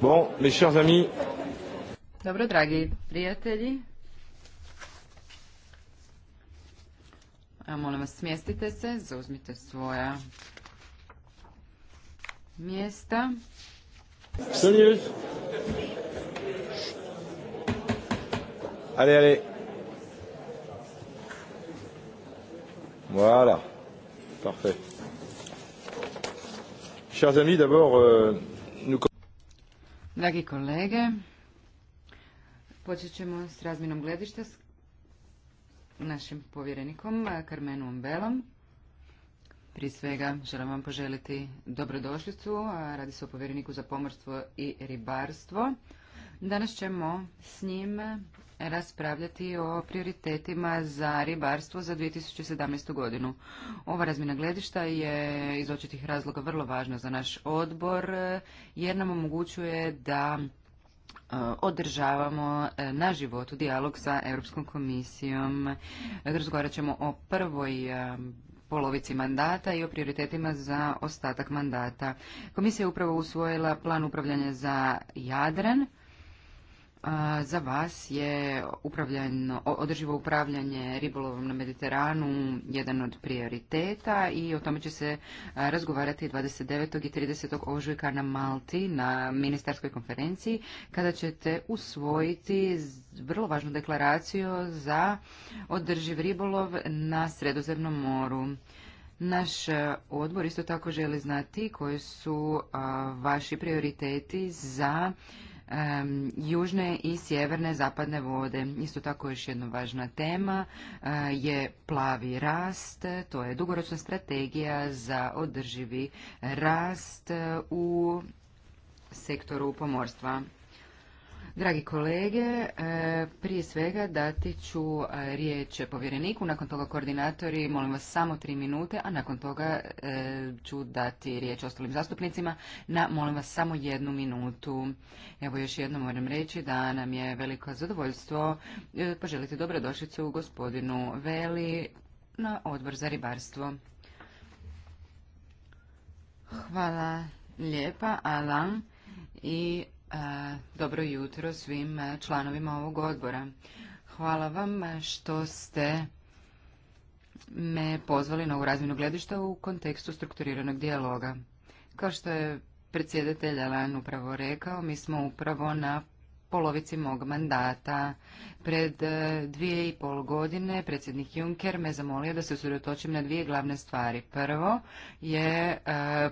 Bon, mes chers amis. Dobro, dragi prijatelji. Evo, molim vas, smjestite se, zauzmite svoja mjesta. Salut. Allez, allez. Voilà. Parfait. Chers amis, d'abord, euh, nous Dragi kolege, počet ćemo s razminom gledišta s našim povjerenikom Karmenom Belom. Prije svega želim vam poželiti dobrodošlicu, radi se o povjereniku za pomorstvo i ribarstvo. Danas ćemo s njim raspravljati o prioritetima za ribarstvo za 2017. godinu. Ova razmjena gledišta je iz očitih razloga vrlo važna za naš odbor jer nam omogućuje da e, održavamo e, na životu dijalog sa Europskom komisijom. Razgovarat ćemo o prvoj e, polovici mandata i o prioritetima za ostatak mandata. Komisija je upravo usvojila plan upravljanja za Jadran za vas je održivo upravljanje ribolovom na Mediteranu jedan od prioriteta i o tome će se razgovarati 29. i 30. ožujka na Malti na ministarskoj konferenciji kada ćete usvojiti vrlo važnu deklaraciju za održiv ribolov na Sredozemnom moru. Naš odbor isto tako želi znati koji su vaši prioriteti za um, južne i sjeverne zapadne vode. Isto tako još jedna važna tema e, je plavi rast, to je dugoročna strategija za održivi rast u sektoru pomorstva. Dragi kolege, e, prije svega dati ću e, riječ povjereniku, nakon toga koordinatori, molim vas samo tri minute, a nakon toga e, ću dati riječ ostalim zastupnicima na, molim vas, samo jednu minutu. Evo još jednom moram reći da nam je veliko zadovoljstvo poželiti dobrodošlicu gospodinu Veli na odbor za ribarstvo. Hvala lijepa, Alan. I dobro jutro svim članovima ovog odbora. Hvala vam što ste me pozvali na ovu razminu gledišta u kontekstu strukturiranog dijaloga. Kao što je predsjedatelj Alan upravo rekao, mi smo upravo na polovici mog mandata. Pred e, dvije i pol godine predsjednik Juncker me zamolio da se usredotočim na dvije glavne stvari. Prvo je e,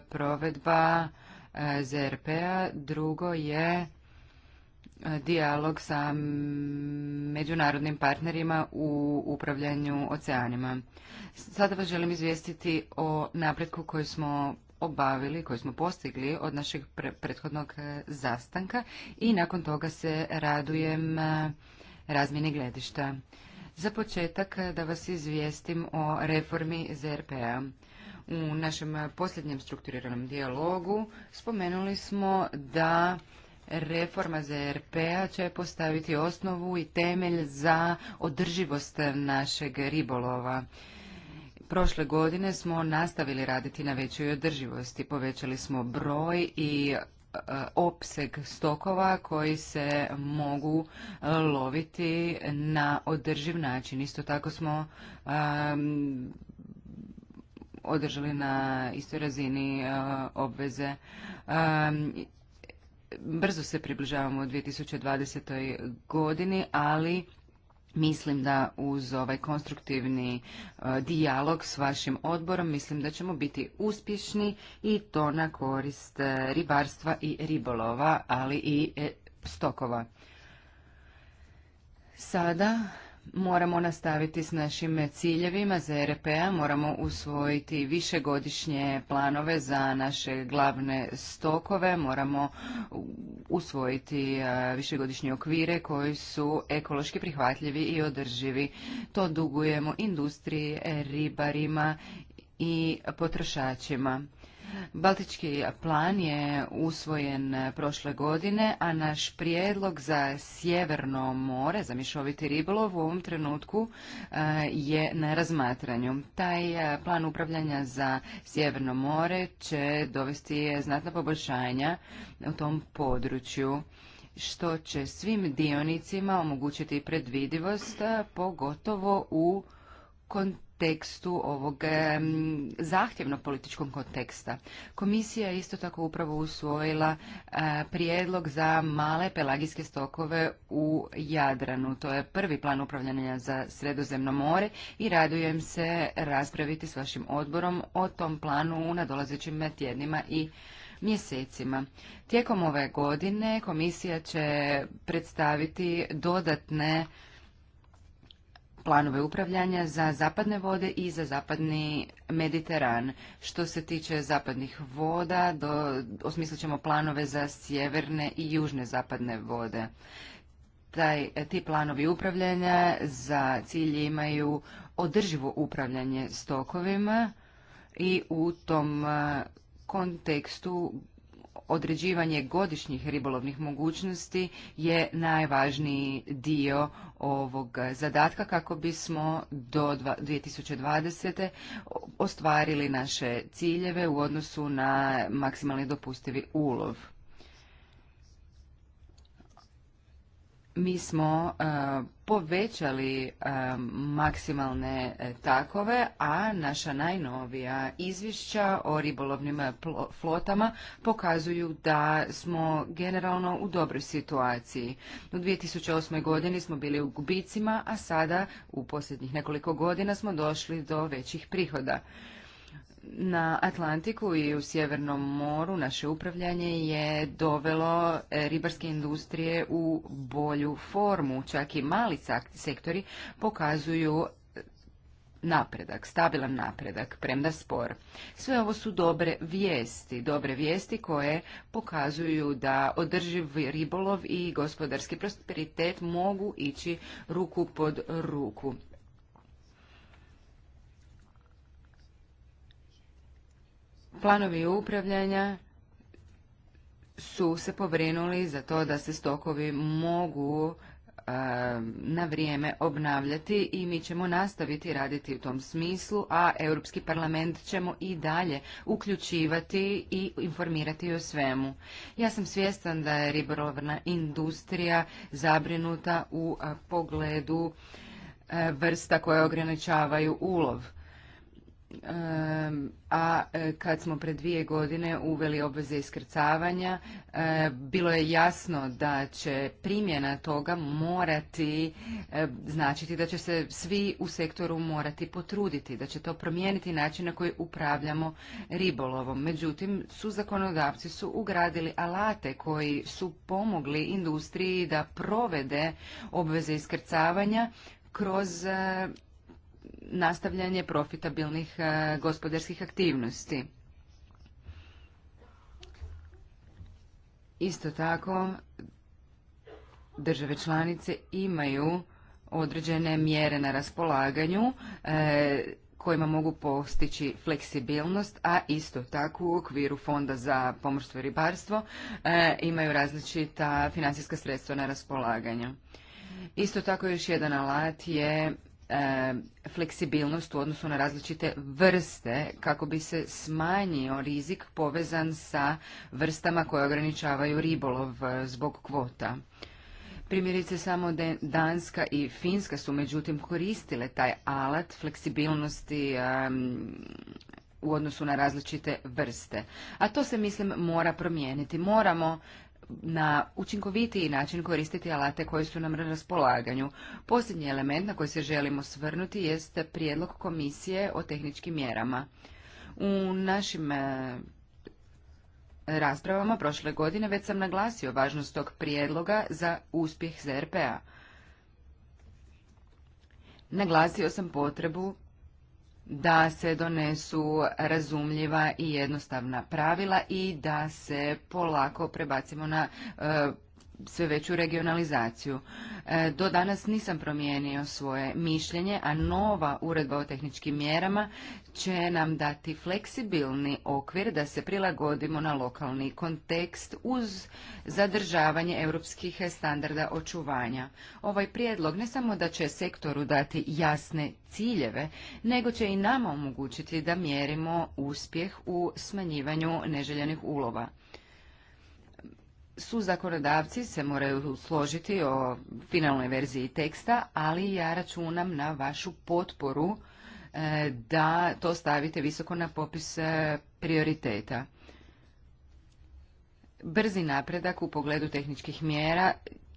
provedba ZRP-a, drugo je e, dijalog sa međunarodnim partnerima u upravljanju oceanima. Sada vas želim izvijestiti o napretku koji smo obavili, koji smo postigli od našeg prethodnog e, zastanka i nakon toga se radujem e, razmjeni gledišta. Za početak da vas izvijestim o reformi ZRP-a. U našem posljednjem strukturiranom dijalogu spomenuli smo da reforma ZRP-a će postaviti osnovu i temelj za održivost našeg ribolova. Prošle godine smo nastavili raditi na većoj održivosti. Povećali smo broj i e, opseg stokova koji se mogu loviti na održiv način. Isto tako smo održali na istoj razini e, obveze. E, brzo se približavamo u 2020. godini, ali Mislim da uz ovaj konstruktivni e, dijalog s vašim odborom mislim da ćemo biti uspješni i to na korist ribarstva i ribolova, ali i stokova. Sada moramo nastaviti s našim ciljevima za RPA, moramo usvojiti višegodišnje planove za naše glavne stokove, moramo usvojiti višegodišnje okvire koji su ekološki prihvatljivi i održivi. To dugujemo industriji, ribarima i potrošačima. Baltički plan je usvojen prošle godine, a naš prijedlog za Sjeverno more, za mišoviti ribolov, u ovom trenutku e, je na razmatranju. Taj e, plan upravljanja za Sjeverno more će dovesti znatna poboljšanja u tom području što će svim dionicima omogućiti predvidivost, pogotovo u kontekstu kontekstu ovog zahtjevnog političkog konteksta. Komisija je isto tako upravo usvojila e, prijedlog za male pelagijske stokove u Jadranu. To je prvi plan upravljanja za Sredozemno more i radujem se raspraviti s vašim odborom o tom planu u nadolazećim tjednima i mjesecima. Tijekom ove godine komisija će predstaviti dodatne planove upravljanja za zapadne vode i za zapadni Mediteran. Što se tiče zapadnih voda, do, osmislit ćemo planove za sjeverne i južne zapadne vode. Taj, ti planovi upravljanja za cilj imaju održivo upravljanje stokovima i u tom kontekstu određivanje godišnjih ribolovnih mogućnosti je najvažniji dio ovog zadatka kako bismo do 2020. ostvarili naše ciljeve u odnosu na maksimalni dopustivi ulov. mi smo e, povećali e, maksimalne e, takove, a naša najnovija izvješća o ribolovnim flotama pokazuju da smo generalno u dobroj situaciji. U 2008. godini smo bili u gubicima, a sada u posljednjih nekoliko godina smo došli do većih prihoda na Atlantiku i u Sjevernom moru naše upravljanje je dovelo e, ribarske industrije u bolju formu. Čak i mali sektori pokazuju e, napredak, stabilan napredak, premda spor. Sve ovo su dobre vijesti, dobre vijesti koje pokazuju da održiv ribolov i gospodarski prosperitet mogu ići ruku pod ruku. Planovi upravljanja su se povrinuli za to da se stokovi mogu na vrijeme obnavljati i mi ćemo nastaviti raditi u tom smislu, a Europski parlament ćemo i dalje uključivati i informirati o svemu. Ja sam svjestan da je ribolovna industrija zabrinuta u pogledu vrsta koje ograničavaju ulov a e, kad smo pred dvije godine uveli obveze iskrcavanja, e, bilo je jasno da će primjena toga morati e, značiti da će se svi u sektoru morati potruditi, da će to promijeniti način na koji upravljamo ribolovom. Međutim, su zakonodavci su ugradili alate koji su pomogli industriji da provede obveze iskrcavanja kroz nastavljanje profitabilnih e, gospodarskih aktivnosti. Isto tako, države članice imaju određene mjere na raspolaganju e, kojima mogu postići fleksibilnost, a isto tako u okviru Fonda za pomorstvo i ribarstvo e, imaju različita financijska sredstva na raspolaganju. Isto tako još jedan alat je E, fleksibilnost u odnosu na različite vrste kako bi se smanjio rizik povezan sa vrstama koje ograničavaju ribolov e, zbog kvota. Primjerice samo Danska i Finska su međutim koristile taj alat fleksibilnosti u odnosu na različite vrste. A to se mislim mora promijeniti. Moramo na učinkovitiji način koristiti alate koji su nam na raspolaganju. Posljednji element na koji se želimo svrnuti jeste prijedlog komisije o tehničkim mjerama. U našim e, raspravama prošle godine već sam naglasio važnost tog prijedloga za uspjeh ZRP-a. Naglasio sam potrebu da se donesu razumljiva i jednostavna pravila i da se polako prebacimo na e, sve veću regionalizaciju. E, do danas nisam promijenio svoje mišljenje, a nova uredba o tehničkim mjerama će nam dati fleksibilni okvir da se prilagodimo na lokalni kontekst uz zadržavanje europskih standarda očuvanja. Ovaj prijedlog ne samo da će sektoru dati jasne ciljeve, nego će i nama omogućiti da mjerimo uspjeh u smanjivanju neželjenih ulova su zakonodavci se moraju složiti o finalnoj verziji teksta, ali ja računam na vašu potporu e, da to stavite visoko na popis e, prioriteta. Brzi napredak u pogledu tehničkih mjera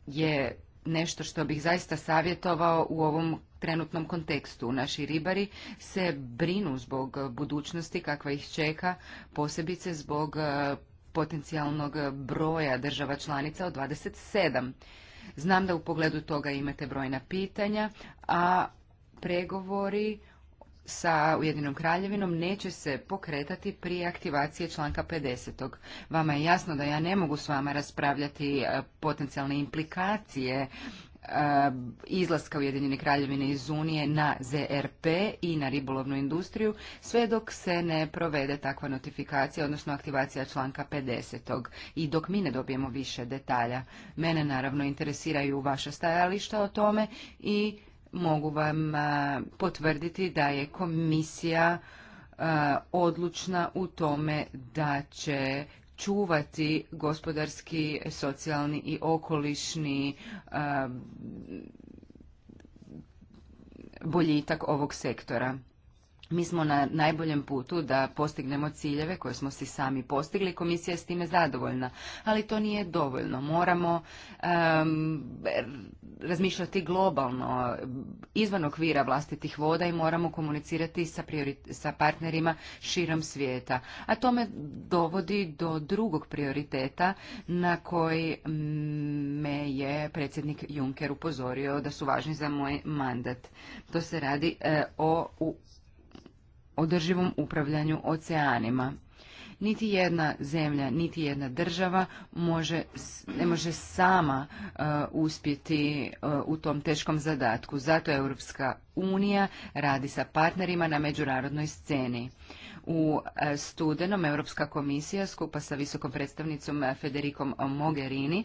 je nešto što bih zaista savjetovao u ovom trenutnom kontekstu. Naši ribari se brinu zbog budućnosti kakva ih čeka, posebice zbog e, potencijalnog broja država članica od 27. Znam da u pogledu toga imate brojna pitanja, a pregovori sa Ujedinom kraljevinom neće se pokretati prije aktivacije članka 50. Vama je jasno da ja ne mogu s vama raspravljati eh, potencijalne implikacije Eh, izlaska Ujedinjene kraljevine iz Unije na ZRP i na ribolovnu industriju, sve dok se ne provede takva notifikacija, odnosno aktivacija članka 50. i dok mi ne dobijemo više detalja. Mene naravno interesiraju vaša stajališta o tome i mogu vam eh, potvrditi da je komisija eh, odlučna u tome da će čuvati gospodarski, socijalni i okolišni um, boljitak ovog sektora mi smo na najboljem putu da postignemo ciljeve koje smo si sami postigli, komisija je s time zadovoljna, ali to nije dovoljno. Moramo razmišljati globalno, izvan okvira vlastitih voda i moramo komunicirati sa, sa partnerima širom svijeta. A to me dovodi do drugog prioriteta na koji mm, me je predsjednik Juncker upozorio da su važni za moj mandat. To se radi e, o održivom upravljanju oceanima. Niti jedna zemlja, niti jedna država može, ne može sama uh, uspjeti uh, u tom teškom zadatku. Zato je Europska unija radi sa partnerima na međunarodnoj sceni. U uh, studenom Europska komisija skupa sa visokom predstavnicom Federikom Mogherini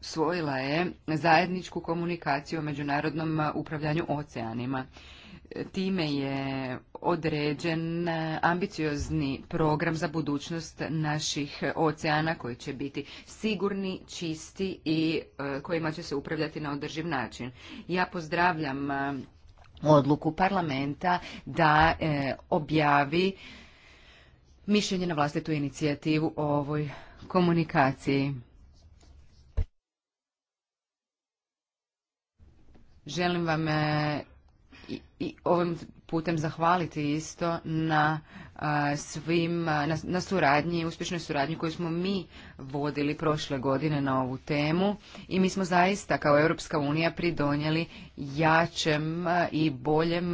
svojila je zajedničku komunikaciju o međunarodnom upravljanju oceanima time je određen ambiciozni program za budućnost naših oceana koji će biti sigurni, čisti i e, kojima će se upravljati na održiv način. Ja pozdravljam e, odluku parlamenta da e, objavi mišljenje na vlastitu inicijativu o ovoj komunikaciji. Želim vam i, ovim putem zahvaliti isto na svim, na, suradnji, uspješnoj suradnji koju smo mi vodili prošle godine na ovu temu i mi smo zaista kao Europska unija pridonijeli jačem i boljem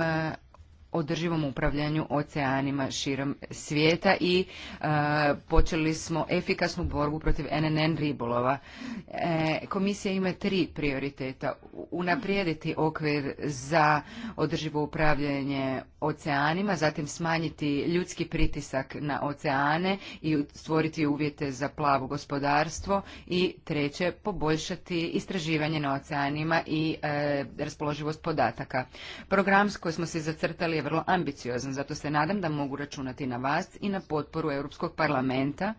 održivom upravljanju oceanima širom svijeta i e, počeli smo efikasnu borbu protiv NNN ribolova. E, komisija ima tri prioriteta. Unaprijediti okvir za održivo upravljanje oceanima, zatim smanjiti ljudski pritisak na oceane i stvoriti uvjete za plavo gospodarstvo i treće, poboljšati istraživanje na oceanima i e, raspoloživost podataka. Programsko smo se zacrtali vrlo ambiciozan, zato se nadam da mogu računati na vas i na potporu Europskog parlamenta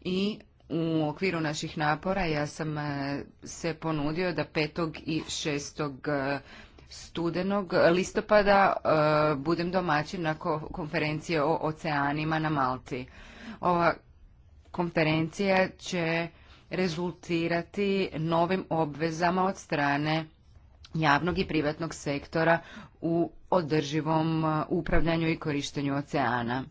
i u okviru naših napora ja sam e, se ponudio da 5. i 6. E, studenog listopada e, budem domaćin na konferencije o oceanima na Malti. Ova konferencija će rezultirati novim obvezama od strane javnog i privatnog sektora u održivom e, upravljanju i korištenju oceana.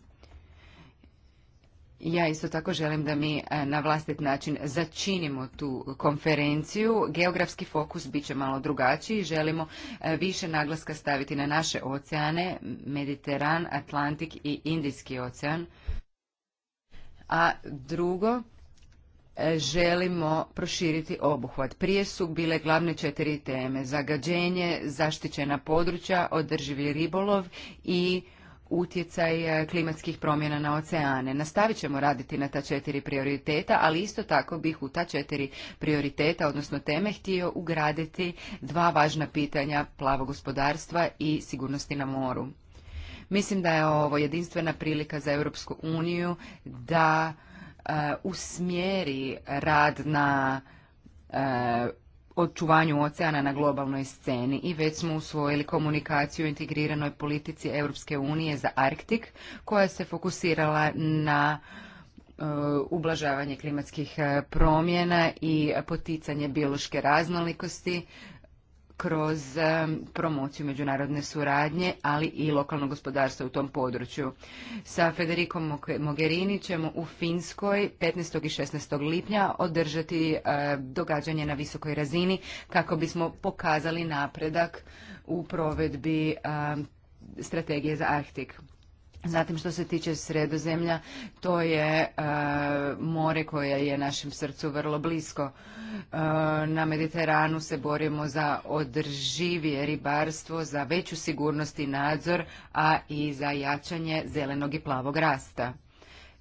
Ja isto tako želim da mi e, na vlastit način začinimo tu konferenciju. Geografski fokus bit će malo drugačiji. Želimo e, više naglaska staviti na naše oceane, Mediteran, Atlantik i Indijski ocean. A drugo, želimo proširiti obuhvat. Prije su bile glavne četiri teme, zagađenje, zaštićena područja, održivi ribolov i utjecaj e, klimatskih promjena na oceane. Nastavit ćemo raditi na ta četiri prioriteta, ali isto tako bih u ta četiri prioriteta, odnosno teme, htio ugraditi dva važna pitanja plavo gospodarstva i sigurnosti na moru. Mislim da je ovo jedinstvena prilika za Europsku uniju da Uh, usmjeri rad na uh, očuvanju oceana na globalnoj sceni i već smo usvojili komunikaciju o integriranoj politici Europske unije za Arktik koja se fokusirala na uh, ublažavanje klimatskih promjena i poticanje biološke raznolikosti kroz promociju međunarodne suradnje, ali i lokalno gospodarstvo u tom području. Sa Federikom Mogherini ćemo u Finskoj 15. i 16. lipnja održati događanje na visokoj razini kako bismo pokazali napredak u provedbi strategije za Arktik. Zatim što se tiče sredozemlja, to je e, more koje je našem srcu vrlo blisko. E, na Mediteranu se borimo za održivije ribarstvo, za veću sigurnost i nadzor, a i za jačanje zelenog i plavog rasta.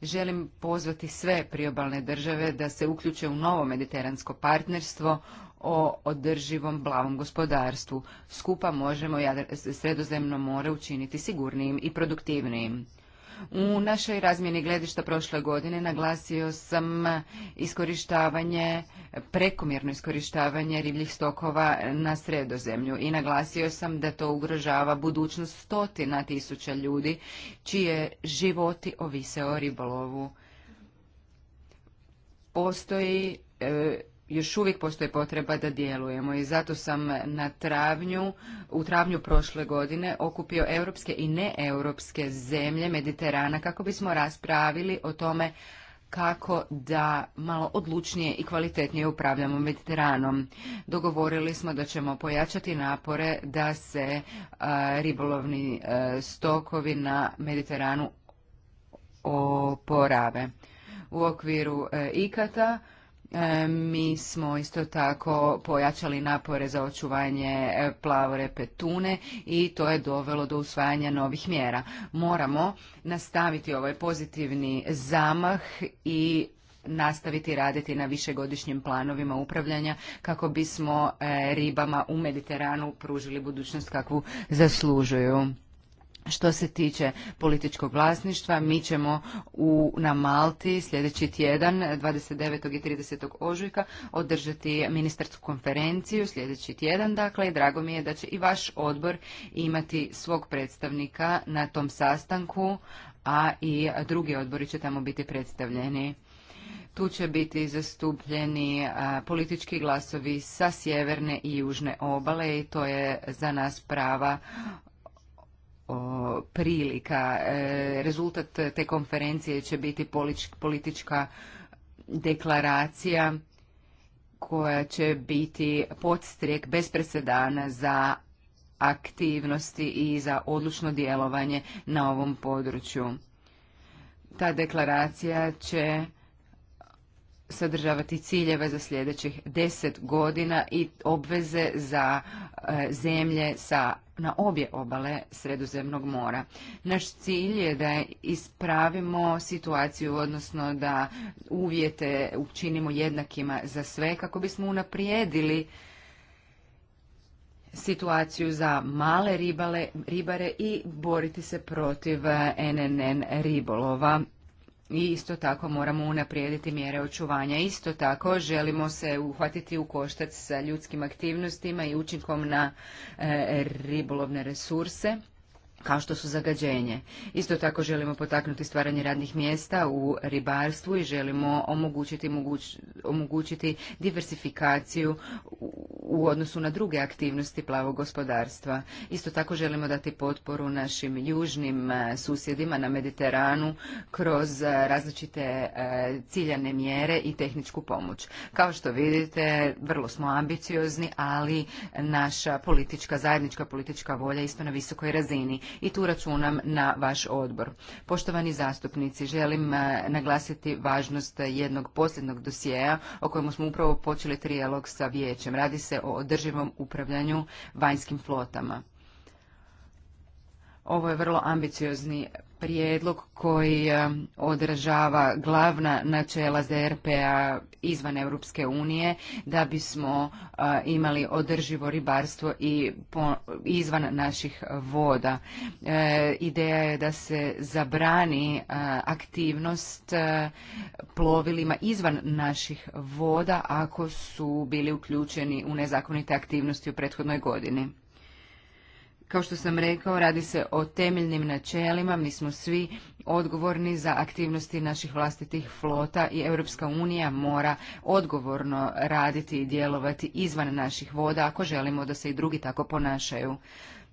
Želim pozvati sve priobalne države da se uključe u novo mediteransko partnerstvo o održivom blavom gospodarstvu. Skupa možemo sredozemno more učiniti sigurnijim i produktivnijim. U našoj razmjeni gledišta prošle godine naglasio sam iskorištavanje, prekomjerno iskorištavanje ribljih stokova na sredozemlju i naglasio sam da to ugrožava budućnost stotina tisuća ljudi čije životi ovise o ribolovu. Postoji e, još uvijek postoji potreba da djelujemo i zato sam na travnju, u travnju prošle godine okupio europske i neeuropske zemlje Mediterana kako bismo raspravili o tome kako da malo odlučnije i kvalitetnije upravljamo Mediteranom. Dogovorili smo da ćemo pojačati napore da se e, ribolovni e, stokovi na Mediteranu oporave. U okviru e, ikata E, mi smo isto tako pojačali napore za očuvanje e, plavore petune i to je dovelo do usvajanja novih mjera. Moramo nastaviti ovaj pozitivni zamah i nastaviti raditi na višegodišnjim planovima upravljanja kako bismo e, ribama u Mediteranu pružili budućnost kakvu zaslužuju. Što se tiče političkog vlasništva, mi ćemo u, na Malti sljedeći tjedan, 29. i 30. ožujka, održati ministarsku konferenciju sljedeći tjedan, dakle, drago mi je da će i vaš odbor imati svog predstavnika na tom sastanku, a i drugi odbori će tamo biti predstavljeni. Tu će biti zastupljeni politički glasovi sa sjeverne i južne obale i to je za nas prava prilika. E, rezultat te konferencije će biti politička deklaracija koja će biti podstrijek bez presedana za aktivnosti i za odlučno djelovanje na ovom području. Ta deklaracija će sadržavati ciljeve za sljedećih deset godina i obveze za e, zemlje sa na obje obale Sredozemnog mora. Naš cilj je da ispravimo situaciju, odnosno da uvjete učinimo jednakima za sve kako bismo unaprijedili situaciju za male ribale, ribare i boriti se protiv NNN e, ribolova i isto tako moramo unaprijediti mjere očuvanja. Isto tako želimo se uhvatiti u koštac sa ljudskim aktivnostima i učinkom na e, ribolovne resurse kao što su zagađenje. Isto tako želimo potaknuti stvaranje radnih mjesta u ribarstvu i želimo omogućiti, omogućiti diversifikaciju u, u odnosu na druge aktivnosti plavog gospodarstva. Isto tako želimo dati potporu našim južnim e, susjedima na Mediteranu kroz e, različite e, ciljane mjere i tehničku pomoć. Kao što vidite, vrlo smo ambiciozni, ali naša politička, zajednička politička volja isto na visokoj razini i tu računam na vaš odbor. Poštovani zastupnici, želim eh, naglasiti važnost jednog posljednog dosijeja o kojemu smo upravo počeli trijalog sa vijećem. Radi se o održivom upravljanju vanjskim flotama. Ovo je vrlo ambiciozni prijedlog koji eh, odražava glavna načela ZRPA izvan Europske unije da bismo eh, imali održivo ribarstvo i izvan naših voda. Eh, ideja je da se zabrani aktivnost plovilima izvan naših voda ako su bili uključeni u nezakonite aktivnosti u prethodnoj godini. Kao što sam rekao, radi se o temeljnim načelima, mi smo svi odgovorni za aktivnosti naših vlastitih flota i Europska unija mora odgovorno raditi i djelovati izvan naših voda ako želimo da se i drugi tako ponašaju.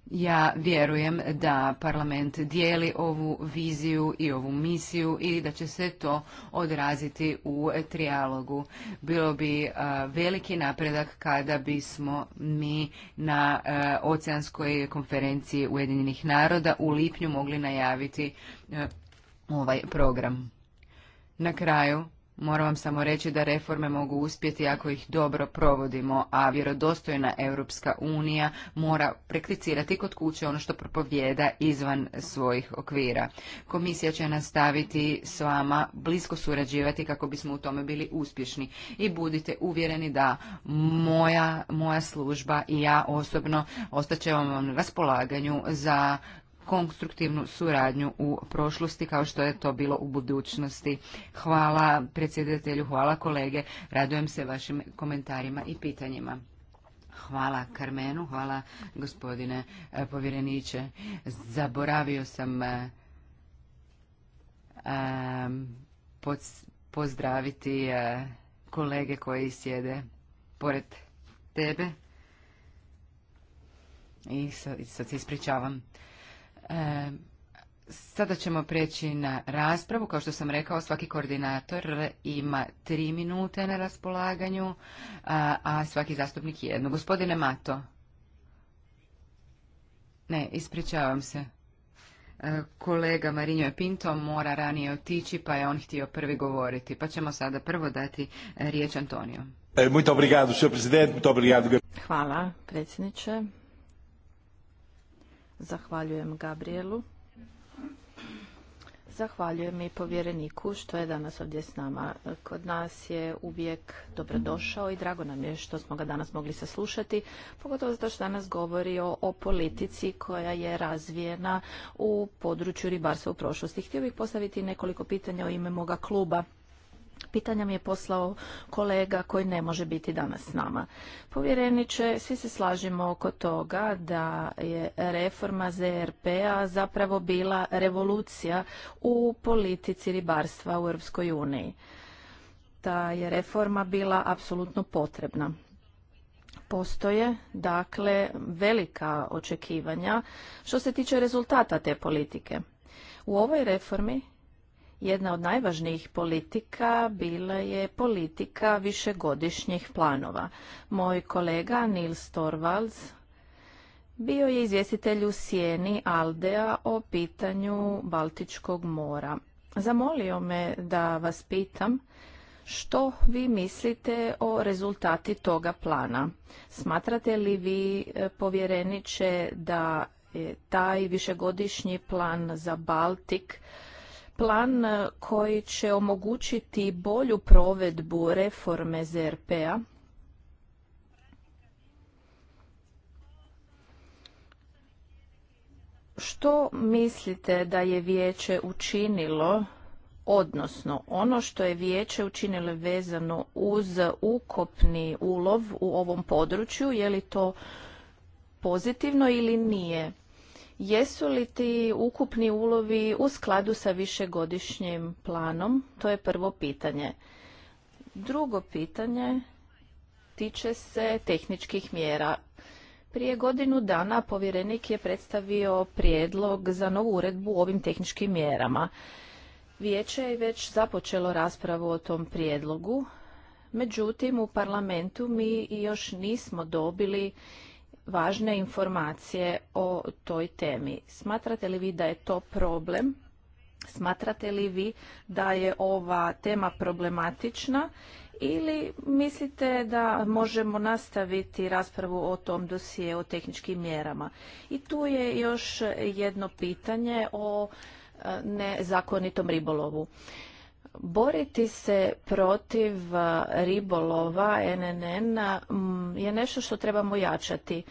Ja vjerujem da parlament dijeli ovu viziju i ovu misiju i da će se to odraziti u trijalogu. Bilo bi e, veliki napredak kada bismo mi na e, oceanskoj konferenciji Ujedinjenih naroda u lipnju mogli najaviti e, ovaj program. Na kraju Moram vam samo reći da reforme mogu uspjeti ako ih dobro provodimo, a vjerodostojna Europska unija mora prakticirati kod kuće ono što propovjeda izvan svojih okvira. Komisija će nastaviti s vama blisko surađivati kako bismo u tome bili uspješni i budite uvjereni da moja, moja služba i ja osobno će vam na raspolaganju za konstruktivnu suradnju u prošlosti kao što je to bilo u budućnosti. Hvala predsjedatelju, hvala kolege, radujem se vašim komentarima i pitanjima. Hvala Karmenu, hvala gospodine eh, Povjereniće. Zaboravio sam eh, pozdraviti eh, kolege koji sjede pored tebe i sad se ispričavam. Sada ćemo prijeći na raspravu. Kao što sam rekao, svaki koordinator ima tri minute na raspolaganju, a svaki zastupnik jedno. Gospodine Mato. Ne, ispričavam se. E, kolega Marinjo je Pinto mora ranije otići, pa je on htio prvi govoriti. Pa ćemo sada prvo dati riječ Antoniju. E, Hvala, predsjedniče. Zahvaljujem Gabrielu. Zahvaljujem i povjereniku što je danas ovdje s nama. Kod nas je uvijek dobrodošao i drago nam je što smo ga danas mogli saslušati, pogotovo zato što danas govori o, politici koja je razvijena u području ribarstva u prošlosti. Htio bih postaviti nekoliko pitanja o ime moga kluba pitanja mi je poslao kolega koji ne može biti danas s nama. Povjereniče, svi se slažemo oko toga da je reforma ZRP-a zapravo bila revolucija u politici ribarstva u Europskoj uniji. Ta je reforma bila apsolutno potrebna. Postoje, dakle, velika očekivanja što se tiče rezultata te politike. U ovoj reformi jedna od najvažnijih politika bila je politika višegodišnjih planova. Moj kolega Nils Torvalds bio je izvjestitelj u sjeni Aldea o pitanju Baltičkog mora. Zamolio me da vas pitam što vi mislite o rezultati toga plana? Smatrate li vi, e, povjereniče, da taj višegodišnji plan za Baltik plan e, koji će omogućiti bolju provedbu reforme ZRP-a Što mislite da je vijeće učinilo, odnosno ono što je vijeće učinilo vezano uz ukopni ulov u ovom području, je li to pozitivno ili nije? Jesu li ti ukupni ulovi u skladu sa višegodišnjim planom? To je prvo pitanje. Drugo pitanje tiče se tehničkih mjera. Prije godinu dana povjerenik je predstavio prijedlog za novu uredbu o ovim tehničkim mjerama. Vijeće je već započelo raspravu o tom prijedlogu, međutim u parlamentu mi još nismo dobili važne informacije o toj temi. Smatrate li vi da je to problem? Smatrate li vi da je ova tema problematična ili mislite da možemo nastaviti raspravu o tom dosije o tehničkim mjerama? I tu je još jedno pitanje o e, nezakonitom ribolovu. Boriti se protiv uh, ribolova NNN mm, je nešto što trebamo jačati.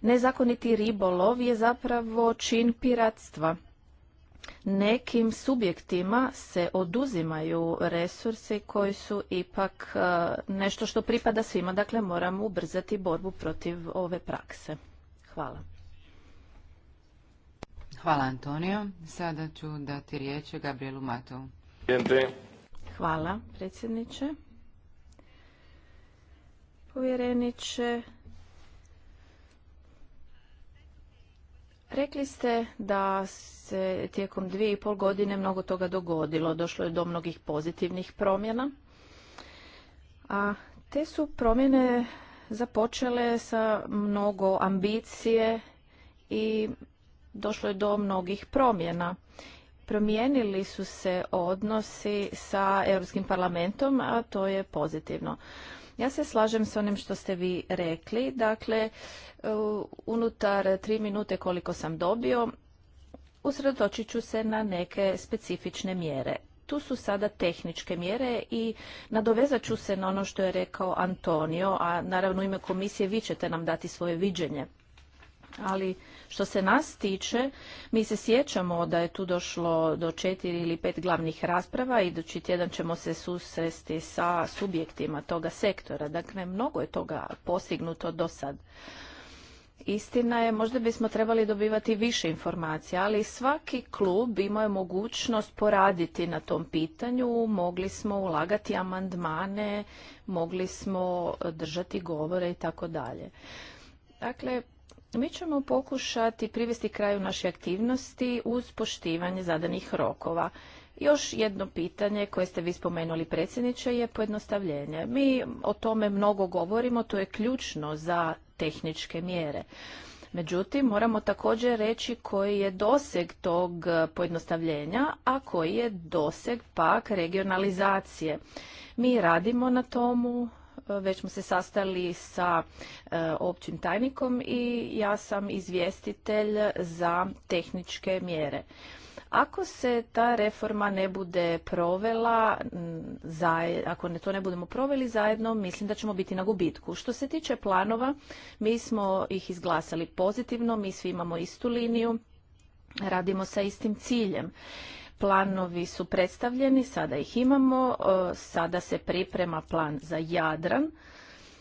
Nezakoniti ribolov je zapravo čin piratstva. Nekim subjektima se oduzimaju resursi koji su ipak uh, nešto što pripada svima, dakle moramo ubrzati borbu protiv ove prakse. Hvala. Hvala Antonio. Sada ću dati riječ Gabrielu Matovu. Hvala, predsjedniče. Povjereniče, Rekli ste da se tijekom dvije i pol godine mnogo toga dogodilo, došlo je do mnogih pozitivnih promjena, a te su promjene započele sa mnogo ambicije i došlo je do mnogih promjena promijenili su se odnosi sa Europskim parlamentom, a to je pozitivno. Ja se slažem s onim što ste vi rekli. Dakle, e, unutar tri minute koliko sam dobio, usredotočit ću se na neke specifične mjere. Tu su sada tehničke mjere i nadovezat ću se na ono što je rekao Antonio, a naravno u ime komisije vi ćete nam dati svoje viđenje. Ali što se nas tiče, mi se sjećamo da je tu došlo do četiri ili pet glavnih rasprava i doći tjedan ćemo se susresti sa subjektima toga sektora. Dakle, mnogo je toga postignuto do sad. Istina je, možda bismo trebali dobivati više informacija, ali svaki klub imao je mogućnost poraditi na tom pitanju, mogli smo ulagati amandmane, mogli smo držati govore i tako dalje. Dakle, mi ćemo pokušati privesti kraju naše aktivnosti uz poštivanje zadanih rokova. Još jedno pitanje koje ste vi spomenuli predsjedniče je pojednostavljenje. Mi o tome mnogo govorimo, to je ključno za tehničke mjere. Međutim, moramo također reći koji je doseg tog pojednostavljenja, a koji je doseg pak regionalizacije. Mi radimo na tomu, već smo se sastali sa e, općim tajnikom i ja sam izvjestitelj za tehničke mjere. Ako se ta reforma ne bude provela, ako to ne budemo proveli zajedno, mislim da ćemo biti na gubitku. Što se tiče planova, mi smo ih izglasali pozitivno, mi svi imamo istu liniju, radimo sa istim ciljem. Planovi su predstavljeni, sada ih imamo, e, sada se priprema plan za Jadran.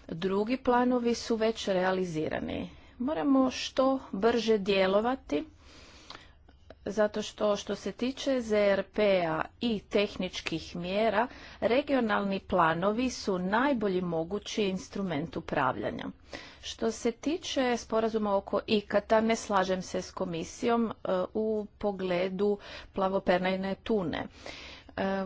Drugi planovi su već realizirani. Moramo što brže djelovati zato što što se tiče ZRP-a i tehničkih mjera, regionalni planovi su najbolji mogući instrument upravljanja. Što se tiče sporazuma oko ikata, ne slažem se s komisijom e, u pogledu plavopernajne tune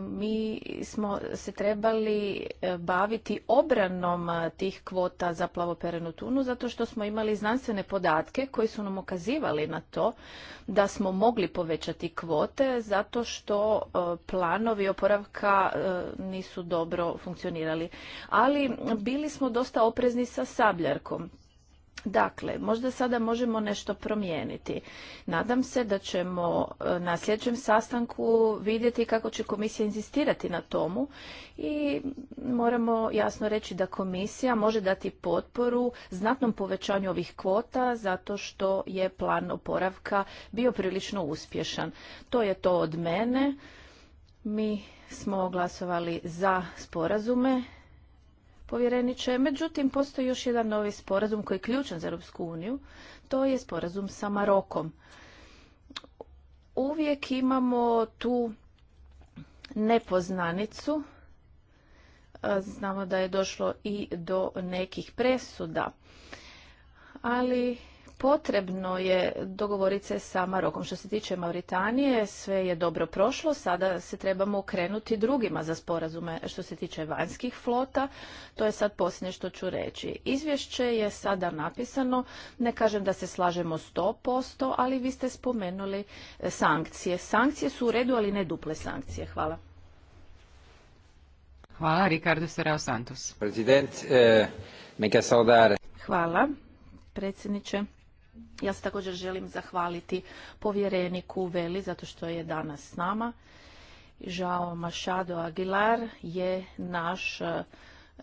mi smo se trebali e, baviti obranom e, tih kvota za plavoperenu tunu zato što smo imali znanstvene podatke koji su nam ukazivali na to da smo mogli povećati kvote zato što e, planovi oporavka nisu dobro funkcionirali. Ali bili smo dosta oprezni sa sabljarkom. Dakle, možda sada možemo nešto promijeniti. Nadam se da ćemo e, na sljedećem sastanku vidjeti kako će komisija inzistirati na tomu i moramo jasno reći da komisija može dati potporu znatnom povećanju ovih kvota zato što je plan oporavka bio prilično uspješan. To je to od mene. Mi smo glasovali za sporazume povjereniče. Međutim, postoji još jedan novi sporazum koji je ključan za Europsku uniju. To je sporazum sa Marokom. Uvijek imamo tu nepoznanicu. Znamo da je došlo i do nekih presuda. Ali potrebno je dogovoriti se sa Marokom. Što se tiče Mauritanije, sve je dobro prošlo, sada se trebamo okrenuti drugima za sporazume što se tiče vanjskih flota. To je sad posljednje što ću reći. Izvješće je sada napisano, ne kažem da se slažemo 100%, ali vi ste spomenuli sankcije. Sankcije su u redu, ali ne duple sankcije. Hvala. Hvala, Ricardo Serao Santos. Eh, Hvala, predsjedniče. Ja se također želim zahvaliti povjereniku Veli zato što je danas s nama. Žao Mašado Aguilar je naš e,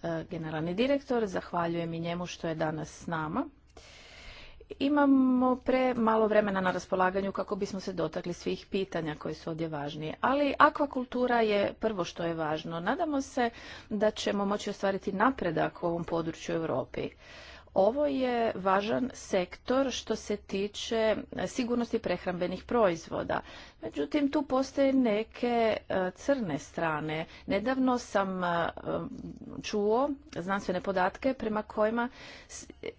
e, generalni direktor. Zahvaljujem i njemu što je danas s nama. Imamo pre malo vremena na raspolaganju kako bismo se dotakli svih pitanja koji su ovdje važnije. Ali akvakultura je prvo što je važno. Nadamo se da ćemo moći ostvariti napredak u ovom području Europi. Ovo je važan sektor što se tiče sigurnosti prehrambenih proizvoda. Međutim, tu postoje neke e, crne strane. Nedavno sam e, čuo znanstvene podatke prema kojima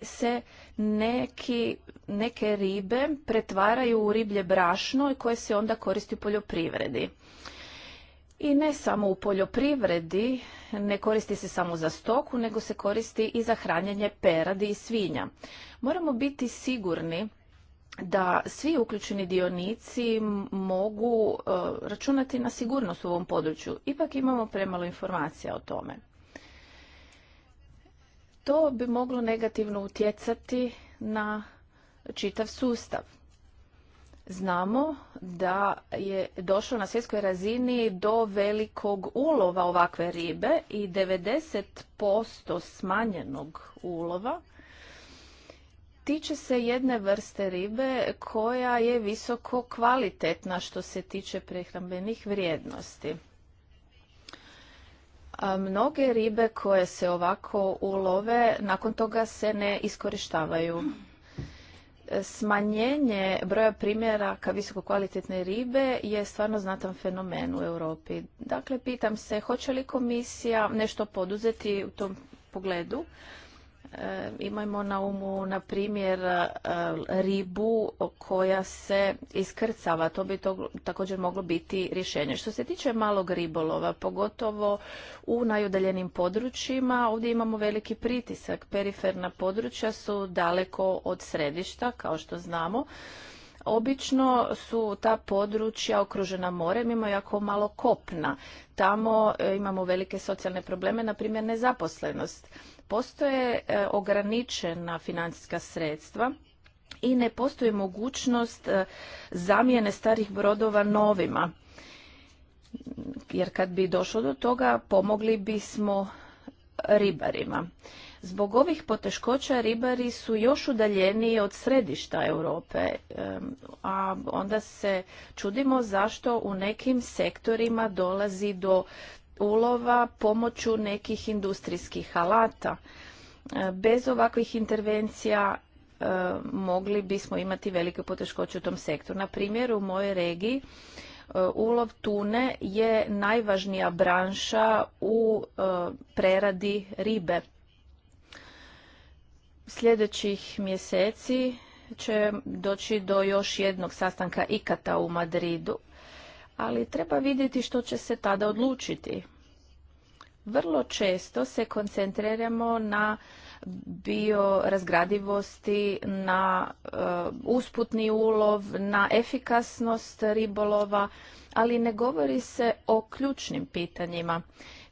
se neki, neke ribe pretvaraju u riblje brašno i koje se onda koristi u poljoprivredi i ne samo u poljoprivredi, ne koristi se samo za stoku, nego se koristi i za hranjenje peradi i svinja. Moramo biti sigurni da svi uključeni dionici mogu e, računati na sigurnost u ovom području. Ipak imamo premalo informacija o tome. To bi moglo negativno utjecati na čitav sustav. Znamo da je došlo na svjetskoj razini do velikog ulova ovakve ribe i 90% smanjenog ulova tiče se jedne vrste ribe koja je visoko kvalitetna što se tiče prehrambenih vrijednosti. mnoge ribe koje se ovako ulove nakon toga se ne iskorištavaju Smanjenje broja primjeraka visokokvalitetne ribe je stvarno znatan fenomen u Europi. Dakle, pitam se, hoće li komisija nešto poduzeti u tom pogledu? E, imajmo na umu, na primjer, e, ribu koja se iskrcava. To bi to također moglo biti rješenje. Što se tiče malog ribolova, pogotovo u najudaljenim područjima, ovdje imamo veliki pritisak. Periferna područja su daleko od središta, kao što znamo. Obično su ta područja okružena morem, imaju jako malo kopna. Tamo e, imamo velike socijalne probleme, na primjer nezaposlenost Postoje e, ograničena financijska sredstva i ne postoji mogućnost e, zamjene starih brodova novima. Jer kad bi došlo do toga, pomogli bismo ribarima. Zbog ovih poteškoća ribari su još udaljeniji od središta Europe, a onda se čudimo zašto u nekim sektorima dolazi do ulova pomoću nekih industrijskih alata. E, bez ovakvih intervencija e, mogli bismo imati velike poteškoće u tom sektoru. Na primjer, u mojoj regiji e, ulov tune je najvažnija branša u preradi ribe. Sljedećih mjeseci će doći do još jednog sastanka ikata u Madridu ali treba vidjeti što će se tada odlučiti. Vrlo često se koncentriramo na biorazgradivosti, na e, usputni ulov, na efikasnost ribolova, ali ne govori se o ključnim pitanjima.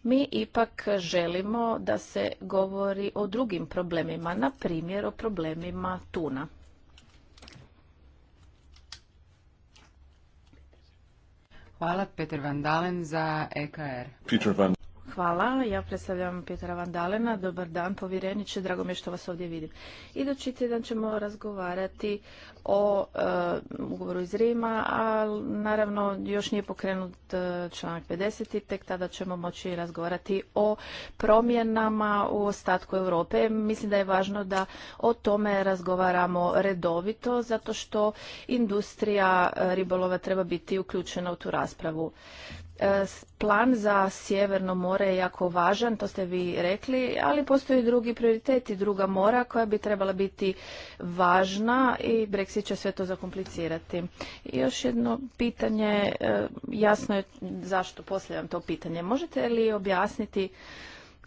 Mi ipak želimo da se govori o drugim problemima, na primjer o problemima tuna. Hvala Peter Vandalen za EKR. Peter Van Hvala, ja predstavljam Petra Vandalena. Dobar dan, povjereniče, drago mi je što vas ovdje vidim. Idući tjedan ćemo razgovarati o eh, ugovoru iz Rima, a naravno još nije pokrenut eh, članak 50 i tek tada ćemo moći razgovarati o promjenama u ostatku Europe. Mislim da je važno da o tome razgovaramo redovito, zato što industrija eh, ribolova treba biti uključena u tu raspravu. E, plan za Sjeverno more je jako važan, to ste vi rekli, ali postoji drugi prioriteti, druga mora koja bi trebala biti važna i Brexit će sve to zakomplicirati. I još jedno pitanje, e, jasno je zašto postavljam to pitanje. Možete li objasniti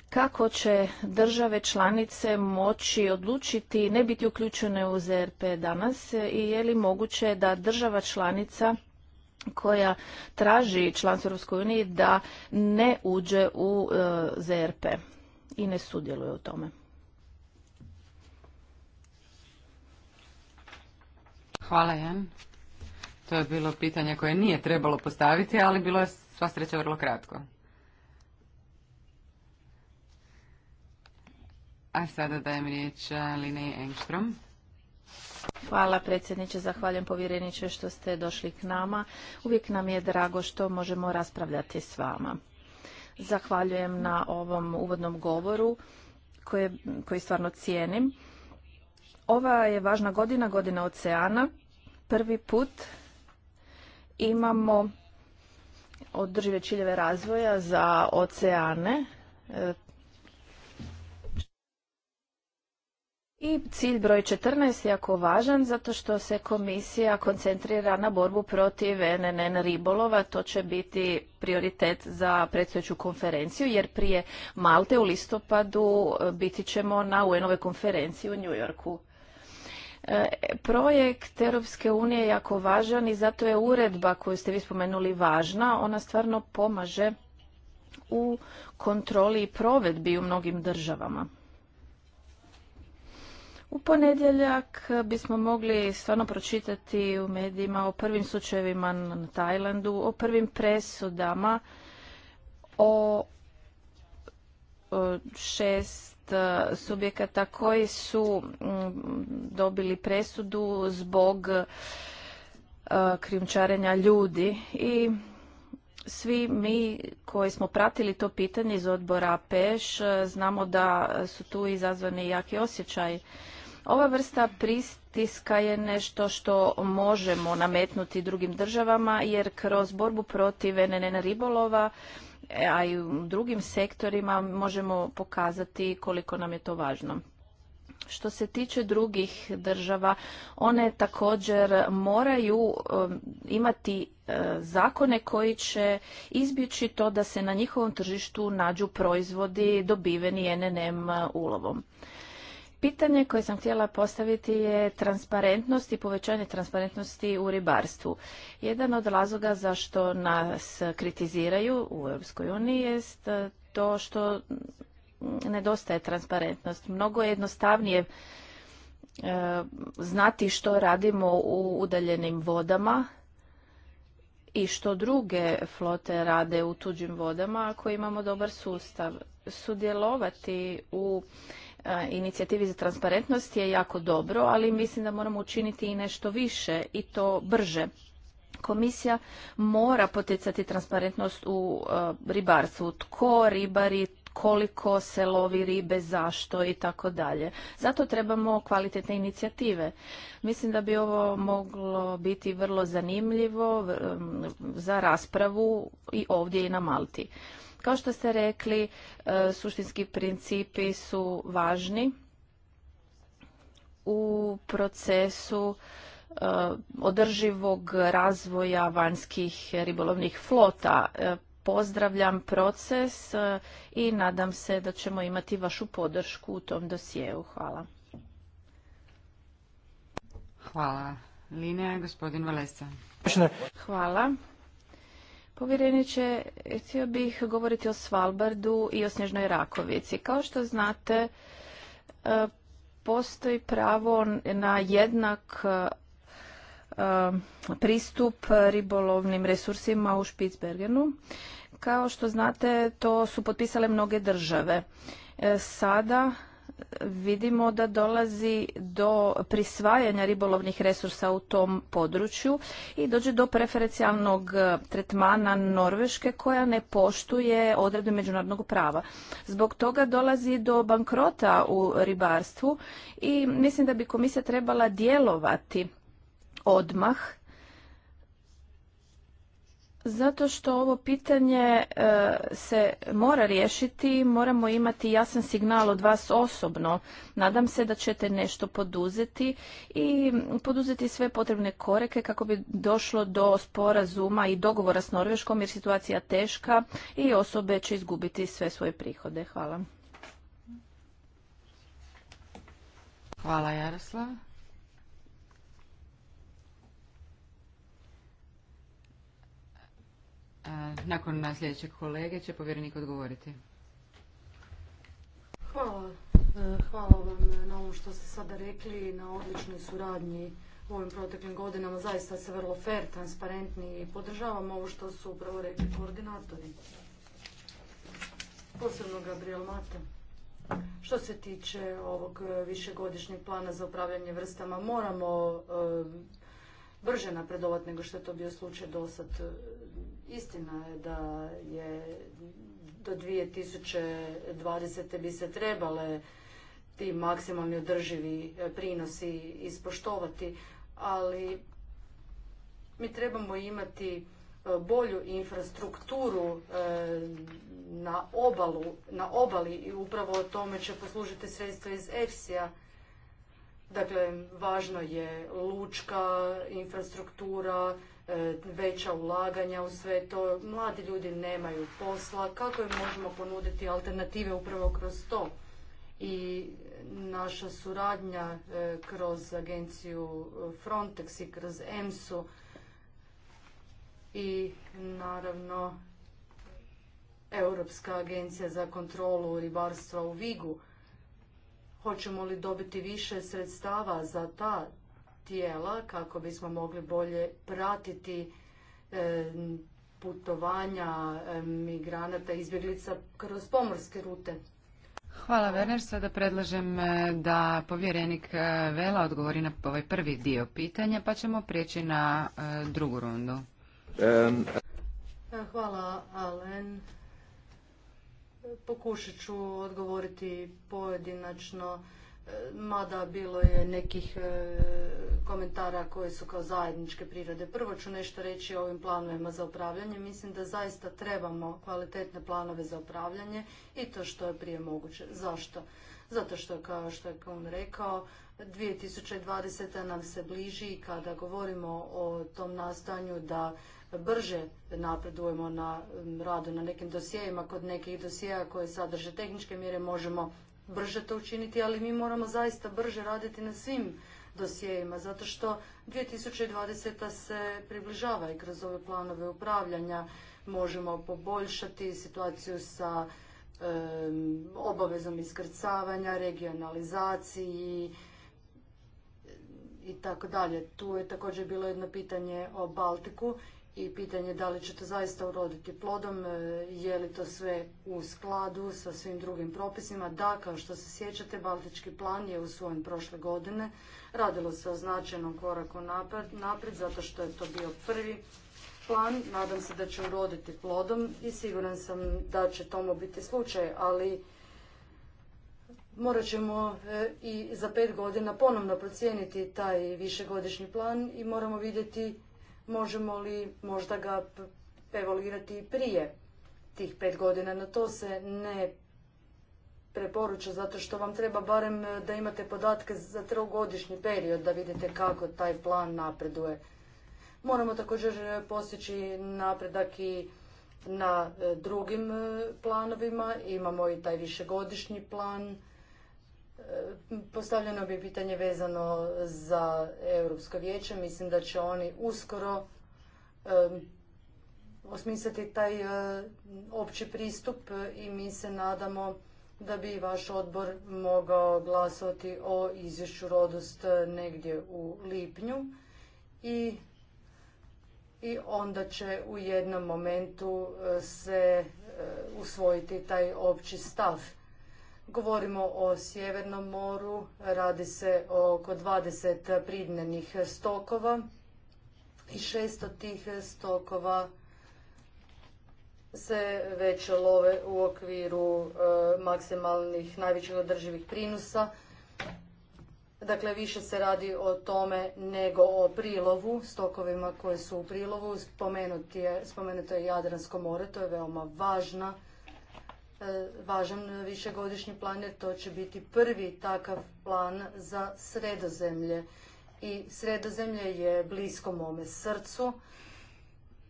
kako će države članice moći odlučiti ne biti uključene u ZRP danas i je li moguće da država članica koja traži članstvo Europskoj uniji da ne uđe u e, ZRP i ne sudjeluje u tome. Hvala Jan. To je bilo pitanje koje nije trebalo postaviti, ali bilo je sva sreća vrlo kratko. A sada dajem riječ e, Linei Engstrom. Hvala predsjedniče, zahvaljujem povjereniče što ste došli k nama. Uvijek nam je drago što možemo raspravljati s vama. Zahvaljujem na ovom uvodnom govoru koji stvarno cijenim. Ova je važna godina, godina oceana. Prvi put imamo održive ciljeve razvoja za oceane. E, I cilj broj 14 je jako važan zato što se komisija koncentrira na borbu protiv NNN ribolova. To će biti prioritet za predstojeću konferenciju jer prije Malte u listopadu e, biti ćemo na UN-ove konferenciji u Yorku. E, projekt Europske unije je jako važan i zato je uredba koju ste vi spomenuli važna. Ona stvarno pomaže u kontroli i provedbi u mnogim državama. U ponedjeljak bismo mogli stvarno pročitati u medijima o prvim slučajevima na Tajlandu, o prvim presudama, o šest e, subjekata koji su dobili presudu zbog e, krijumčarenja ljudi i svi mi koji smo pratili to pitanje iz odbora Peš e, znamo da su tu izazvani jaki osjećaj ova vrsta pristiska je nešto što možemo nametnuti drugim državama jer kroz borbu protiv NNN ribolova a i u drugim sektorima možemo pokazati koliko nam je to važno. Što se tiče drugih država, one također moraju um, imati uh, zakone koji će izbjeći to da se na njihovom tržištu nađu proizvodi dobiveni NNM uh, ulovom. Pitanje koje sam htjela postaviti je transparentnost i povećanje transparentnosti u ribarstvu. Jedan od razloga zašto nas kritiziraju u EU jest e, to što nedostaje transparentnost. Mnogo je jednostavnije e, znati što radimo u udaljenim vodama i što druge flote rade u tuđim vodama ako imamo dobar sustav. Sudjelovati u inicijativi za transparentnost je jako dobro, ali mislim da moramo učiniti i nešto više i to brže. Komisija mora poticati transparentnost u ribarstvu. Tko ribari, koliko se lovi ribe, zašto i tako dalje. Zato trebamo kvalitetne inicijative. Mislim da bi ovo moglo biti vrlo zanimljivo za raspravu i ovdje i na Malti. Kao što ste rekli, e, suštinski principi su važni u procesu e, održivog razvoja vanjskih ribolovnih flota. E, pozdravljam proces i nadam se da ćemo imati vašu podršku u tom dosjeu. Hvala. Hvala. Linija je gospodin Valesa. Hvala. Povjereniče, htio bih govoriti o Svalbardu i o Snježnoj Rakovici. Kao što znate, e, postoji pravo na jednak e, pristup ribolovnim resursima u Špitsbergenu. Kao što znate, to su potpisale mnoge države. E, sada vidimo da dolazi do prisvajanja ribolovnih resursa u tom području i dođe do preferencijalnog tretmana Norveške koja ne poštuje odredbe međunarodnog prava. Zbog toga dolazi do bankrota u ribarstvu i mislim da bi komisija trebala djelovati odmah zato što ovo pitanje e, se mora riješiti, moramo imati jasan signal od vas osobno. Nadam se da ćete nešto poduzeti i poduzeti sve potrebne koreke kako bi došlo do sporazuma i dogovora s Norveškom jer situacija teška i osobe će izgubiti sve svoje prihode. Hvala. Hvala Jaroslav. Nakon nas sljedećeg kolege će povjerenik odgovoriti. Hvala. E, hvala vam na ovom što ste sada rekli i na odličnoj suradnji u ovim proteklim godinama. Zaista se vrlo fair, transparentni i podržavam ovo što su upravo rekli koordinatori. Posebno Gabriel Mate. Što se tiče ovog višegodišnjeg plana za upravljanje vrstama, moramo e, brže napredovati nego što je to bio slučaj do sad. Istina je da je do 2020. bi se trebale ti maksimalni održivi e, prinosi ispoštovati, ali mi trebamo imati e, bolju infrastrukturu e, na, obalu, na obali i upravo o tome će poslužiti sredstva iz EFSI-a. Dakle, važno je lučka infrastruktura, E, veća ulaganja u sve to, mladi ljudi nemaju posla, kako im možemo ponuditi alternative upravo kroz to? I naša suradnja e, kroz agenciju e, Frontex i kroz EMSU i naravno Europska agencija za kontrolu ribarstva u Vigu. Hoćemo li dobiti više sredstava za ta tijela kako bismo mogli bolje pratiti e, putovanja e, migranata i izbjeglica kroz pomorske rute. Hvala Werner. Sada predlažem e, da povjerenik Vela odgovori na ovaj prvi dio pitanja, pa ćemo prijeći na drugu rundu. Hvala Alen. Pokušat ću odgovoriti pojedinačno mada bilo je nekih e, komentara koje su kao zajedničke prirode. Prvo ću nešto reći o ovim planovima za upravljanje. Mislim da zaista trebamo kvalitetne planove za upravljanje i to što je prije moguće. Zašto? Zato što, kao što je on rekao, 2020. nam se bliži i kada govorimo o tom nastanju da brže napredujemo na radu na nekim dosijejima, kod nekih dosijeja koje sadrže tehničke mjere možemo brže to učiniti, ali mi moramo zaista brže raditi na svim dosjeima zato što 2020. se približava i kroz ove planove upravljanja možemo poboljšati situaciju sa obavezom iskrcavanja, regionalizaciji i tako dalje. Tu je također bilo jedno pitanje o Baltiku i pitanje da li će to zaista uroditi plodom, e, je li to sve u skladu sa svim drugim propisima. Da, kao što se sjećate, Baltički plan je usvojen prošle godine. Radilo se o značajnom koraku naprijed, zato što je to bio prvi plan. Nadam se da će uroditi plodom i siguran sam da će tomu biti slučaj, ali morat ćemo e, i za pet godina ponovno procijeniti taj višegodišnji plan i moramo vidjeti možemo li možda ga evoluirati i prije tih pet godina. Na to se ne preporuča zato što vam treba barem e, da imate podatke za trogodišnji period da vidite kako taj plan napreduje. Moramo također e, postići napredak i na e, drugim planovima. Imamo i taj višegodišnji plan Postavljeno bi pitanje vezano za Europsko vijeće. Mislim da će oni uskoro osmisliti taj e, opći pristup i mi se nadamo da bi vaš odbor mogao glasovati o izvješću Rodost negdje u lipnju i, i onda će u jednom momentu e, se e, usvojiti taj opći stav Govorimo o Sjevernom moru, radi se oko 20 pridnenih stokova i 600 tih stokova se već love u okviru e, maksimalnih najvećih održivih prinusa. Dakle, više se radi o tome nego o prilovu, stokovima koje su u prilovu. spomenuto je Jadransko more, to je veoma važna E, važan višegodišnji plan jer to će biti prvi takav plan za sredozemlje. I sredozemlje je blisko mome srcu,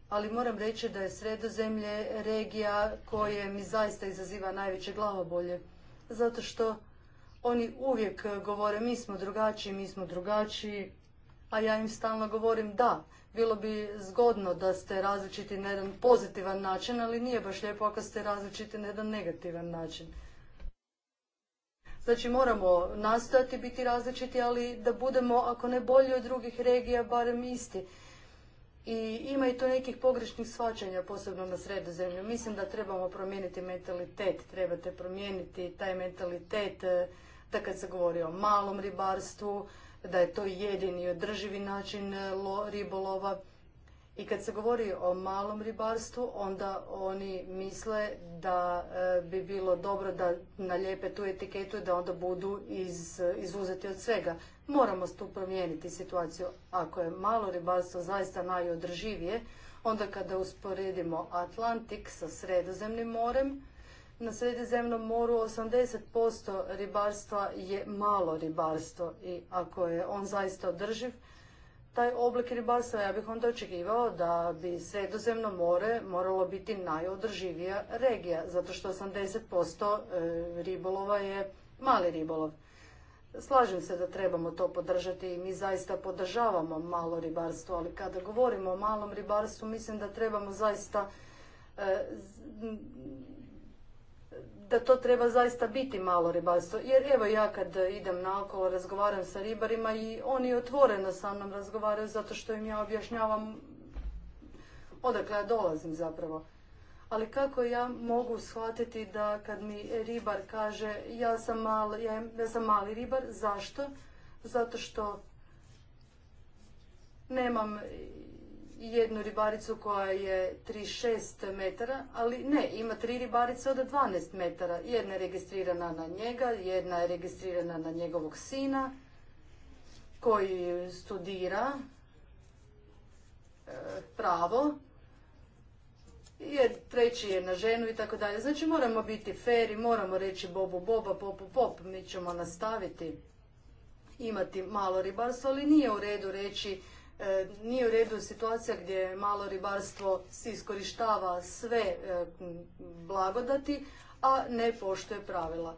ali moram reći da je sredozemlje regija koje mi zaista izaziva najveće glavobolje. Zato što oni uvijek govore mi smo drugačiji, mi smo drugačiji, a ja im stalno govorim da, bilo bi zgodno da ste različiti na jedan pozitivan način, ali nije baš lijepo ako ste različiti na jedan negativan način. Znači moramo nastojati biti različiti, ali da budemo, ako ne bolji od drugih regija, barem isti. I ima i to nekih pogrešnih svačanja, posebno na sredozemlju. Mislim da trebamo promijeniti mentalitet, trebate promijeniti taj mentalitet eh, da kad se govori o malom ribarstvu, da je to jedini održivi način e, ribolova. I kad se govori o malom ribarstvu, onda oni misle da e, bi bilo dobro da nalijepe tu etiketu i da onda budu iz, izuzeti od svega. Moramo tu promijeniti situaciju. Ako je malo ribarstvo zaista najodrživije, onda kada usporedimo Atlantik sa Sredozemnim morem, na Sredizemnom moru 80% ribarstva je malo ribarstvo i ako je on zaista održiv, taj oblik ribarstva, ja bih onda očekivao da bi Sredozemno more moralo biti najodrživija regija, zato što 80% e, ribolova je mali ribolov. Slažem se da trebamo to podržati i mi zaista podržavamo malo ribarstvo, ali kada govorimo o malom ribarstvu mislim da trebamo zaista e, da to treba zaista biti malo ribarstvo. Jer evo ja kad idem naokolo razgovaram sa ribarima i oni otvoreno sa mnom razgovaraju zato što im ja objašnjavam odakle ja dolazim zapravo. Ali kako ja mogu shvatiti da kad mi ribar kaže ja sam mali, ja sam mali ribar, zašto? Zato što nemam jednu ribaricu koja je 36 metara, ali ne, ima tri ribarice od 12 metara. Jedna je registrirana na njega, jedna je registrirana na njegovog sina koji studira e, pravo, jer treći je na ženu i tako dalje. Znači moramo biti fair i moramo reći bobu boba, popu pop, mi ćemo nastaviti imati malo ribarstvo, ali nije u redu reći E, nije u redu situacija gdje malo ribarstvo se iskorištava sve e, blagodati, a ne poštuje pravila.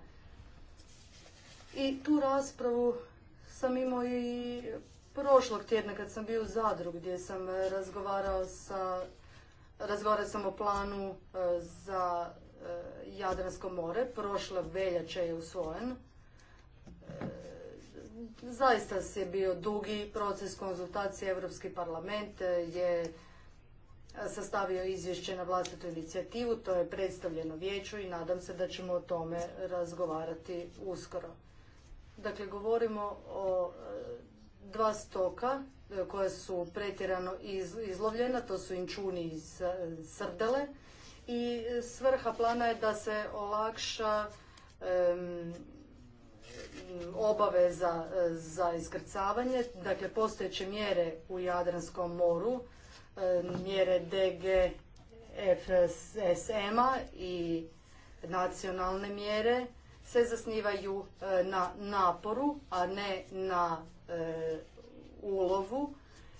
I tu raspravu sam imao i prošlog tjedna kad sam bio u Zadru gdje sam razgovarao sa razgovarao sam o planu e, za Jadransko more. Prošla veljača je usvojen zaista se bio dugi proces konzultacije. Europski parlament je sastavio izvješće na vlastitu inicijativu, to je predstavljeno vijeću i nadam se da ćemo o tome razgovarati uskoro. Dakle, govorimo o e, dva stoka e, koja su pretjerano izlovljena, to su inčuni iz e, srdele i svrha plana je da se olakša obaveza e, za iskrcavanje, dakle postojeće mjere u Jadranskom moru, e, mjere DG FSM-a i nacionalne mjere se zasnivaju e, na naporu, a ne na ulovu.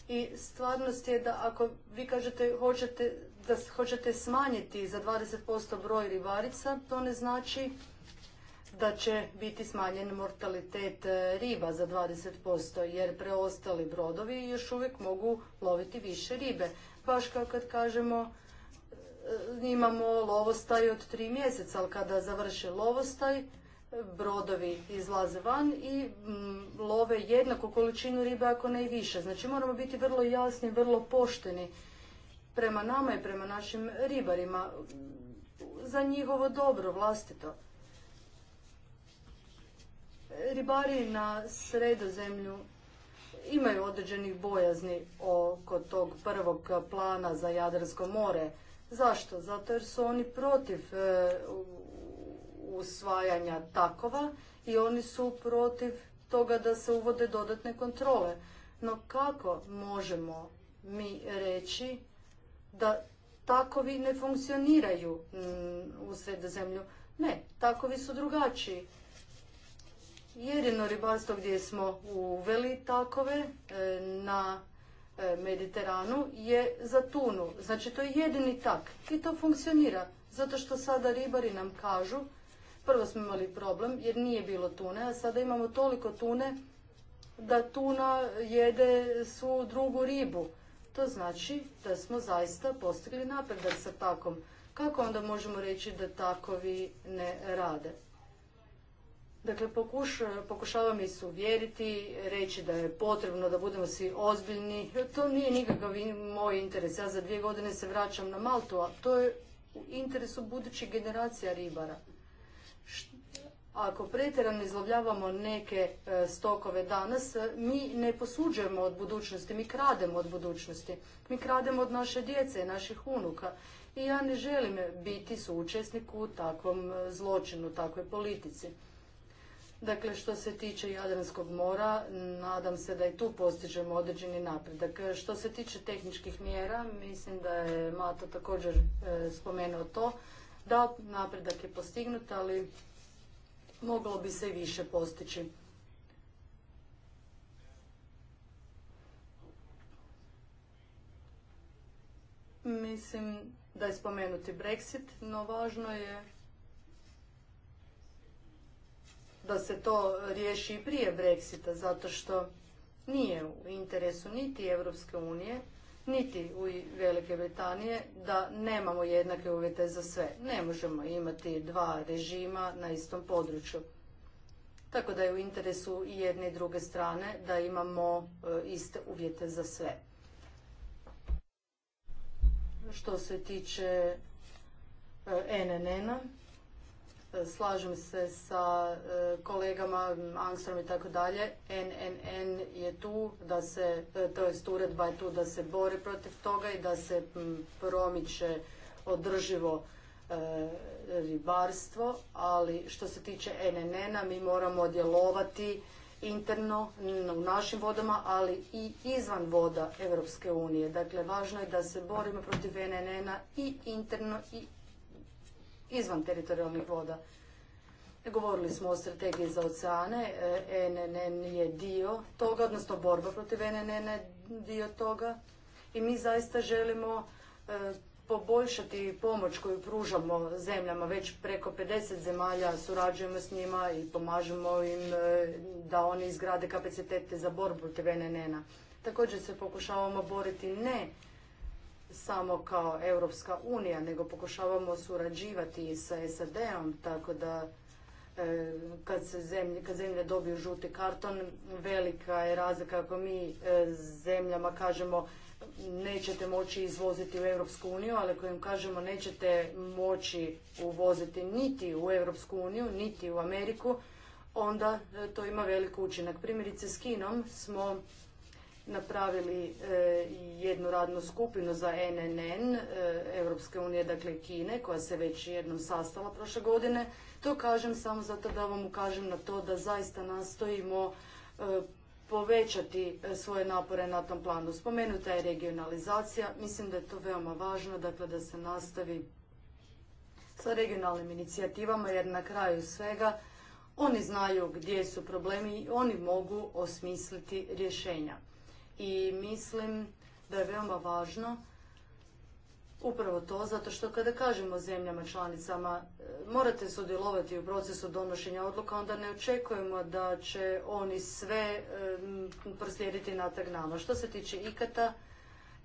I stvarnost je da ako vi kažete hoćete, da hoćete smanjiti za 20% broj ribarica, to ne znači da će biti smanjen mortalitet e, riba za 20%, jer preostali brodovi još uvijek mogu loviti više ribe. Baš kao kad kažemo e, imamo lovostaj od tri mjeseca, ali kada završe lovostaj, brodovi izlaze van i love jednako količinu ribe, ako ne i više. Znači moramo biti vrlo jasni, vrlo pošteni prema nama i prema našim ribarima za njihovo dobro vlastito. Ribari na sredozemlju imaju određenih bojazni oko tog prvog plana za Jadransko more. Zašto? Zato jer su oni protiv e, usvajanja takova i oni su protiv toga da se uvode dodatne kontrole. No kako možemo mi reći da takovi ne funkcioniraju mm, u sredozemlju? Ne, takovi su drugačiji jedino ribarstvo gdje smo uveli takove e, na e, Mediteranu je za tunu. Znači to je jedini tak i to funkcionira. Zato što sada ribari nam kažu, prvo smo imali problem jer nije bilo tune, a sada imamo toliko tune da tuna jede svu drugu ribu. To znači da smo zaista postigli napredak sa takom. Kako onda možemo reći da takovi ne rade? Dakle, pokušava mi ih se uvjeriti, reći da je potrebno da budemo svi ozbiljni. To nije nikakav moj interes. Ja za dvije godine se vraćam na Maltu, a to je u interesu budućih generacija ribara. Ako pretjerano izlovljavamo neke e, stokove danas, e, mi ne posuđujemo od budućnosti, mi krademo od budućnosti. Mi krademo od naše djece i naših unuka. I ja ne želim biti suučesnik u takvom e, zločinu, takvoj politici. Dakle, što se tiče Jadranskog mora, nadam se da i tu postižemo određeni napredak. Što se tiče tehničkih mjera, mislim da je Mato također e, spomenuo to, da napredak je postignut, ali moglo bi se i više postići. Mislim da je spomenuti Brexit, no važno je da se to riješi i prije Brexita, zato što nije u interesu niti Evropske unije, niti u Velike Britanije da nemamo jednake uvjete za sve. Ne možemo imati dva režima na istom području. Tako da je u interesu i jedne i druge strane da imamo e, iste uvjete za sve. Što se tiče e, NNN-a, slažem se sa e, kolegama Angstrom i tako dalje. NNN je tu da se, e, to jest uredba je tu da se bori protiv toga i da se promiče održivo e, ribarstvo, ali što se tiče NNN-a mi moramo djelovati interno u našim vodama, ali i izvan voda Europske unije. Dakle, važno je da se borimo protiv NNN-a i interno i izvan teritorijalnih voda. Govorili smo o strategiji za oceane, NNN e, je dio toga, odnosno borba protiv NNN je dio toga i mi zaista želimo e, poboljšati pomoć koju pružamo zemljama, već preko 50 zemalja surađujemo s njima i pomažemo im e, da oni izgrade kapacitete za borbu protiv NNN-a. Također se pokušavamo boriti ne samo kao Europska unija, nego pokušavamo surađivati sa SAD-om, tako da e, kad, se zemlje, kad zemlje dobiju žuti karton, velika je razlika ako mi e, zemljama kažemo nećete moći izvoziti u Europsku uniju, ali ako im kažemo nećete moći uvoziti niti u Europsku uniju, niti u Ameriku, onda e, to ima velik učinak. Primjerice s Kinom smo napravili e, jednu radnu skupinu za NNN Europske unije, dakle Kine, koja se već jednom sastala prošle godine. To kažem samo zato da vam ukažem na to da zaista nastojimo e, povećati e, svoje napore na tom planu. Spomenuta je regionalizacija, mislim da je to veoma važno, dakle da se nastavi sa regionalnim inicijativama, jer na kraju svega oni znaju gdje su problemi i oni mogu osmisliti rješenja i mislim da je veoma važno upravo to, zato što kada kažemo zemljama članicama e, morate sudjelovati u procesu donošenja odluka, onda ne očekujemo da će oni sve proslijediti natrag nama. Što se tiče ikata,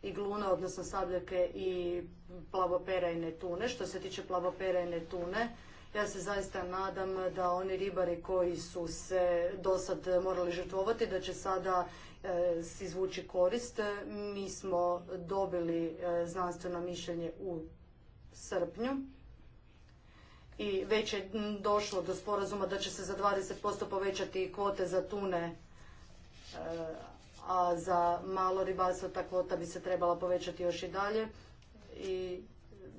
i gluna, odnosno sabljake i plavoperajne tune. Što se tiče plavoperajne tune, ja se zaista nadam da oni ribari koji su se do sad morali žrtvovati, da će sada E, izvući korist. Mi smo dobili e, znanstveno mišljenje u srpnju i već je došlo do sporazuma da će se za 20% povećati kvote za tune, e, a za malo ribarstvo ta kvota bi se trebala povećati još i dalje. I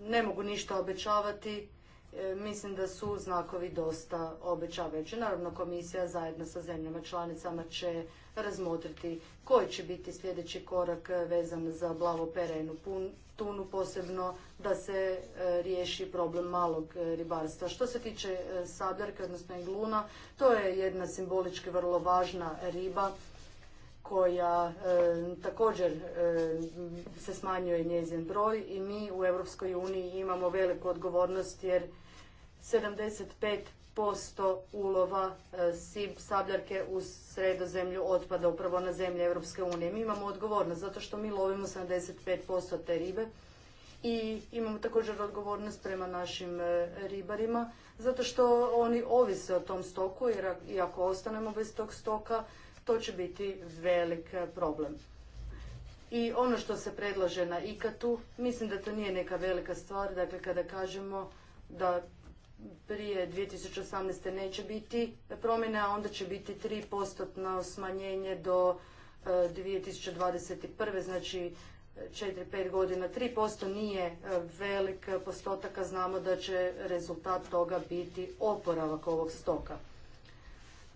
ne mogu ništa obećavati E, mislim da su znakovi dosta obećavajući. Naravno, komisija zajedno sa zemljama članicama će razmotriti koji će biti sljedeći korak vezan za blavo perenu tunu, posebno da se e, riješi problem malog e, ribarstva. Što se tiče sabljarke, odnosno igluna, to je jedna simbolički vrlo važna riba koja e, također e, se smanjuje njezin broj i mi u Europskoj uniji imamo veliku odgovornost jer 75% ulova e, sabljarke u sredozemlju otpada upravo na zemlje Europske unije. Mi imamo odgovornost zato što mi lovimo 75% te ribe i imamo također odgovornost prema našim ribarima zato što oni ovise o tom stoku jer ako ostanemo bez tog stoka to će biti velik eh, problem. I ono što se predlaže na ikatu, mislim da to nije neka velika stvar, dakle kada kažemo da prije 2018. neće biti promjena, a onda će biti 3% smanjenje do 2021. Eh, znači 4-5 eh, godina. 3% nije velik postotak, a znamo da će rezultat toga biti oporavak ovog stoka.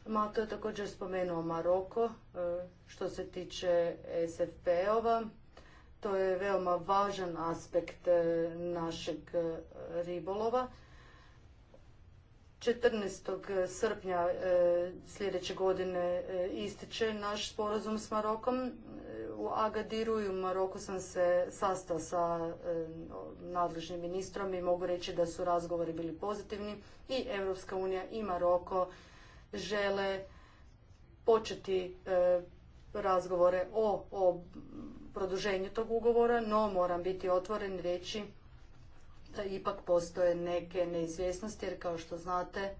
Mato je također spomenuo Maroko e, što se tiče SFP-ova. To je veoma važan aspekt e, našeg e, ribolova. 14. srpnja sljedeće godine ističe naš sporazum s Marokom. U Agadiru i u Maroku sam se sastao sa nadležnim ministrom i mogu reći da su razgovori bili pozitivni i Evropska unija i Maroko žele početi e, razgovore o, o produženju tog ugovora, no moram biti otvoren veći reći da ipak postoje neke neizvjesnosti, jer kao što znate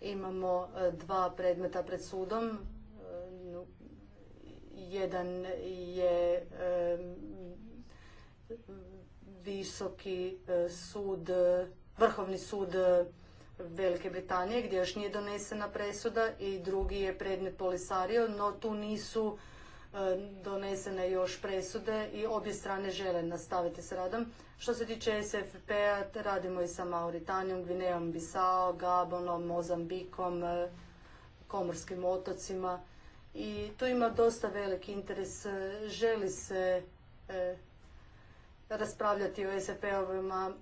imamo e, dva predmeta pred sudom. E, jedan je visoki sud, vrhovni sud Velike Britanije gdje još nije donesena presuda i drugi je predmet Polisario, no tu nisu e, donesene još presude i obje strane žele nastaviti s radom. Što se tiče SFP-a, radimo i sa Mauritanijom, Gvinejom, Bisao, Gabonom, Mozambikom, e, Komorskim otocima i tu ima dosta velik interes. E, želi se raspravljati o SFP-ovima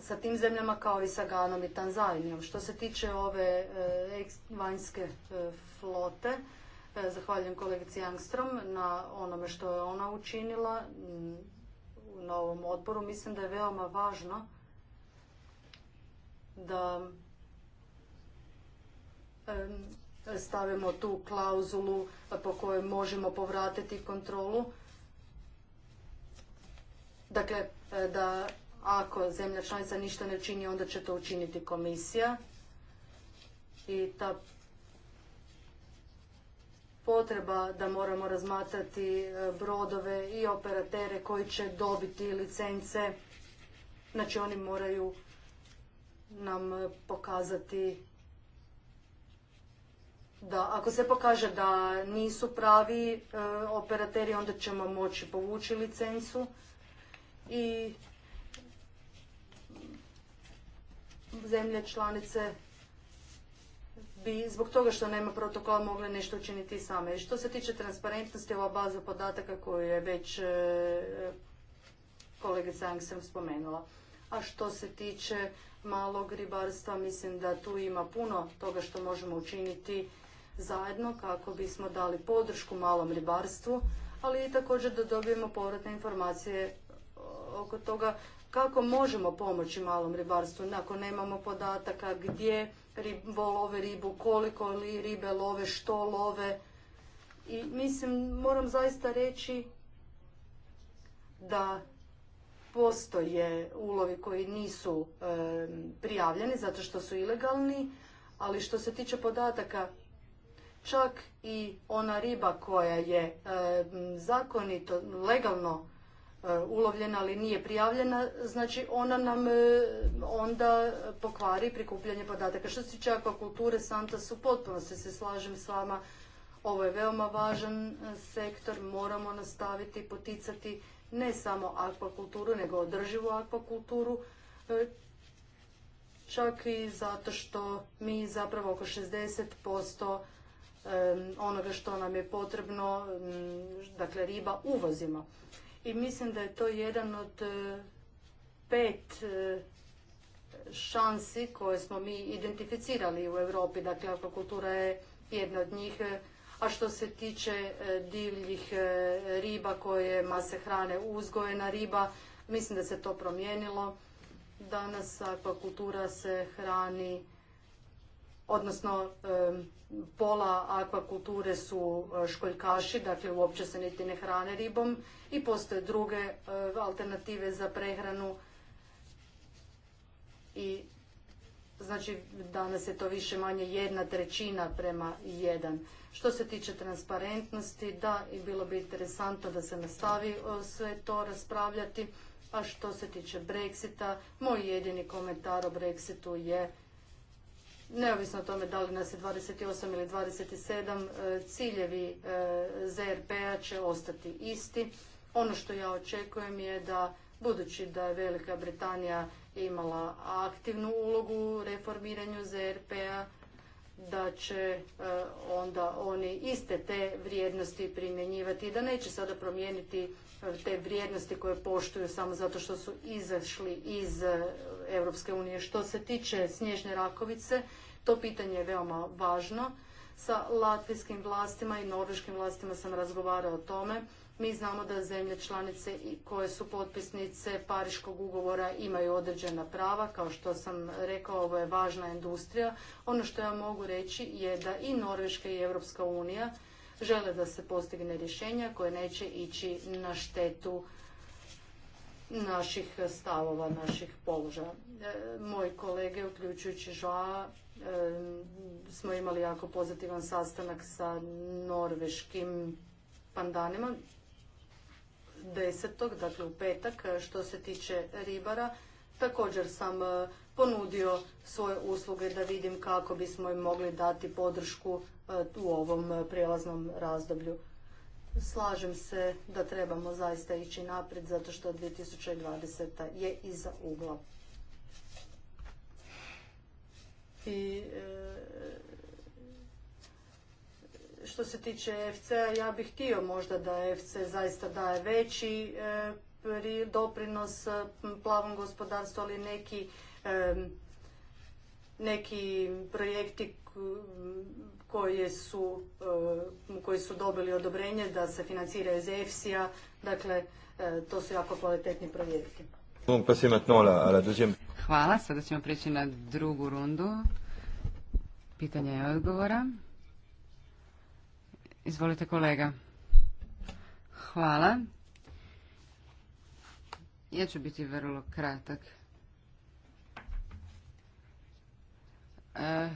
sa tim zemljama kao i sa Ganom i Tanzanijom. Što se tiče ove e, vanjske e, flote, e, zahvaljujem kolegici Angstrom na onome što je ona učinila mm, na ovom odboru. Mislim da je veoma važno da stavimo tu klauzulu po kojoj možemo povratiti kontrolu. Dakle, da ako zemlja članica ništa ne čini, onda će to učiniti komisija. I ta potreba da moramo razmatrati e, brodove i operatere koji će dobiti licence. Znači oni moraju nam pokazati da ako se pokaže da nisu pravi e, operateri onda ćemo moći povući licencu i zemlje članice bi zbog toga što nema protokola mogle nešto učiniti same. što se tiče transparentnosti, ova baza podataka koju je već e, kolegica Angström spomenula. A što se tiče malog ribarstva, mislim da tu ima puno toga što možemo učiniti zajedno kako bismo dali podršku malom ribarstvu, ali i također da dobijemo povratne informacije oko toga kako možemo pomoći malom ribarstvu ako nemamo podataka gdje love ribu, koliko li ribe love, što love? I mislim, moram zaista reći da postoje ulovi koji nisu prijavljeni zato što su ilegalni, ali što se tiče podataka, čak i ona riba koja je zakonito, legalno E, ulovljena ali nije prijavljena, znači ona nam e, onda pokvari prikupljanje podataka. Što se tiče akvakulture, Santa su potpuno se, se slažem s vama, ovo je veoma važan e, sektor, moramo nastaviti poticati ne samo akvakulturu, nego održivu akvakulturu, čak i zato što mi zapravo oko 60% onoga što nam je potrebno, dakle riba, uvozimo i mislim da je to jedan od e, pet e, šansi koje smo mi identificirali u Europi. Dakle, akvakultura je jedna od njih. E, a što se tiče divljih riba kojima se hrane uzgojena riba, mislim da se to promijenilo. Danas akvakultura se hrani, odnosno pola akvakulture su e, školjkaši, dakle uopće se niti ne hrane ribom i postoje druge e, alternative za prehranu i znači danas je to više manje jedna trećina prema jedan. Što se tiče transparentnosti, da i bilo bi interesantno da se nastavi e, sve to raspravljati, a što se tiče Brexita, moj jedini komentar o Brexitu je neovisno o tome da li nas je 28 ili 27, e, ciljevi e, ZRP-a će ostati isti. Ono što ja očekujem je da, budući da je Velika Britanija imala aktivnu ulogu u reformiranju ZRP-a, da će e, onda oni iste te vrijednosti primjenjivati i da neće sada promijeniti te vrijednosti koje poštuju samo zato što su izašli iz Europske unije. Što se tiče snježne rakovice, to pitanje je veoma važno. Sa latvijskim vlastima i norveškim vlastima sam razgovarao o tome. Mi znamo da zemlje članice koje su potpisnice Pariškog ugovora imaju određena prava. Kao što sam rekao, ovo je važna industrija. Ono što ja mogu reći je da i Norveška i Europska unija žele da se postigne rješenja koje neće ići na štetu naših stavova, naših položaja. E, moji kolege, uključujući Žoa, e, smo imali jako pozitivan sastanak sa norveškim pandanima desetog dakle u petak što se tiče ribara. Također sam e, ponudio svoje usluge da vidim kako bismo im mogli dati podršku u ovom prijelaznom razdoblju. Slažem se da trebamo zaista ići naprijed zato što 2020. je iza ugla. I e, što se tiče FC-a, ja bih htio možda da FC zaista daje veći e, doprinos plavom gospodarstvu, ali neki, e, neki projekti E, koji su dobili odobrenje da se financira iz EFSI-a, dakle e, to su jako kvalitetni projekti. Hvala, sada ćemo prijeći na drugu rundu pitanja i odgovora. Izvolite kolega. Hvala. Ja ću biti vrlo kratak. E,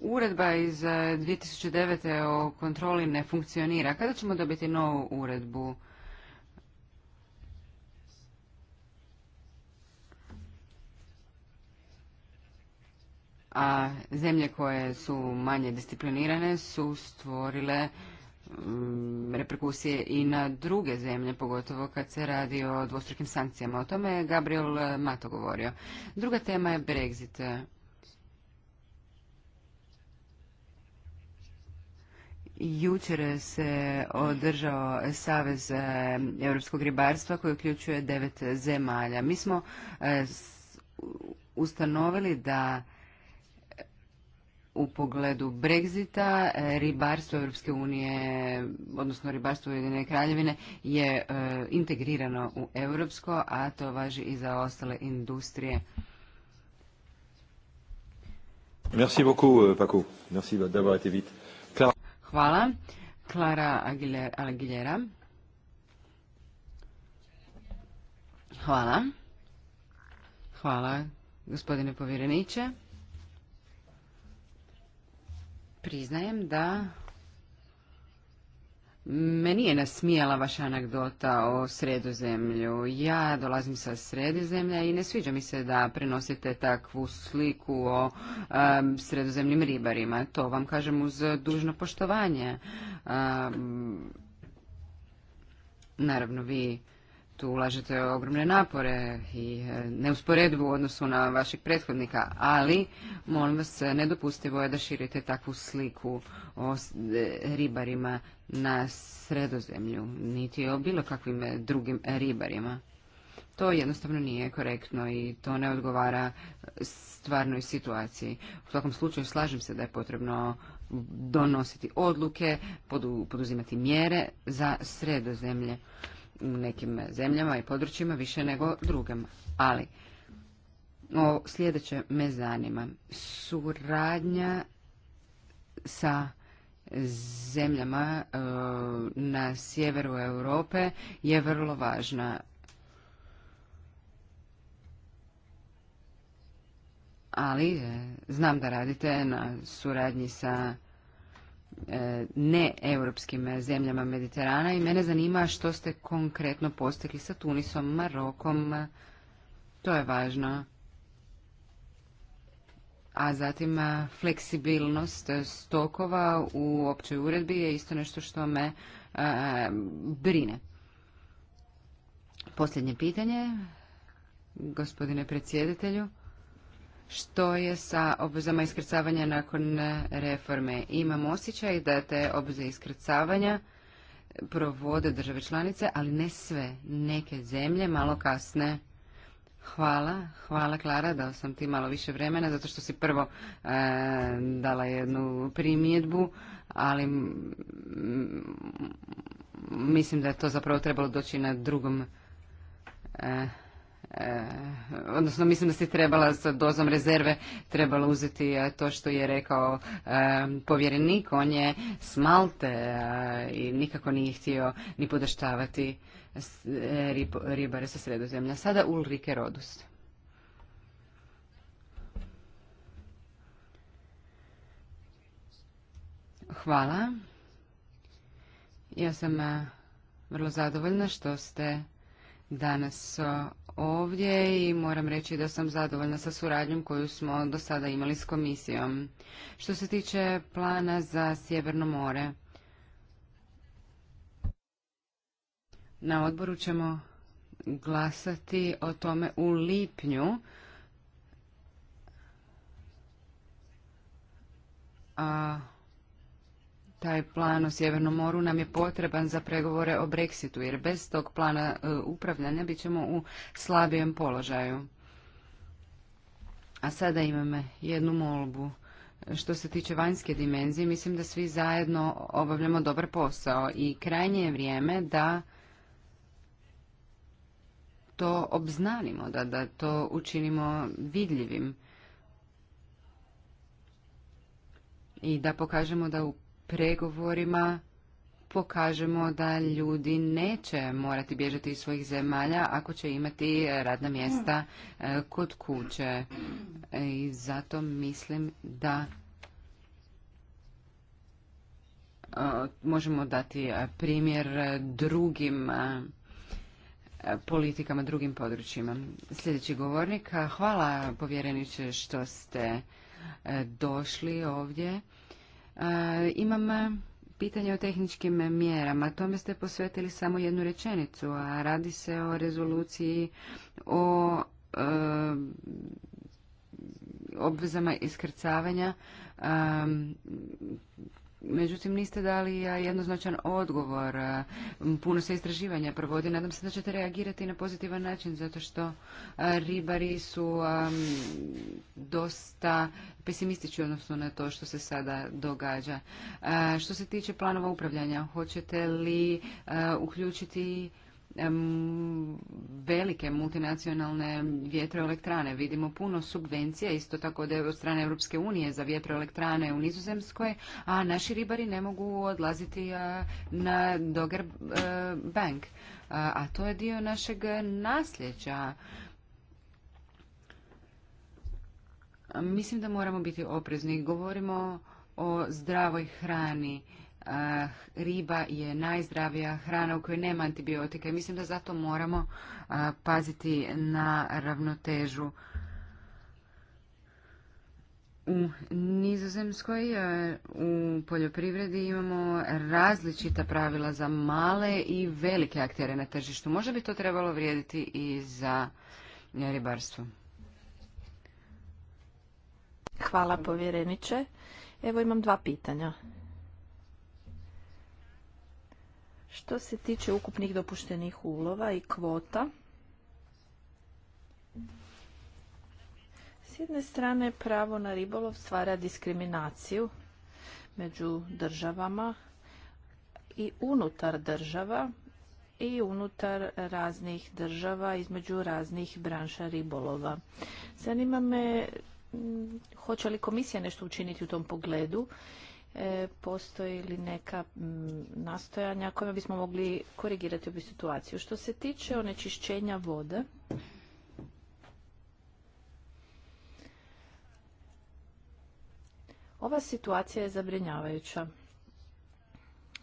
uredba iz 2009. E, o kontroli ne funkcionira. Kada ćemo dobiti novu uredbu? A zemlje koje su manje disciplinirane su stvorile mm, reperkusije i na druge zemlje, pogotovo kad se radi o dvostrukim sankcijama. O tome je Gabriel Mato govorio. Druga tema je Brexit. Jučer se održao Savez e, Europskog ribarstva koji uključuje devet zemalja. Mi smo e, ustanovili da e, u pogledu Brexita ribarstvo Europske unije, odnosno ribarstvo Ujedine kraljevine je integrirano u europsko, a to važi i za ostale industrije. Merci beaucoup, euh, Paco. Merci d'avoir été vite. Hvala. Klara Aguilera. Hvala. Hvala, gospodine povjereniče. Priznajem da meni je nasmijala vaša anegdota o sredozemlju. Ja dolazim sa sredozemlja i ne sviđa mi se da prenosite takvu sliku o um, ribarima. To vam kažem uz dužno poštovanje. naravno, vi tu ulažete ogromne napore i e, neusporedbu u odnosu na vašeg prethodnika, ali molim vas nedopustivo je da širite takvu sliku o e, ribarima na sredozemlju, niti o bilo kakvim e, drugim ribarima. To jednostavno nije korektno i to ne odgovara stvarnoj situaciji. U svakom slučaju slažem se da je potrebno donositi odluke, poduzimati mjere za sredozemlje nekim zemljama i područjima više nego drugima. Ali o sljedeće me zanima. Suradnja sa zemljama e, na sjeveru Europe je vrlo važna. Ali e, znam da radite na suradnji sa E, ne europskim e, zemljama Mediterana i mene zanima što ste konkretno postigli sa Tunisom, Marokom, e, to je važno. A zatim fleksibilnost stokova u općoj uredbi je isto nešto što me brine. Posljednje pitanje, gospodine predsjedatelju što je sa obvezama iskrcavanja nakon e, reforme. Imam osjećaj da te obveze iskrcavanja provode države članice, ali ne sve. Neke zemlje malo kasne. Hvala, hvala Klara, dao sam ti malo više vremena, zato što si prvo e, dala jednu primjedbu, ali mislim da je to zapravo trebalo doći na drugom e, Eh, odnosno mislim da si trebala sa dozom rezerve trebala uzeti eh, to što je rekao eh, povjerenik, on je smalte i nikako nije htio ni podaštavati ribare sa sredozemlja. Sada Ulrike Rodus. Hvala. Ja sam vrlo zadovoljna što ste danas e, ovdje i moram reći da sam zadovoljna sa suradnjom koju smo do sada imali s komisijom. Što se tiče plana za Sjeverno more, na odboru ćemo glasati o tome u lipnju. A taj plan o Sjevernom moru nam je potreban za pregovore o Brexitu, jer bez tog plana e, upravljanja bit ćemo u slabijem položaju. A sada imam jednu molbu. Što se tiče vanjske dimenzije, mislim da svi zajedno obavljamo dobar posao i krajnje je vrijeme da to obznanimo, da, da to učinimo vidljivim i da pokažemo da u pregovorima pokažemo da ljudi neće morati bježati iz svojih zemalja ako će imati radna mjesta e, kod kuće. E, I zato mislim da e, možemo dati primjer drugim politikama, drugim područjima. Sljedeći govornik, hvala povjereniče što ste došli ovdje. Imam e, pitanje o tehničkim mjerama. Tome ste posvetili samo jednu rečenicu, a radi se o rezoluciji o e, obvezama iskrcavanja Međutim, niste dali jednoznačan odgovor. Puno se istraživanja provodi. Nadam se da ćete reagirati na pozitivan način, zato što ribari su dosta pesimistični odnosno na to što se sada događa. Što se tiče planova upravljanja, hoćete li uključiti velike multinacionalne vjetroelektrane. Vidimo puno subvencija, isto tako da je od strane Europske unije za vjetroelektrane u Nizozemskoj, a naši ribari ne mogu odlaziti na Dogger e, Bank. A to je dio našeg nasljeđa. Mislim da moramo biti oprezni. Govorimo o zdravoj hrani Eh, riba je najzdravija hrana u kojoj nema antibiotika i mislim da zato moramo eh, paziti na ravnotežu. U Nizozemskoj eh, u poljoprivredi imamo različita pravila za male i velike aktere na tržištu. Možda bi to trebalo vrijediti i za ribarstvo. Hvala povjereniče. Evo imam dva pitanja. Što se tiče ukupnih dopuštenih ulova i kvota, s jedne strane pravo na ribolov stvara diskriminaciju među državama i unutar država i unutar raznih država između raznih branša ribolova. Zanima me mm, hoće li komisija nešto učiniti u tom pogledu E, postoji li neka nastojanja kojima bismo mogli korigirati ovu situaciju. Što se tiče onečišćenja vode, ova situacija je zabrinjavajuća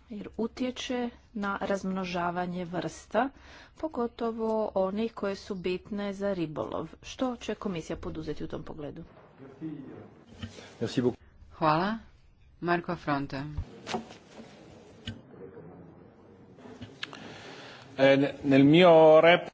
jer utječe na razmnožavanje vrsta, pogotovo onih koje su bitne za ribolov. Što će komisija poduzeti u tom pogledu? Hvala. Marko Fronte. Eh, nel mio rep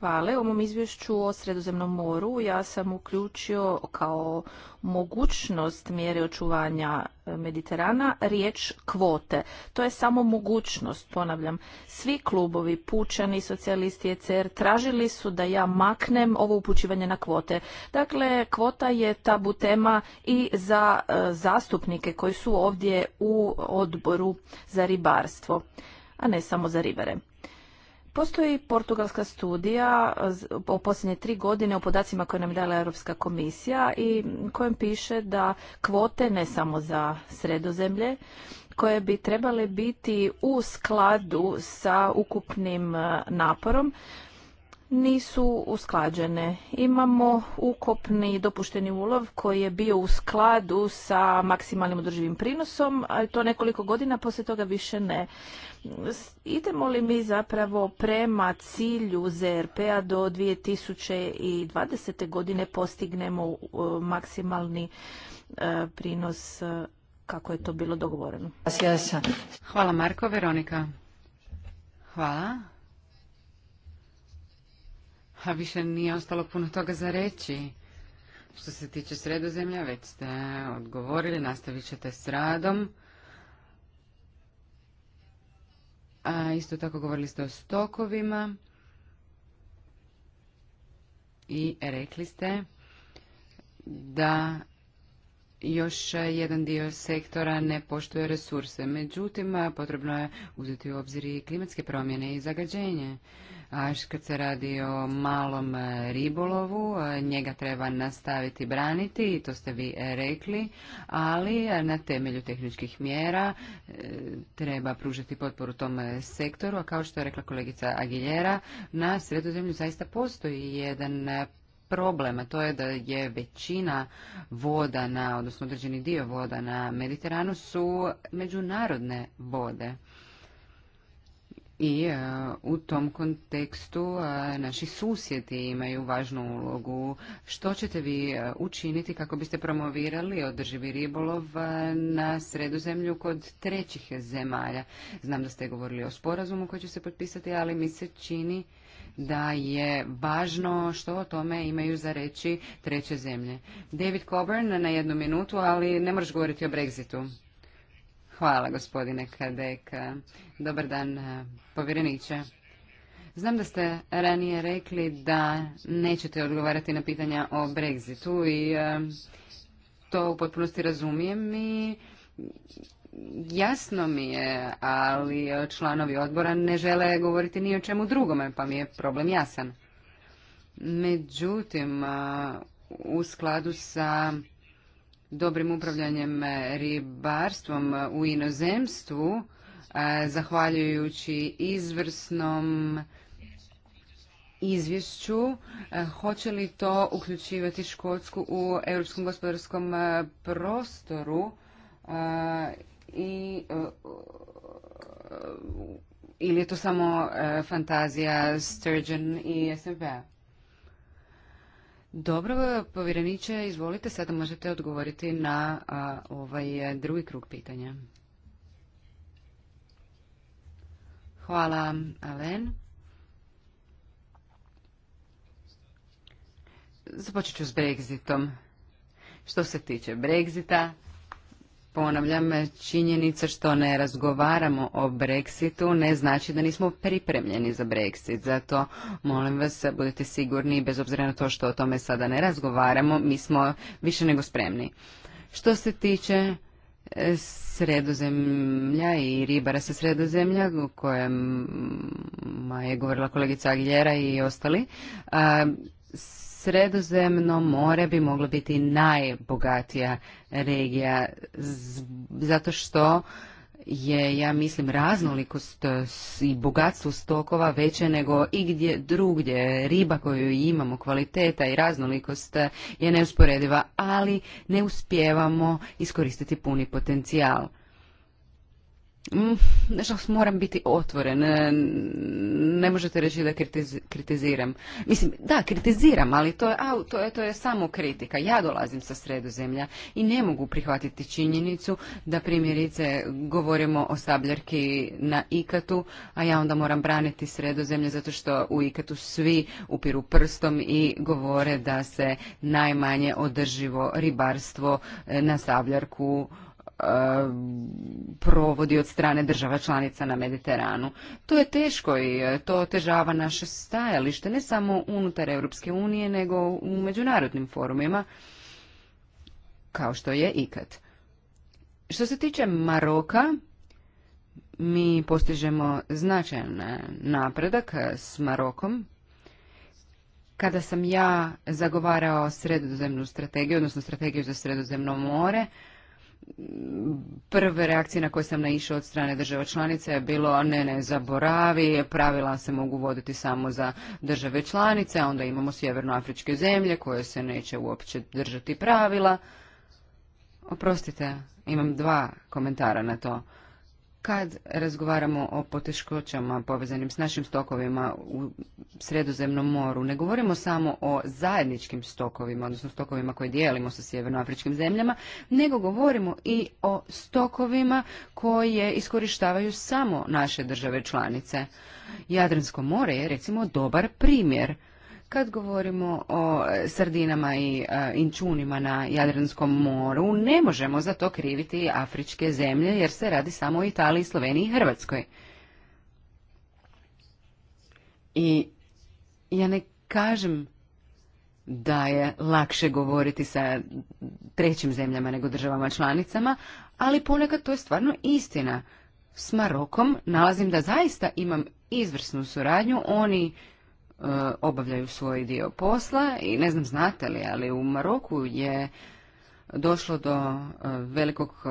hvale. U mom izvješću o Sredozemnom moru ja sam uključio kao mogućnost mjere očuvanja e, Mediterana riječ kvote. To je samo mogućnost, ponavljam. Svi klubovi, pučani, socijalisti, ECR, tražili su da ja maknem ovo upućivanje na kvote. Dakle, kvota je tabu tema i za e, zastupnike koji su ovdje u odboru za ribarstvo, a ne samo za ribare. Postoji portugalska studija o posljednje tri godine o podacima koje nam je dala Europska komisija i kojem piše da kvote ne samo za sredozemlje, koje bi trebale biti u skladu sa ukupnim e, naporom, nisu usklađene. Imamo ukopni dopušteni ulov koji je bio u skladu sa maksimalnim održivim prinosom, ali to nekoliko godina poslije toga više ne idemo li mi zapravo prema cilju ZRP-a do 2020. godine postignemo e, maksimalni e, prinos e, kako je to bilo dogovoreno. Hvala Marko, Veronika. Hvala. A više nije ostalo puno toga za reći. Što se tiče sredozemlja, već ste odgovorili, nastavit ćete s radom. A isto tako govorili ste o stokovima i rekli ste da još jedan dio sektora ne poštuje resurse. Međutim, potrebno je uzeti u obzir i klimatske promjene i zagađenje. A kad se radi o malom e, ribolovu, e, njega treba nastaviti braniti, i to ste vi e, rekli, ali na temelju tehničkih mjera treba pružiti potporu tom sektoru, a kao što je rekla kolegica Agiljera, na sredozemlju zaista postoji jedan problem, a to je da je većina voda, na, odnosno određeni dio voda na Mediteranu su međunarodne vode i e, u tom kontekstu e, naši susjedi imaju važnu ulogu. Što ćete vi e, učiniti kako biste promovirali održivi ribolov na sredozemlju kod trećih zemalja? Znam da ste govorili o sporazumu koji će se potpisati, ali mi se čini da je važno što o tome imaju za reći treće zemlje. David Coburn na jednu minutu, ali ne moraš govoriti o Brexitu. Hvala gospodine Kadek. Dobar dan povjereniče. Znam da ste ranije rekli da nećete odgovarati na pitanja o Brexitu i to u potpunosti razumijem i jasno mi je, ali članovi odbora ne žele govoriti ni o čemu drugome, pa mi je problem jasan. Međutim, u skladu sa dobrim upravljanjem e, ribarstvom e, u inozemstvu, e, zahvaljujući izvrsnom izvješću, hoće li to uključivati Škotsku u europskom gospodarskom prostoru i ili je to samo fantazija Sturgeon i SMP-a? Dobro, povjereniče, izvolite, sada možete odgovoriti na ovaj drugi krug pitanja. Hvala, Alen. Započet ću s Brexitom. Što se tiče Brexita, Ponavljam, činjenica što ne razgovaramo o Brexitu ne znači da nismo pripremljeni za Brexit. Zato, molim vas, budite sigurni, bez obzira na to što o tome sada ne razgovaramo, mi smo više nego spremni. Što se tiče e, sredozemlja i ribara sa sredozemlja, o kojem je govorila kolegica Aguilera i ostali, Sredozemno more bi moglo biti najbogatija regija zato što je, ja mislim, raznolikost i bogatstvo stokova veće nego igdje drugdje. Riba koju imamo, kvaliteta i raznolikost je neusporediva, ali ne uspijevamo iskoristiti puni potencijal. Mm, nažalost, moram biti otvoren. E, ne možete reći da kritiziram. Mislim, da, kritiziram, ali to je, a, to je, to je samo kritika. Ja dolazim sa sredozemlja i ne mogu prihvatiti činjenicu da primjerice govorimo o sabljarki na ikatu, a ja onda moram braniti sredozemlje zato što u ikatu svi upiru prstom i govore da se najmanje održivo ribarstvo e, na sabljarku Eh, provodi od strane država članica na Mediteranu. To je teško i eh, to otežava naše stajalište, ne samo unutar Europske unije, nego u međunarodnim forumima, kao što je ikad. Što se tiče Maroka, mi postižemo značajan napredak eh, s Marokom. Kada sam ja zagovarao sredozemnu strategiju, odnosno strategiju za sredozemno more, prve reakcije na koje sam naišao od strane država članica je bilo ne, ne, zaboravi, pravila se mogu voditi samo za države članice, a onda imamo sjevernoafričke zemlje koje se neće uopće držati pravila. Oprostite, imam dva komentara na to. Kad razgovaramo o poteškoćama povezanim s našim stokovima u Sredozemnom moru, ne govorimo samo o zajedničkim stokovima, odnosno stokovima koje dijelimo sa sjevernoafričkim zemljama, nego govorimo i o stokovima koje iskorištavaju samo naše države članice. Jadransko more je recimo dobar primjer kad govorimo o e, sardinama i e, inčunima na Jadranskom moru, ne možemo za to kriviti afričke zemlje jer se radi samo o Italiji, Sloveniji i Hrvatskoj. I ja ne kažem da je lakše govoriti sa trećim zemljama nego državama članicama, ali ponekad to je stvarno istina. S Marokom nalazim da zaista imam izvrsnu suradnju, oni E, obavljaju svoj dio posla i ne znam znate li, ali u Maroku je došlo do e, velikog e,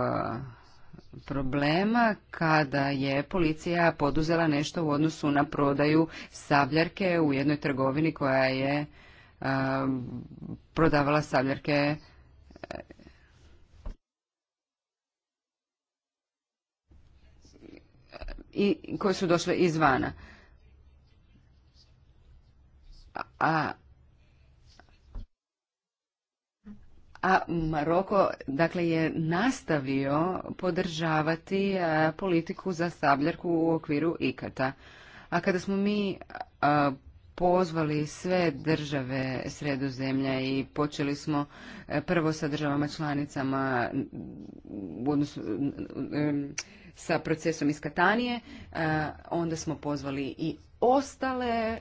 problema kada je policija poduzela nešto u odnosu na prodaju sabljarke u jednoj trgovini koja je prodavala sabljarke i koje su došle izvana a a Maroko dakle je nastavio podržavati politiku za sabljarku u okviru ikata. A kada smo mi pozvali sve države sredozemlja i počeli smo e, prvo sa državama članicama sa procesom iz Katanije, onda smo pozvali i ostale e,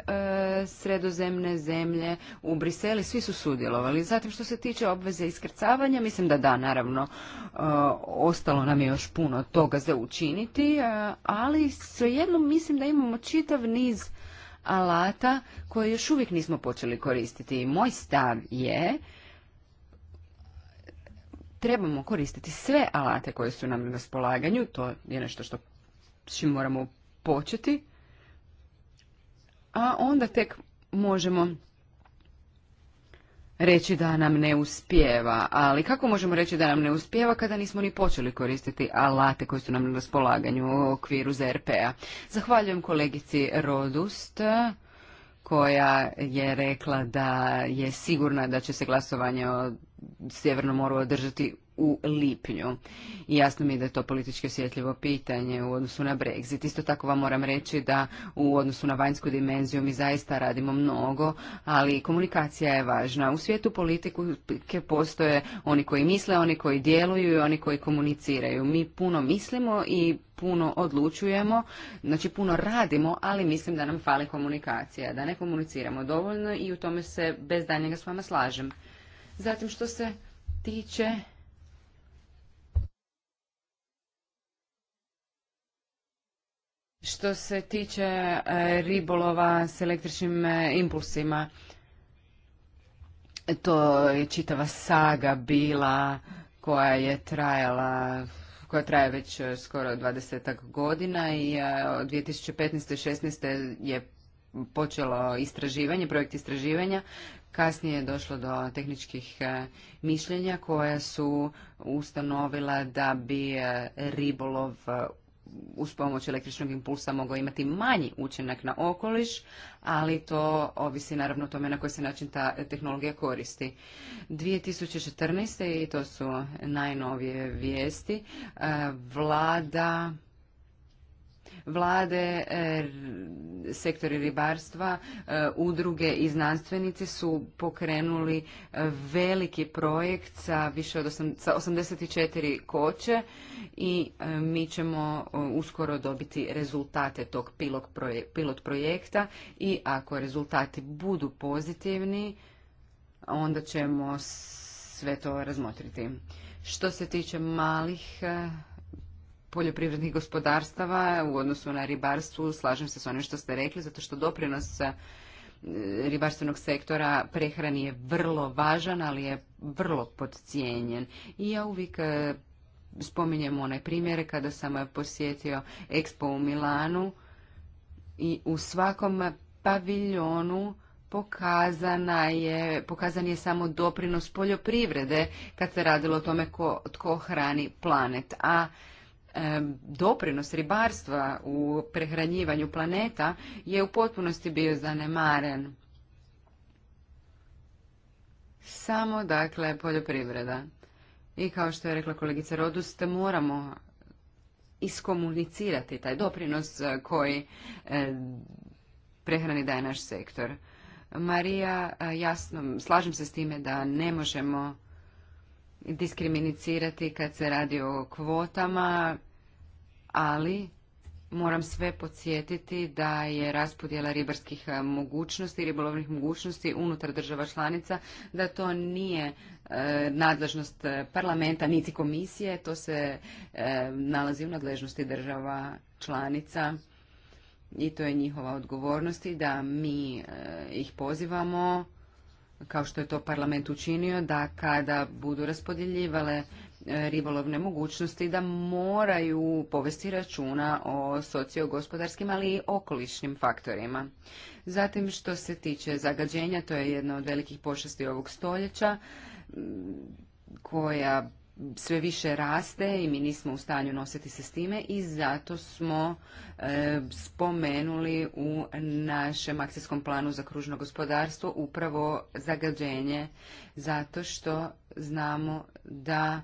sredozemne zemlje u Briseli, svi su sudjelovali. Zatim što se tiče obveze iskrcavanja, mislim da da, naravno, e, ostalo nam je još puno toga za učiniti, e, ali svejedno mislim da imamo čitav niz alata koje još uvijek nismo počeli koristiti. I moj stav je trebamo koristiti sve alate koje su nam na raspolaganju, to je nešto što s moramo početi a onda tek možemo reći da nam ne uspijeva. Ali kako možemo reći da nam ne uspijeva kada nismo ni počeli koristiti alate koji su nam na raspolaganju u okviru ZRP-a? Zahvaljujem kolegici Rodust koja je rekla da je sigurna da će se glasovanje o Sjevernom moru održati u lipnju. I jasno mi je da je to politički osjetljivo pitanje u odnosu na Brexit. Isto tako vam moram reći da u odnosu na vanjsku dimenziju mi zaista radimo mnogo, ali komunikacija je važna. U svijetu politike postoje oni koji misle, oni koji djeluju i oni koji komuniciraju. Mi puno mislimo i puno odlučujemo, znači puno radimo, ali mislim da nam fali komunikacija, da ne komuniciramo dovoljno i u tome se bez daljnjega s vama slažem. Zatim što se tiče Što se tiče e, ribolova s električnim e, impulsima, to je čitava saga bila koja je trajala koja traje već e, skoro 20 godina i od 2015. i 16. je počelo istraživanje, projekt istraživanja. Kasnije je došlo do tehničkih mišljenja koja su ustanovila da bi ribolov uz pomoć električnog impulsa mogao imati manji učinak na okoliš, ali to ovisi naravno o tome na koji se način ta tehnologija koristi. 2014. i to su najnovije vijesti, eh, vlada Vlade, eh, sektori ribarstva, eh, udruge i znanstvenici su pokrenuli eh, veliki projekt sa više od 84 koće i mi ćemo uskoro dobiti rezultate tog pilot projekta i ako rezultati budu pozitivni, onda ćemo sve to razmotriti. Što se tiče malih poljoprivrednih gospodarstava u odnosu na ribarstvu, slažem se s onim što ste rekli, zato što doprinos e, ribarstvenog sektora prehrani je vrlo važan, ali je vrlo podcijenjen. I ja uvijek e, spominjem one primjere kada sam posjetio Expo u Milanu i u svakom paviljonu pokazana je, pokazan je samo doprinos poljoprivrede kad se radilo o tome ko, tko hrani planet. A doprinos ribarstva u prehranjivanju planeta je u potpunosti bio zanemaren. Samo, dakle, poljoprivreda. I kao što je rekla kolegica Rodust, moramo iskomunicirati taj doprinos eh, koji eh, prehrani daje naš sektor. Marija, eh, jasno, slažem se s time da ne možemo diskriminicirati kad se radi o kvotama, ali moram sve podsjetiti da je raspodjela ribarskih mogućnosti, ribolovnih mogućnosti unutar država članica, da to nije e, nadležnost parlamenta niti komisije, to se e, nalazi u nadležnosti država članica i to je njihova odgovornost i da mi e, ih pozivamo kao što je to parlament učinio, da kada budu raspodjeljivale e, ribolovne mogućnosti da moraju povesti računa o sociogospodarskim, ali i okolišnim faktorima. Zatim što se tiče zagađenja, to je jedna od velikih pošasti ovog stoljeća koja sve više raste i mi nismo u stanju nositi se s time i zato smo e, spomenuli u našem akcijskom planu za kružno gospodarstvo upravo zagađenje zato što znamo da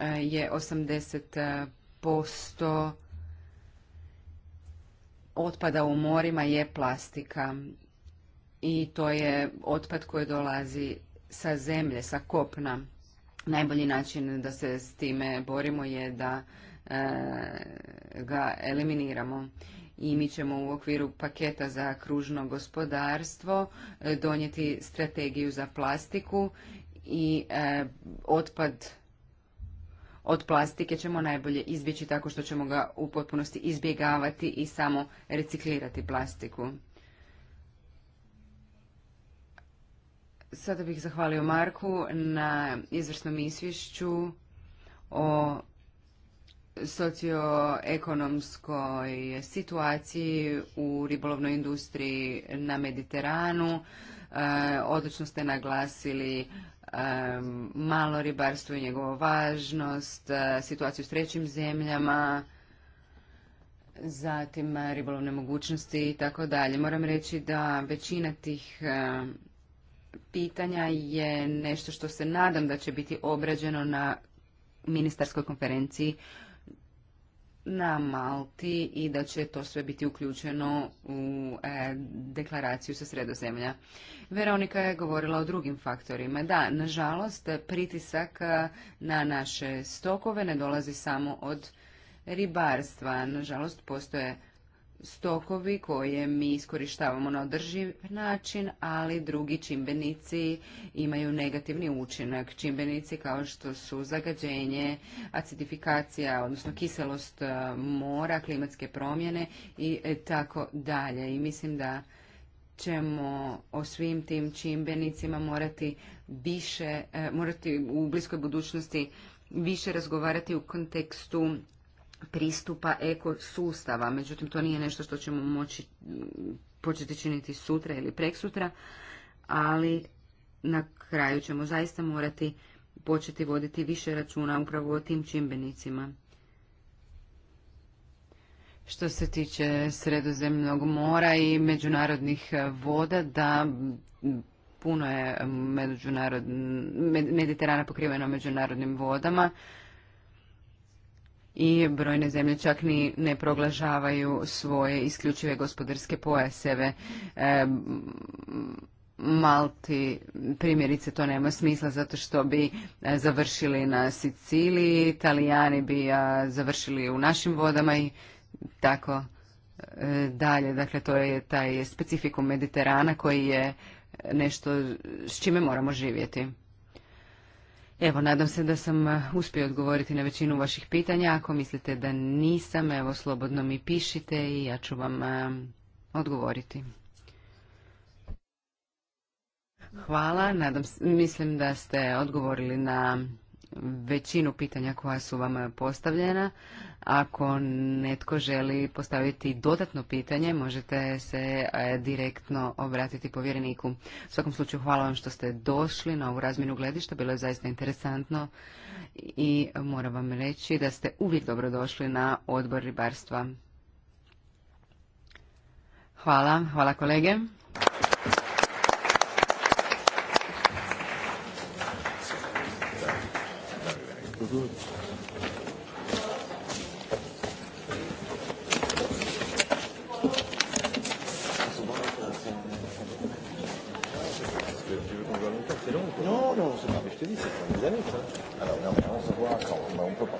e, je 80% otpada u morima je plastika i to je otpad koji dolazi sa zemlje, sa kopna najbolji način da se s time borimo je da e, ga eliminiramo i mi ćemo u okviru paketa za kružno gospodarstvo e, donijeti strategiju za plastiku i e, otpad od plastike ćemo najbolje izbjeći tako što ćemo ga u potpunosti izbjegavati i samo reciklirati plastiku Sada bih zahvalio Marku na izvrsnom izvješću o socioekonomskoj situaciji u ribolovnoj industriji na Mediteranu. E, odlično ste naglasili e, malo ribarstvo i njegovu važnost, e, situaciju s trećim zemljama, zatim ribolovne mogućnosti i tako dalje. Moram reći da većina tih e, pitanja je nešto što se nadam da će biti obrađeno na ministarskoj konferenciji na Malti i da će to sve biti uključeno u e, deklaraciju sa sredozemlja. Veronika je govorila o drugim faktorima. Da, nažalost, pritisak e, na naše stokove ne dolazi samo od ribarstva. Nažalost, postoje stokovi koje mi iskorištavamo na održiv način, ali drugi čimbenici imaju negativni učinak. Čimbenici kao što su zagađenje, acidifikacija, odnosno kiselost e, mora, klimatske promjene i e, tako dalje. I mislim da ćemo o svim tim čimbenicima morati više, e, morati u bliskoj budućnosti više razgovarati u kontekstu pristupa ekosustava. Međutim, to nije nešto što ćemo moći mm, početi činiti sutra ili preksutra, ali na kraju ćemo zaista morati početi voditi više računa upravo o tim čimbenicima. Što se tiče sredozemnog mora i međunarodnih voda, da puno je Mediterana pokriveno međunarodnim vodama i brojne zemlje čak ni ne proglažavaju svoje isključive gospodarske pojaseve. E, Malti primjerice to nema smisla zato što bi e, završili na Siciliji, Italijani bi završili u našim vodama i tako e, dalje. Dakle, to je taj specifikum Mediterana koji je nešto s čime moramo živjeti. Evo, nadam se da sam eh, uspio odgovoriti na većinu vaših pitanja. Ako mislite da nisam, evo, slobodno mi pišite i ja ću vam eh, odgovoriti. Hvala, mislim da ste odgovorili na većinu pitanja koja su vam postavljena. Ako netko želi postaviti dodatno pitanje, možete se e, direktno obratiti povjereniku. U svakom slučaju hvala vam što ste došli na ovu razminu gledišta, bilo je zaista interesantno i moram vam reći da ste uvijek dobro došli na odbor ribarstva. Hvala, hvala kolege. Non, non, c'est pas, mais je te dis, c'est pour des années, ça. Alors, non, mais on se voit quand, on peut pas.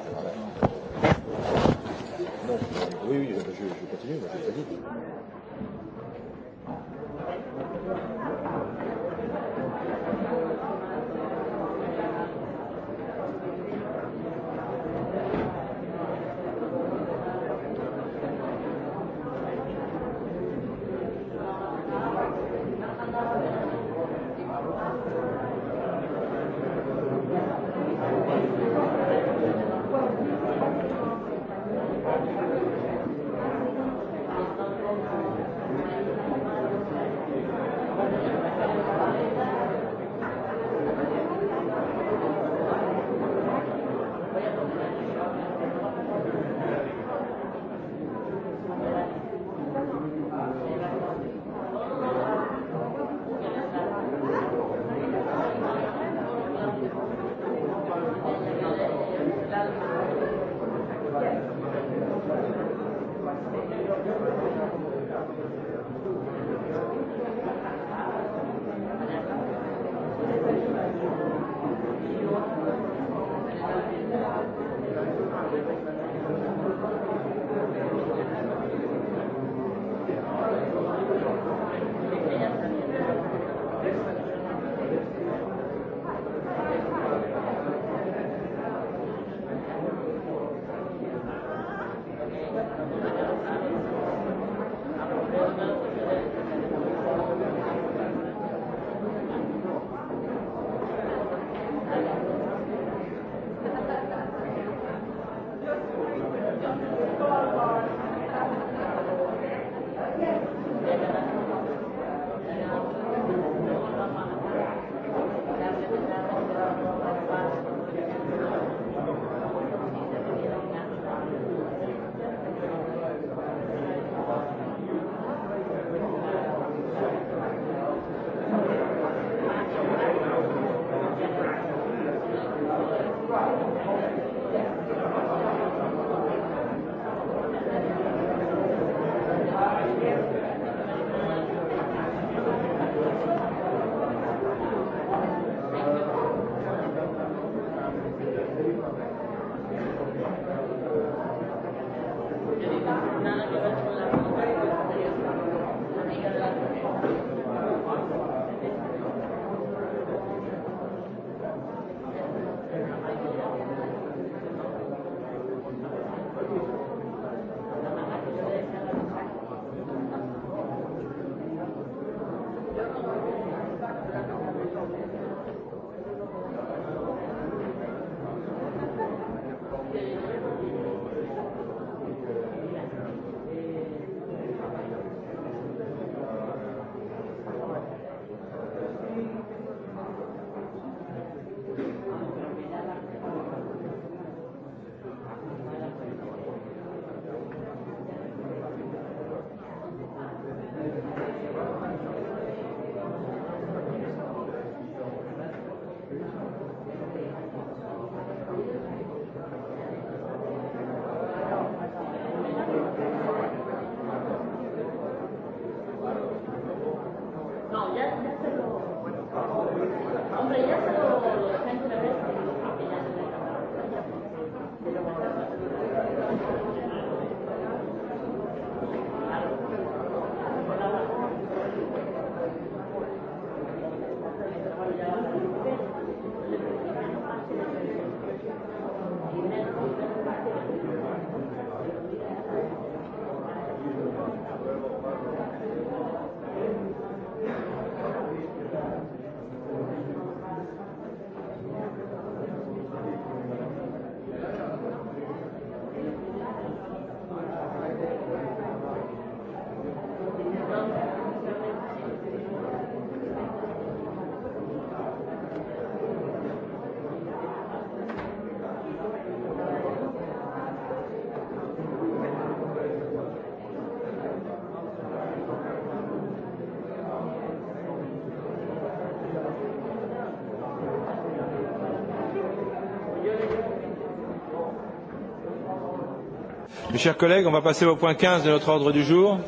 Mes chers collègues, on va passer au point 15 de notre ordre du jour.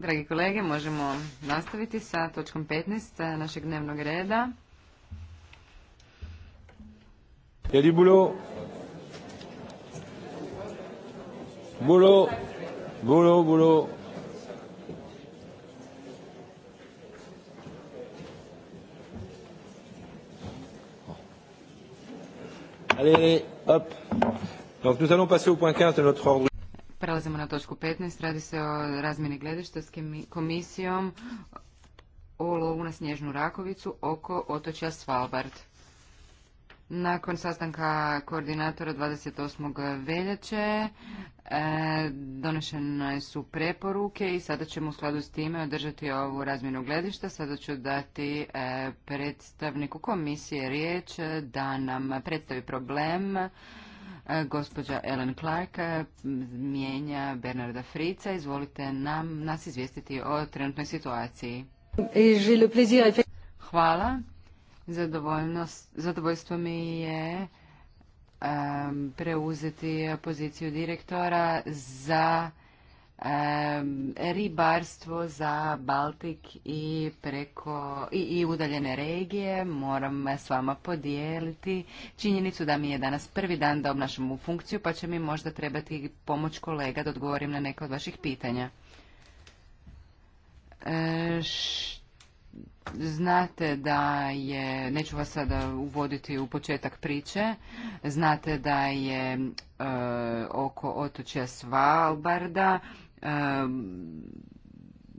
Dragi kolege, možemo nastaviti sa točkom 15 eh, našeg dnevnog reda. Il y a du boulot. Boulot, boulot, boulot. Allez, allez, hop. Donc nous allons passer au point 15 de notre ordre. Prelazimo na točku 15. Radi se o razmjeni gledišta s komisijom o lovu na snježnu rakovicu oko otočja Svalbard. Nakon sastanka koordinatora 28. veljače e, donešene su preporuke i sada ćemo u skladu s time održati ovu razmjenu gledišta. Sada ću dati e, predstavniku komisije riječ da nam predstavi problem. E, gospođa Ellen Clark mijenja Bernarda Frica. Izvolite nam, nas izvijestiti o trenutnoj situaciji. Hvala zadovoljstvo mi je preuzeti poziciju direktora za ribarstvo za Baltik i preko i, udaljene regije moram s vama podijeliti činjenicu da mi je danas prvi dan da obnašam u funkciju pa će mi možda trebati pomoć kolega da odgovorim na neka od vaših pitanja. E, Znate da je, neću vas sada uvoditi u početak priče, znate da je e, oko otočja Svalbarda e,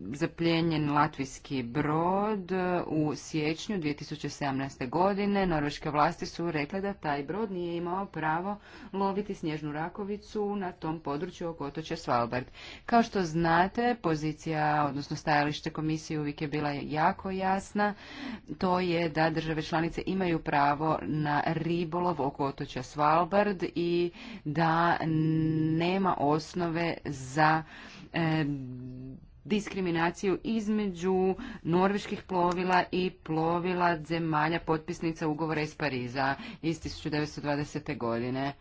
zapljenjen latvijski brod u siječnju 2017. godine. Norveške vlasti su rekle da taj brod nije imao pravo loviti snježnu rakovicu na tom području oko otoče Svalbard. Kao što znate, pozicija, odnosno stajalište komisije uvijek je bila jako jasna. To je da države članice imaju pravo na ribolov oko otoča Svalbard i da nema osnove za eh, diskriminaciju između norveških plovila i plovila zemalja potpisnica ugovora iz Pariza iz 1920. godine.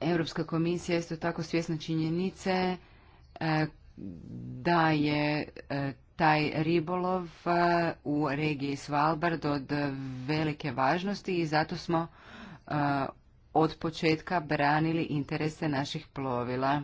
Europska komisija je isto tako svjesna činjenice e, da je e, taj ribolov e, u regiji Svalbard od velike važnosti i zato smo od početka branili interese naših plovila.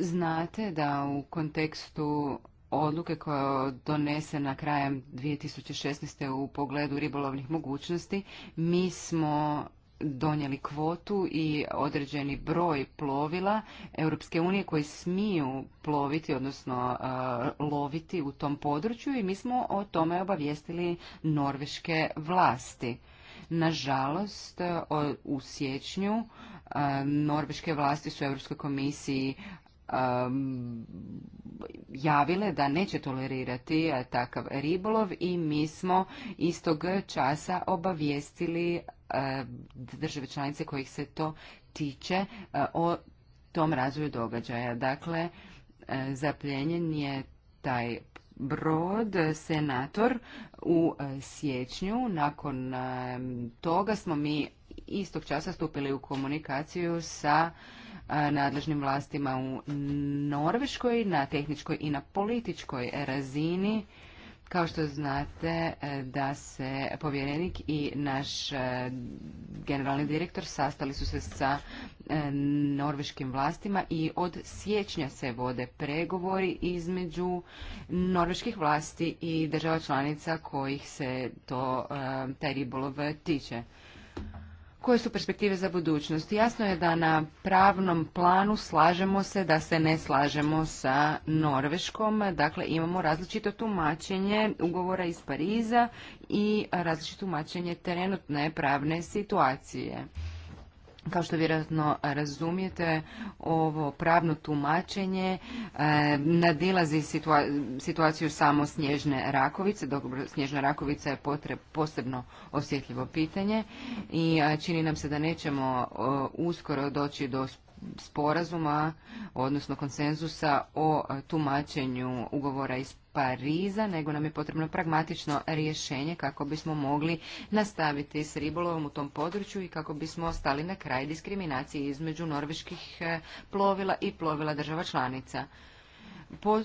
Znate da u kontekstu odluke koja je donesena krajem 2016. u pogledu ribolovnih mogućnosti, mi smo donijeli kvotu i određeni broj plovila Europske unije koji smiju ploviti, odnosno e, loviti u tom području i mi smo o tome obavijestili norveške vlasti. Nažalost, e, u siječnju e, norveške vlasti su Europskoj komisiji javile da neće tolerirati e, takav ribolov i mi smo istog časa obavijestili e, države članice kojih se to tiče e, o tom razvoju događaja. Dakle, zapljenjen je taj brod senator u siječnju. Nakon toga smo mi istog časa stupili u komunikaciju sa nadležnim vlastima u Norveškoj na tehničkoj i na političkoj razini. Kao što znate e, da se povjerenik i naš e, generalni direktor sastali su se sa e, norveškim vlastima i od siječnja se vode pregovori između norveških vlasti i država članica kojih se to, taj ribolov tiče koje su perspektive za budućnost? Jasno je da na pravnom planu slažemo se da se ne slažemo sa Norveškom. Dakle, imamo različito tumačenje ugovora iz Pariza i različito tumačenje trenutne pravne situacije. Kao što vjerojatno razumijete, ovo pravno tumačenje e, nadilazi situaciju samo snježne rakovice. dok snježna rakovica je potreb, posebno osjetljivo pitanje i e, čini nam se da nećemo e, uskoro doći do sporazuma, odnosno konsenzusa o tumačenju ugovora iz Pariza, nego nam je potrebno pragmatično rješenje kako bismo mogli nastaviti s ribolovom u tom području i kako bismo ostali na kraj diskriminacije između norveških eh, plovila i plovila država članica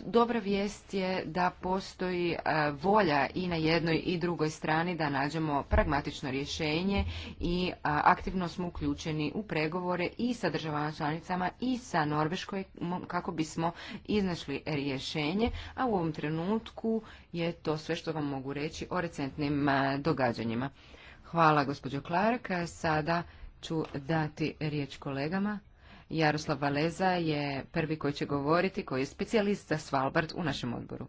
dobra vijest je da postoji e, volja i na jednoj i drugoj strani da nađemo pragmatično rješenje i e, aktivno smo uključeni u pregovore i sa državama članicama i sa Norveškoj kako bismo iznašli rješenje, a u ovom trenutku je to sve što vam mogu reći o recentnim e, događanjima. Hvala gospođo Clark, sada ću dati riječ kolegama. Jaroslav Valeza je prvi koji će govoriti, koji je specijalist za Svalbard u našem odboru.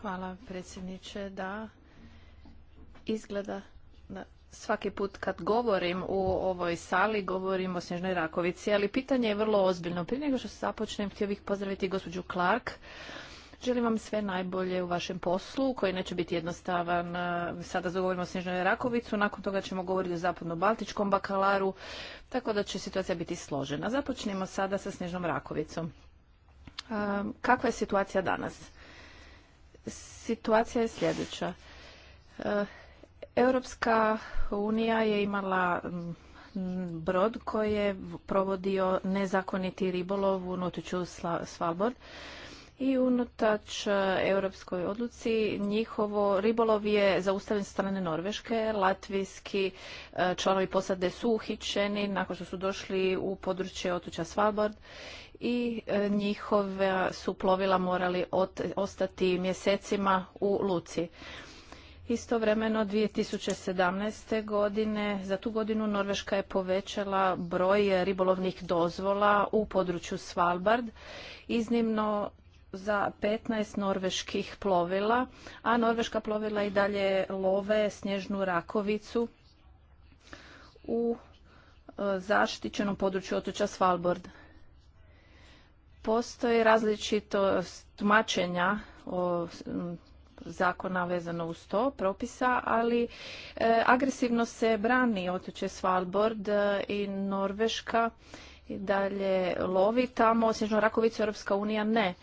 Hvala predsjedniče, da izgleda da svaki put kad govorim u ovoj sali govorim o Snježnoj Rakovici, ali pitanje je vrlo ozbiljno. Prije nego što se započnem, htio bih pozdraviti gospođu Clark Želim vam sve najbolje u vašem poslu, koji neće biti jednostavan. E, sada zagovorimo o Snježnoj Rakovicu, nakon toga ćemo govoriti o zapadno-baltičkom bakalaru, tako da će situacija biti složena. Započnimo sada sa Snježnom Rakovicom. E, Kakva je situacija danas? Situacija je sljedeća. E, Europska unija je imala brod koji je provodio nezakoniti ribolov u Notiću Svalbard i unutač eh, europskoj odluci njihovo ribolov je zaustavljen sa strane Norveške. Latvijski eh, članovi posade su uhićeni nakon što su došli u područje otoča Svalbard i eh, njihove su plovila morali ostati mjesecima u Luci. Istovremeno 2017. godine, za tu godinu Norveška je povećala broj ribolovnih dozvola u području Svalbard. Iznimno za 15 norveških plovila, a norveška plovila i dalje love snježnu rakovicu u e, zaštićenom području otoča Svalbord. postoje različito tumačenja o zakona vezano uz to, propisa, ali e, agresivno se brani otoče Svalbord e, i Norveška i dalje lovi tamo, osjećno Rakovicu Europska unija ne.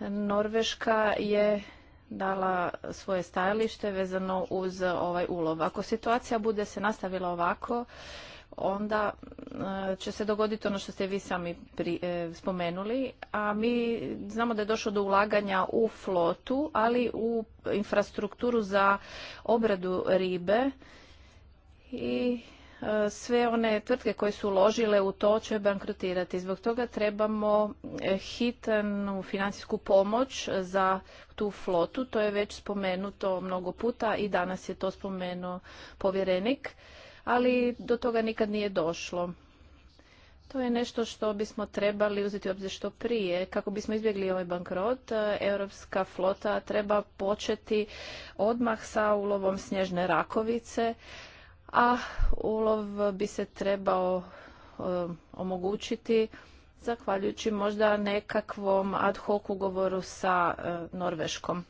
Norveška je dala svoje stajalište vezano uz ovaj ulov. Ako situacija bude se nastavila ovako, onda e, će se dogoditi ono što ste vi sami e, spomenuli, a mi znamo da je došlo do ulaganja u flotu, ali u infrastrukturu za obradu ribe i E, sve one tvrtke koje su uložile u to će bankrotirati. Zbog toga trebamo e, hitnu financijsku pomoć za tu flotu. To je već spomenuto mnogo puta i danas je to spomenuo povjerenik, ali do toga nikad nije došlo. To je nešto što bismo trebali uzeti u obzir što prije. Kako bismo izbjegli ovaj bankrot, e, europska flota treba početi odmah sa ulovom snježne rakovice, a ulov bi se trebao um, omogućiti zahvaljujući možda nekakvom ad hoc ugovoru sa uh, Norveškom.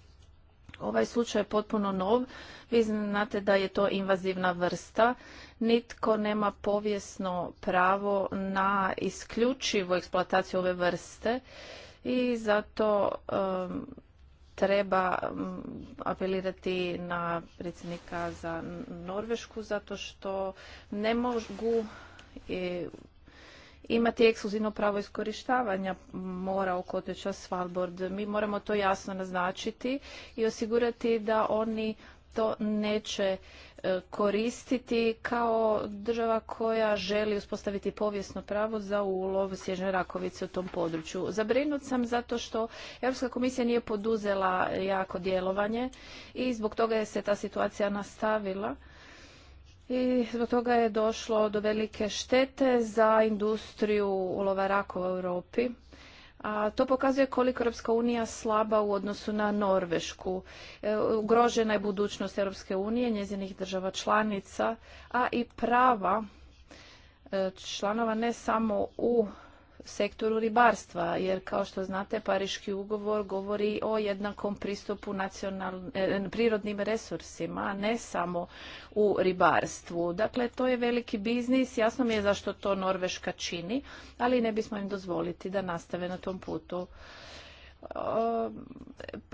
Ovaj slučaj je potpuno nov. Vi znate da je to invazivna vrsta. Nitko nema povijesno pravo na isključivu eksploataciju ove vrste i zato um, treba apelirati na predsjednika za Norvešku zato što ne mogu e, imati ekskluzivno pravo iskorištavanja mora oko svalbord. Mi moramo to jasno naznačiti i osigurati da oni to neće e, koristiti kao država koja želi uspostaviti povijesno pravo za ulov sježne rakovice u tom području. Zabrinut sam zato što Europska komisija nije poduzela jako djelovanje i zbog toga je se ta situacija nastavila. I zbog toga je došlo do velike štete za industriju ulova rakova u Europi a to pokazuje koliko Europska unija slaba u odnosu na Norvešku. E, ugrožena je budućnost Europske unije, njezinih država članica, a i prava e, članova ne samo u sektoru ribarstva, jer kao što znate Pariški ugovor govori o jednakom pristupu e, prirodnim resursima, ne samo u ribarstvu. Dakle, to je veliki biznis, jasno mi je zašto to Norveška čini, ali ne bismo im dozvoliti da nastave na tom putu.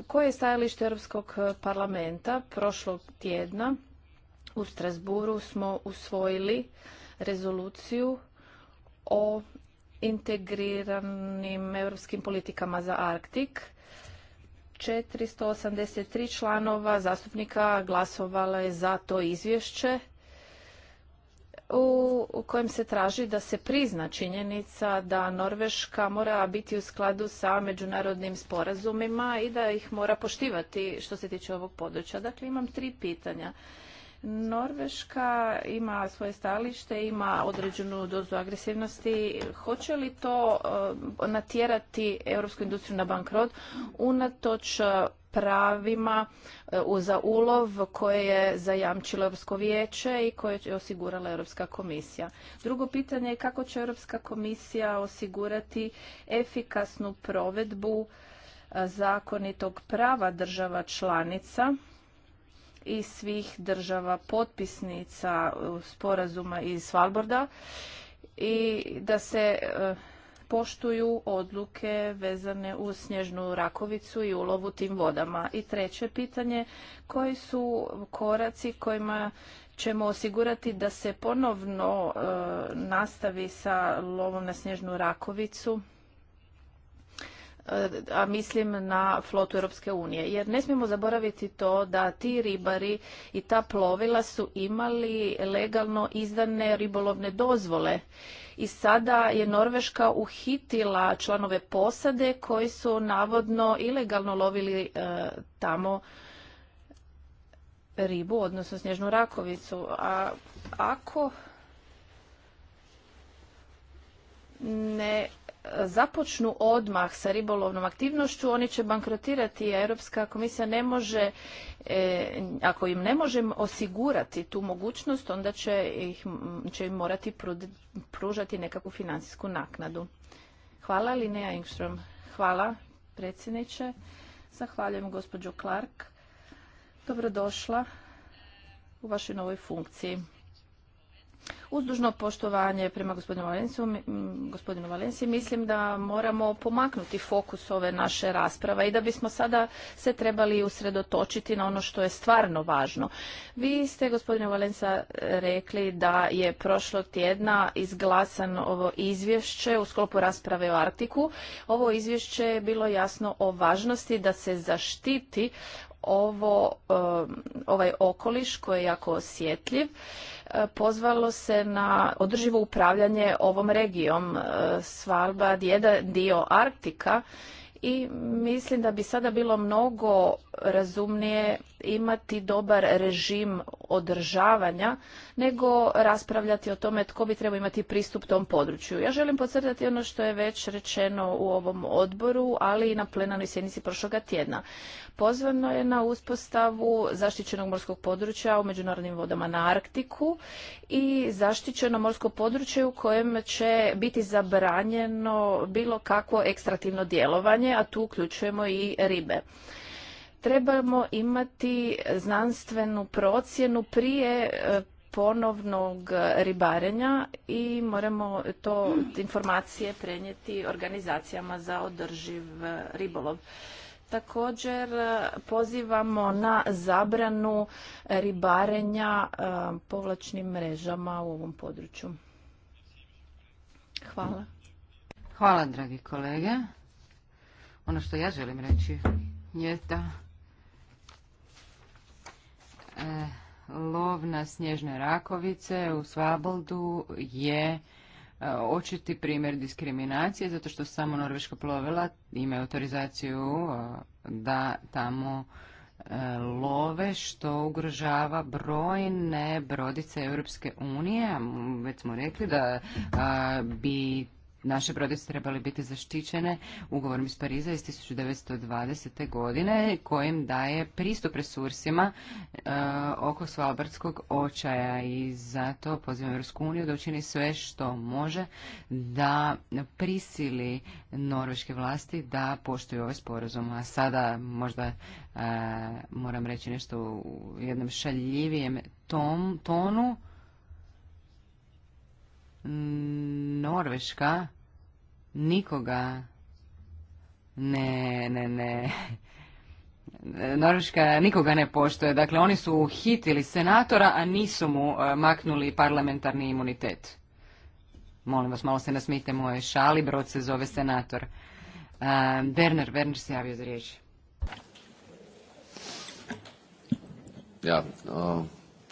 Koje je stajalište Europskog parlamenta prošlog tjedna? U Strasburu smo usvojili rezoluciju o integriranim europskim politikama za Arktik. 483 članova zastupnika glasovala je za to izvješće u kojem se traži da se prizna činjenica da Norveška mora biti u skladu sa međunarodnim sporazumima i da ih mora poštivati što se tiče ovog područja. Dakle, imam tri pitanja. Norveška ima svoje stalište, ima određenu dozu agresivnosti. Hoće li to eh, natjerati europsku industriju na bankrot unatoč eh, pravima eh, za ulov koje je zajamčilo Europsko vijeće i koje je osigurala Europska komisija. Drugo pitanje je kako će Europska komisija osigurati efikasnu provedbu zakonitog prava država članica i svih država potpisnica e, sporazuma iz Svalborda i da se e, poštuju odluke vezane u snježnu rakovicu i ulovu tim vodama. I treće pitanje, koji su koraci kojima ćemo osigurati da se ponovno e, nastavi sa lovom na snježnu rakovicu a mislim na flotu Europske unije. Jer ne smijemo zaboraviti to da ti ribari i ta plovila su imali legalno izdane ribolovne dozvole. I sada je Norveška uhitila članove posade koji su navodno ilegalno lovili e, tamo ribu, odnosno snježnu rakovicu. A ako ne započnu odmah sa ribolovnom aktivnošću, oni će bankrotirati, a Europska komisija ne može, e, ako im ne može osigurati tu mogućnost, onda će, ih, će im morati pružati nekakvu financijsku naknadu. Hvala, Linea Engström. Hvala, predsjedniče. Zahvaljujem gospođo Clark. Dobrodošla u vašoj novoj funkciji dužno poštovanje prema gospodinu Valenciju, gospodinu mislim da moramo pomaknuti fokus ove naše rasprave i da bismo sada se trebali usredotočiti na ono što je stvarno važno. Vi ste, gospodine Valenca, rekli da je prošlog tjedna izglasan ovo izvješće u sklopu rasprave o Artiku. Ovo izvješće je bilo jasno o važnosti da se zaštiti ovo, um, ovaj okoliš koji je jako osjetljiv uh, pozvalo se na održivo upravljanje ovom regijom. Uh, Svalbard jedan dio Arktika i mislim da bi sada bilo mnogo razumnije imati dobar režim održavanja nego raspravljati o tome tko bi trebao imati pristup tom području. Ja želim podcrtati ono što je već rečeno u ovom odboru, ali i na plenarnoj sjednici prošloga tjedna. Pozvano je na uspostavu zaštićenog morskog područja u međunarodnim vodama na Arktiku i zaštićeno morsko područje u kojem će biti zabranjeno bilo kakvo ekstrativno djelovanje, a tu uključujemo i ribe trebamo imati znanstvenu procjenu prije e, ponovnog ribarenja i moramo to informacije prenijeti organizacijama za održiv e, ribolov. Također e, pozivamo na zabranu ribarenja povlačnim mrežama u ovom području. Hvala. Hvala, dragi kolege. Ono što ja želim reći je da Eh, lov na snježne rakovice u Svaboldu je eh, očiti primjer diskriminacije, zato što samo norveška plovila ima autorizaciju eh, da tamo love, što ugrožava brojne brodice Europske unije. Već smo rekli da bi naše brode trebale trebali biti zaštićene ugovorom iz Pariza iz 1920. godine kojim daje pristup resursima e, oko Svalbardskog očaja i zato pozivam Europsku uniju da učini sve što može da prisili norveške vlasti da poštuju ovaj sporazum. A sada možda e, moram reći nešto u jednom šaljivijem tom, tonu. Norveška nikoga ne, ne, ne. Norveška nikoga ne poštuje. Dakle, oni su uhitili senatora, a nisu mu e, maknuli parlamentarni imunitet. Molim vas, malo se nasmijte moje šali, brod se zove senator. Berner, e, Berner se javio za riječ. Ja, e,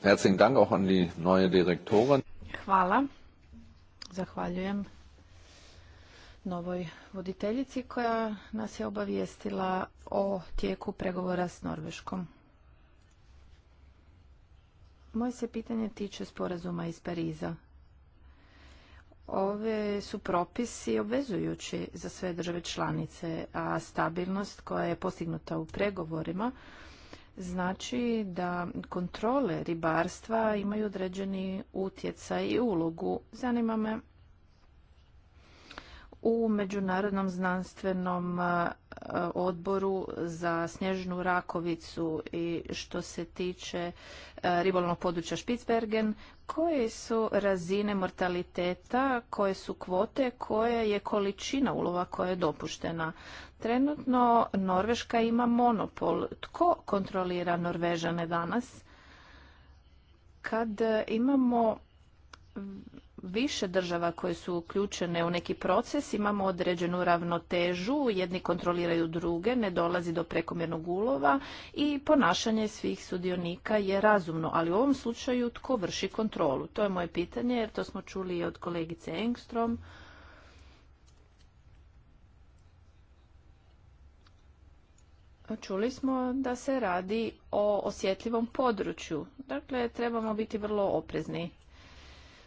herzlichen Dank auch an die neue Direktorin. Hvala. Zahvaljujem novoj voditeljici koja nas je obavijestila o tijeku pregovora s Norveškom. Moje se pitanje tiče sporazuma iz Pariza. Ove su propisi obvezujući za sve države članice, a stabilnost koja je postignuta u pregovorima znači da kontrole ribarstva imaju određeni utjecaj i ulogu. Zanima me u Međunarodnom znanstvenom odboru za snježnu rakovicu i što se tiče ribolovnog područja Špitsbergen, koje su razine mortaliteta, koje su kvote, koja je količina ulova koja je dopuštena. Trenutno Norveška ima monopol. Tko kontrolira Norvežane danas? Kad e, imamo više država koje su uključene u neki proces, imamo određenu ravnotežu, jedni kontroliraju druge, ne dolazi do prekomjernog ulova i ponašanje svih sudionika je razumno, ali u ovom slučaju tko vrši kontrolu? To je moje pitanje jer to smo čuli i od kolegice Engstrom. čuli smo da se radi o osjetljivom području. Dakle, trebamo biti vrlo oprezni.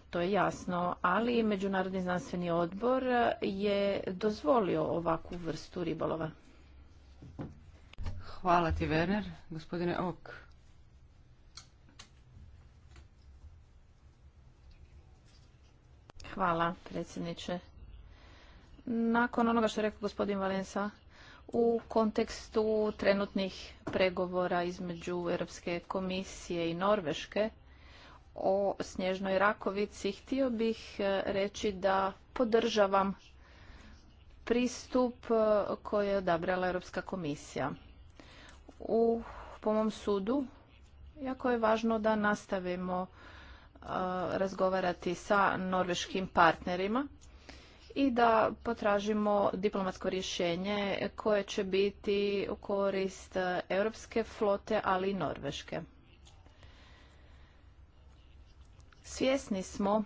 To je jasno, ali Međunarodni znanstveni odbor je dozvolio ovakvu vrstu ribolova. Hvala ti, Werner. Gospodine Ok. Hvala, predsjedniče. Nakon onoga što je rekao gospodin Valensa, u kontekstu trenutnih pregovora između Europske komisije i Norveške o snježnoj rakovici htio bih e, reći da podržavam pristup e, koji je odabrala Europska komisija. U, po mom sudu, jako je važno da nastavimo e, razgovarati sa norveškim partnerima i da potražimo diplomatsko rješenje koje će biti u korist europske flote, ali i norveške. Svjesni smo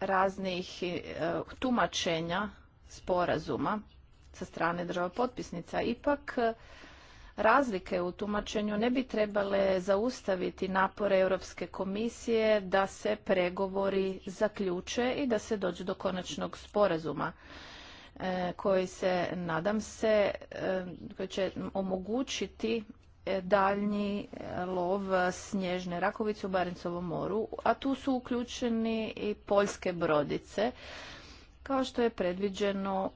raznih e, tumačenja sporazuma sa strane država potpisnica. Ipak Razlike u tumačenju ne bi trebale zaustaviti napore Europske komisije da se pregovori zaključe i da se dođe do konačnog sporazuma e, koji se, nadam se, e, koji će omogućiti e, daljnji lov snježne rakovice u Barencovom moru, a tu su uključeni i poljske brodice, kao što je predviđeno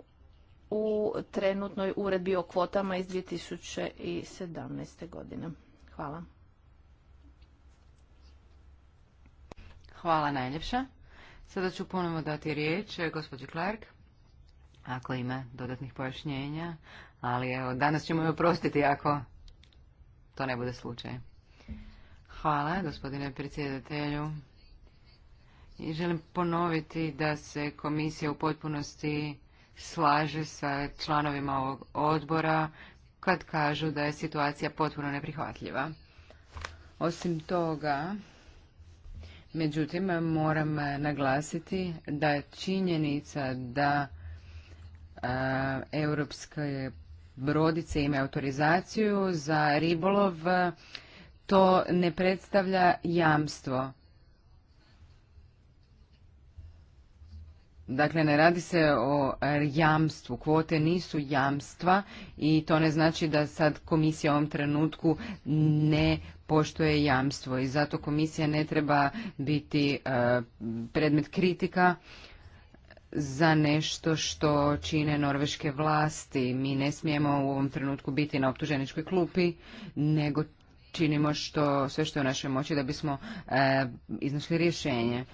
u trenutnoj uredbi o kvotama iz 2017. godine. Hvala. Hvala najljepša. Sada ću ponovno dati riječ eh, gospođi Clark, ako ima dodatnih pojašnjenja, ali evo, danas ćemo joj oprostiti ako to ne bude slučaj. Hvala, gospodine predsjedatelju. I želim ponoviti da se komisija u potpunosti slaže sa članovima ovog odbora kad kažu da je situacija potpuno neprihvatljiva. Osim toga, međutim, moram naglasiti da činjenica da europske brodice imaju autorizaciju za ribolov, to ne predstavlja jamstvo Dakle, ne radi se o jamstvu. Kvote nisu jamstva i to ne znači da sad komisija u ovom trenutku ne poštuje jamstvo. I zato komisija ne treba biti e, predmet kritika za nešto što čine norveške vlasti. Mi ne smijemo u ovom trenutku biti na optuženičkoj klupi, nego činimo sve što je u našoj moći da bismo e, iznašli rješenje.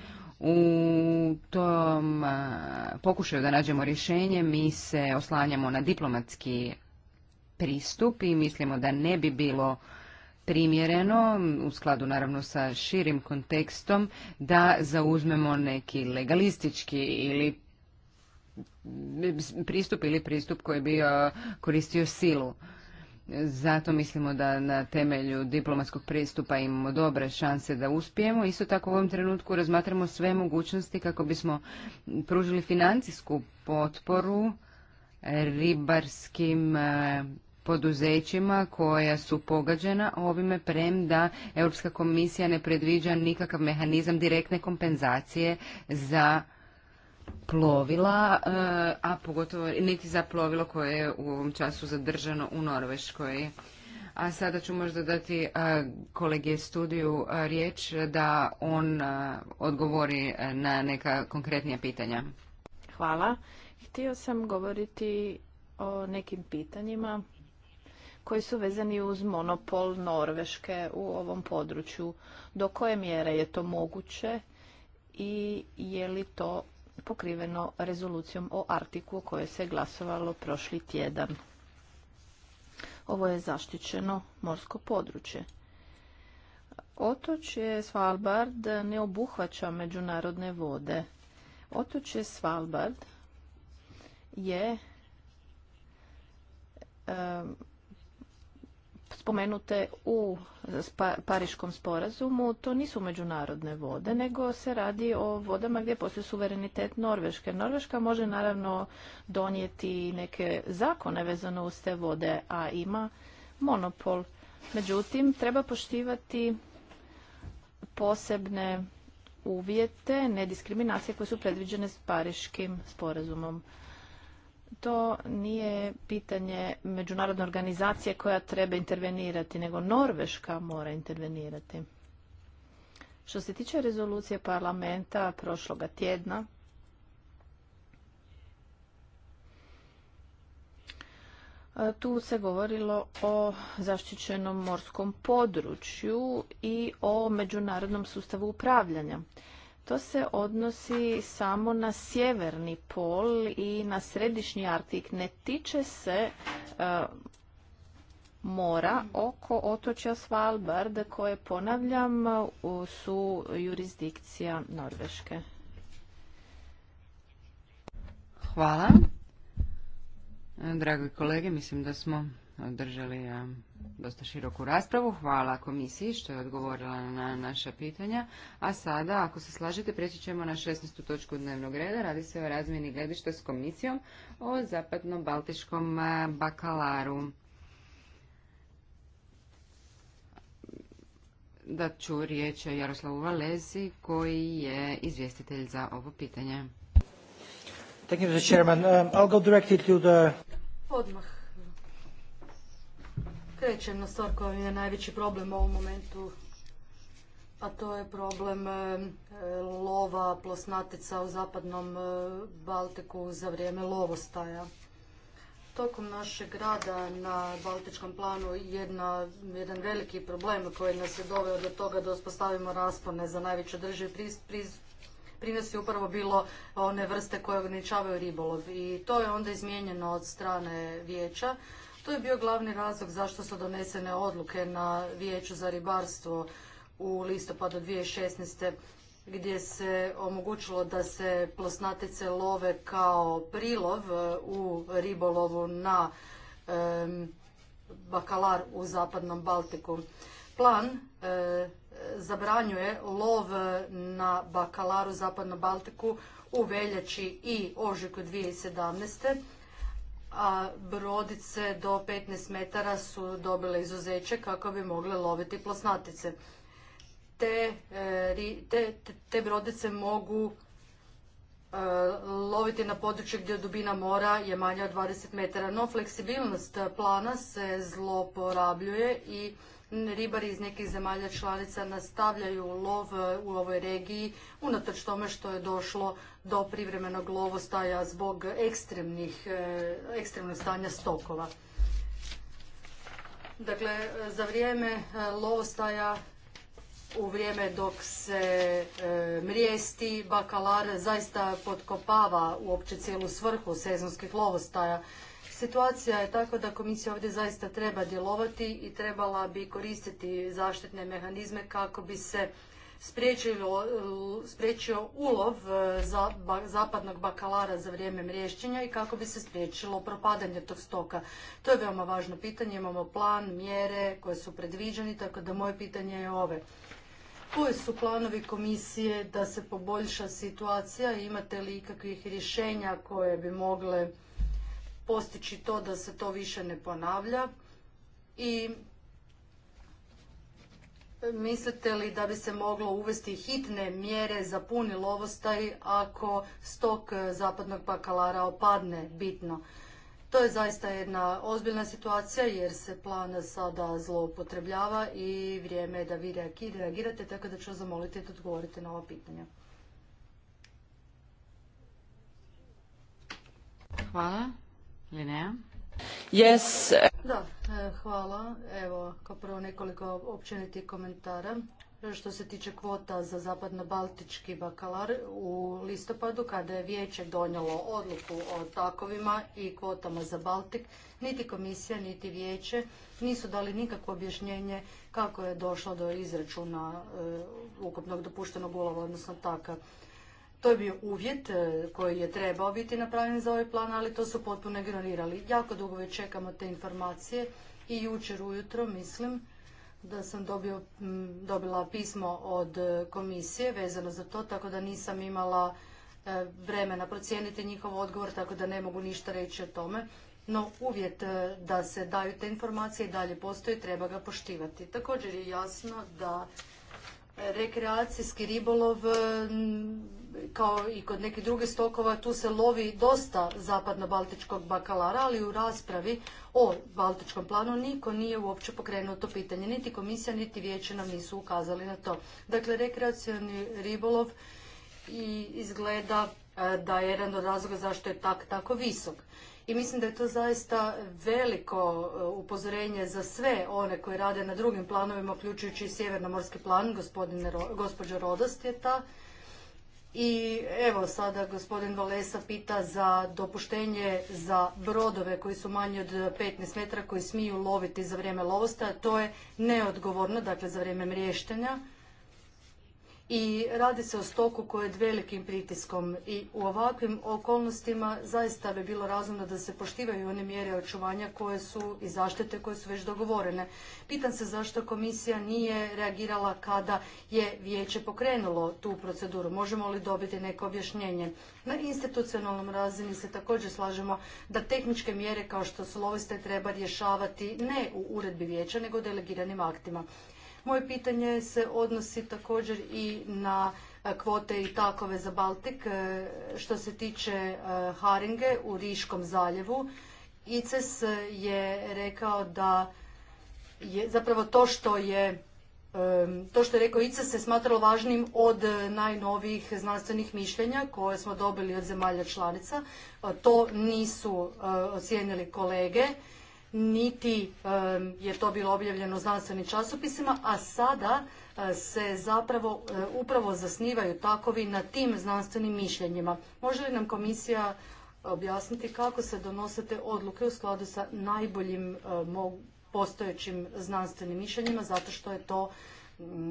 U tom pokušaju da nađemo rješenje mi se oslanjamo na diplomatski pristup i mislimo da ne bi bilo primjereno, u skladu naravno sa širim kontekstom, da zauzmemo neki legalistički ili pristup ili pristup koji bi koristio silu. Zato mislimo da na temelju diplomatskog pristupa imamo dobre šanse da uspijemo. Isto tako u ovom trenutku razmatramo sve mogućnosti kako bismo pružili financijsku potporu ribarskim e, poduzećima koja su pogađena ovime premda Europska komisija ne predviđa nikakav mehanizam direktne kompenzacije za plovila, eh, a pogotovo niti za plovilo koje je u ovom času zadržano u Norveškoj. A sada ću možda dati eh, kolegi studiju eh, riječ da on odgovori na neka konkretnija pitanja. Hvala. Htio sam govoriti o nekim pitanjima koji su vezani uz monopol Norveške u ovom području. Do koje mjere je to moguće i je li to pokriveno rezolucijom o Artiku o kojoj se glasovalo prošli tjedan. Ovo je zaštićeno morsko područje. Otočje Svalbard ne obuhvaća međunarodne vode. Otočje Svalbard je spomenute u Pariškom sporazumu, to nisu međunarodne vode, nego se radi o vodama gdje postoji suverenitet Norveške. Norveška može naravno donijeti neke zakone vezano uz te vode, a ima monopol. Međutim, treba poštivati posebne uvjete nediskriminacije koje su predviđene s Pariškim sporazumom to nije pitanje međunarodne organizacije koja treba intervenirati, nego Norveška mora intervenirati. Što se tiče rezolucije parlamenta prošloga tjedna, Tu se govorilo o zaštićenom morskom području i o međunarodnom sustavu upravljanja to se odnosi samo na sjeverni pol i na središnji Arktik. Ne tiče se e, mora oko otočja Svalbard koje, ponavljam, su jurisdikcija Norveške. Hvala. Dragi kolege, mislim da smo održali dosta široku raspravu. Hvala komisiji što je odgovorila na naša pitanja. A sada, ako se slažete, preći ćemo na 16. točku dnevnog reda. Radi se o razmjeni gledišta s komisijom o zapadnom baltičkom e, bakalaru. Da ću riječ Jaroslavu Valezi koji je izvjestitelj za ovo pitanje. Odmah Krećem na stvar koja je najveći problem u ovom momentu, a to je problem e, lova plosnatica u zapadnom e, Baltiku za vrijeme lovostaja. Tokom našeg rada na Baltičkom planu jedna, jedan veliki problem koji nas je doveo do toga da uspostavimo raspone za najveće države pris prinos upravo bilo one vrste koje ograničavaju ribolov. I to je onda izmijenjeno od strane vijeća to je bio glavni razlog zašto su donesene odluke na Vijeću za ribarstvo u listopadu 2016 gdje se omogućilo da se plosnatice love kao prilov e, u ribolovu na bakalar u zapadnom Baltiku. Plan e, zabranjuje lov na bakalaru u zapadnom Baltiku u veljači i ožujku 2017 a brodice do 15 metara su dobile izuzeće kako bi mogle loviti plosnatice. Te, e, te, brodice mogu e, loviti na području gdje dubina mora je manja od 20 metara, no fleksibilnost plana se zloporabljuje i ribari iz nekih zemalja članica nastavljaju lov e, u ovoj regiji, unatoč tome što je došlo do privremenog lovostaja zbog ekstremnih, e, ekstremnog stanja stokova. Dakle, za vrijeme e, lovostaja u vrijeme dok se e, mrijesti, bakalar zaista potkopava uopće cijelu svrhu sezonskih lovostaja. Situacija je tako da komisija ovdje zaista treba djelovati i trebala bi koristiti zaštitne mehanizme kako bi se spriječio ulov e, zapadnog bakalara za vrijeme mriješćenja i kako bi se spriječilo propadanje tog stoka. To je veoma važno pitanje, imamo plan, mjere koje su predviđeni, tako da moje pitanje je ove. Koji su planovi komisije da se poboljša situacija? Imate li ikakvih rješenja koje bi mogle postići to da se to više ne ponavlja i mislite li da bi se moglo uvesti hitne mjere za puni lovostaj ako stok zapadnog bakalara opadne bitno? To je zaista jedna ozbiljna situacija jer se plan sada zloupotrebljava i vrijeme je da vi reagirate, tako da ću vas zamoliti da odgovorite na ova pitanja. Hvala. Linea? Yes. Da, e, hvala. Evo, kao prvo nekoliko općenitih komentara. E, što se tiče kvota za zapadno-baltički bakalar u listopadu, kada je vijeće donijelo odluku o takovima i kvotama za Baltik, niti komisija, niti vijeće nisu dali nikakvo objašnjenje kako je došlo do izračuna e, ukupnog dopuštenog ulova, odnosno taka. To je bio uvjet e, koji je trebao biti napravljen za ovaj plan, ali to su potpuno ignorirali. Jako dugo već čekamo te informacije i jučer ujutro mislim da sam dobila pismo od e, komisije vezano za to, tako da nisam imala e, vremena procijeniti njihov odgovor, tako da ne mogu ništa reći o tome. No uvjet da se daju te informacije i dalje postoji, treba ga poštivati. Također je jasno da rekreacijski ribolov kao i kod nekih drugih stokova, tu se lovi dosta zapadno-baltičkog bakalara, ali u raspravi o baltičkom planu niko nije uopće pokrenuo to pitanje. Niti komisija, niti vijeće nam nisu ukazali na to. Dakle, rekreacioni ribolov i izgleda e, da je jedan od razloga zašto je tak tako visok. I mislim da je to zaista veliko e, upozorenje za sve one koji rade na drugim planovima, uključujući i Sjevernomorski plan, gospodine, gospođa Rodost je ta i evo sada gospodin Valesa pita za dopuštenje za brodove koji su manji od 15 metara koji smiju loviti za vrijeme lovosta. To je neodgovorno, dakle za vrijeme mriještenja i radi se o stoku koji je velikim pritiskom i u ovakvim okolnostima zaista bi bilo razumno da se poštivaju one mjere očuvanja koje su i zaštite koje su već dogovorene. Pitam se zašto komisija nije reagirala kada je vijeće pokrenulo tu proceduru. Možemo li dobiti neko objašnjenje? Na institucionalnom razini se također slažemo da tehničke mjere kao što su loviste treba rješavati ne u uredbi vijeća nego delegiranim aktima. Moje pitanje se odnosi također i na e, kvote i takove za Baltik e, što se tiče e, Haringe u Riškom zaljevu. ICES je rekao da je zapravo to što je to što je rekao ICES se smatralo važnim od najnovijih znanstvenih mišljenja koje smo dobili od zemalja članica. To nisu ocijenili kolege niti je to bilo objavljeno znanstvenim časopisima, a sada e, se zapravo e, upravo zasnivaju takovi na tim znanstvenim mišljenjima. Može li nam komisija objasniti kako se donosite odluke u skladu sa najboljim e, postojećim znanstvenim mišljenjima, zato što je to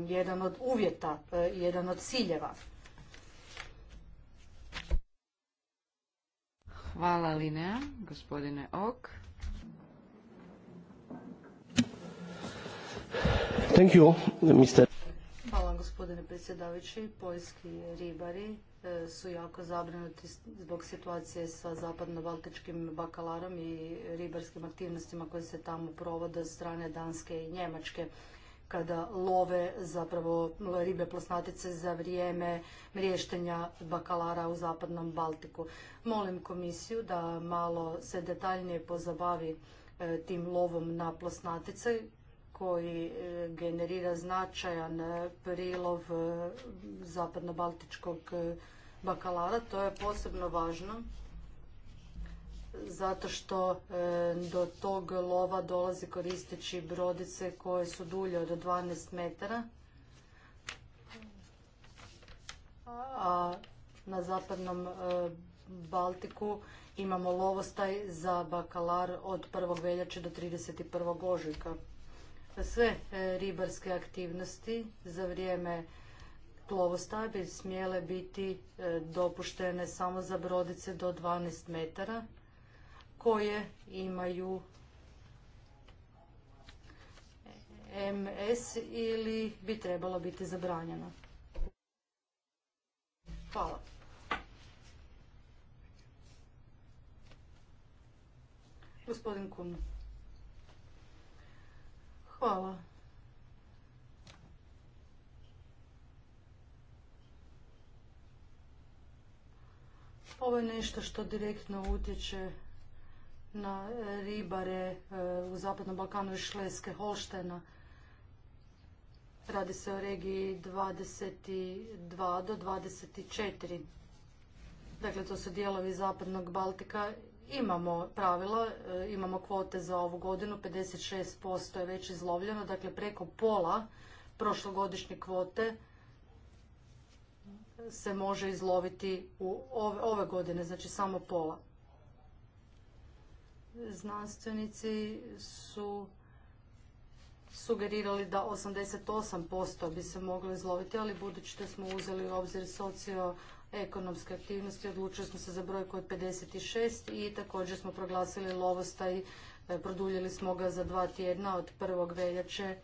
jedan od uvjeta, jedan od ciljeva. Hvala Linea, gospodine Ok. Thank Hvala gospodine predsjedavajući. Poljski ribari e, su jako zabrinuti zbog situacije sa zapadno-baltičkim bakalarom i ribarskim aktivnostima koje se tamo provode od strane Danske i Njemačke kada love zapravo ribe plasnatice za vrijeme mriještenja bakalara u zapadnom Baltiku. Molim komisiju da malo se detaljnije pozabavi e, tim lovom na plasnatice koji e, generira značajan e, prilov e, zapadno-baltičkog bakalara. To je posebno važno zato što do tog lova dolazi koristeći brodice koje su dulje od 12 metara. A na zapadnom Baltiku imamo lovostaj za bakalar od 1. veljače do 31. ožujka sve e, ribarske aktivnosti za vrijeme plovosta bi smjele biti e, dopuštene samo za brodice do 12 metara koje imaju MS ili bi trebalo biti zabranjeno. Hvala. Gospodin Kun. Hvala. Ovo je nešto što direktno utječe na ribare e, u Zapadnom Balkanu i Šleske Holštena. Radi se o regiji 22 do 24. Dakle, to su dijelovi Zapadnog Baltika imamo pravila, e, imamo kvote za ovu godinu, 56% je već izlovljeno, dakle preko pola prošlogodišnje kvote se može izloviti u ove, godine, znači samo pola. Znanstvenici su sugerirali da 88% bi se moglo izloviti, ali budući da smo uzeli u obzir socio ekonomske aktivnosti odlučili smo se za brojku od 56 i također smo proglasili lovostaj, e, produljili smo ga za dva tjedna od 1. veljače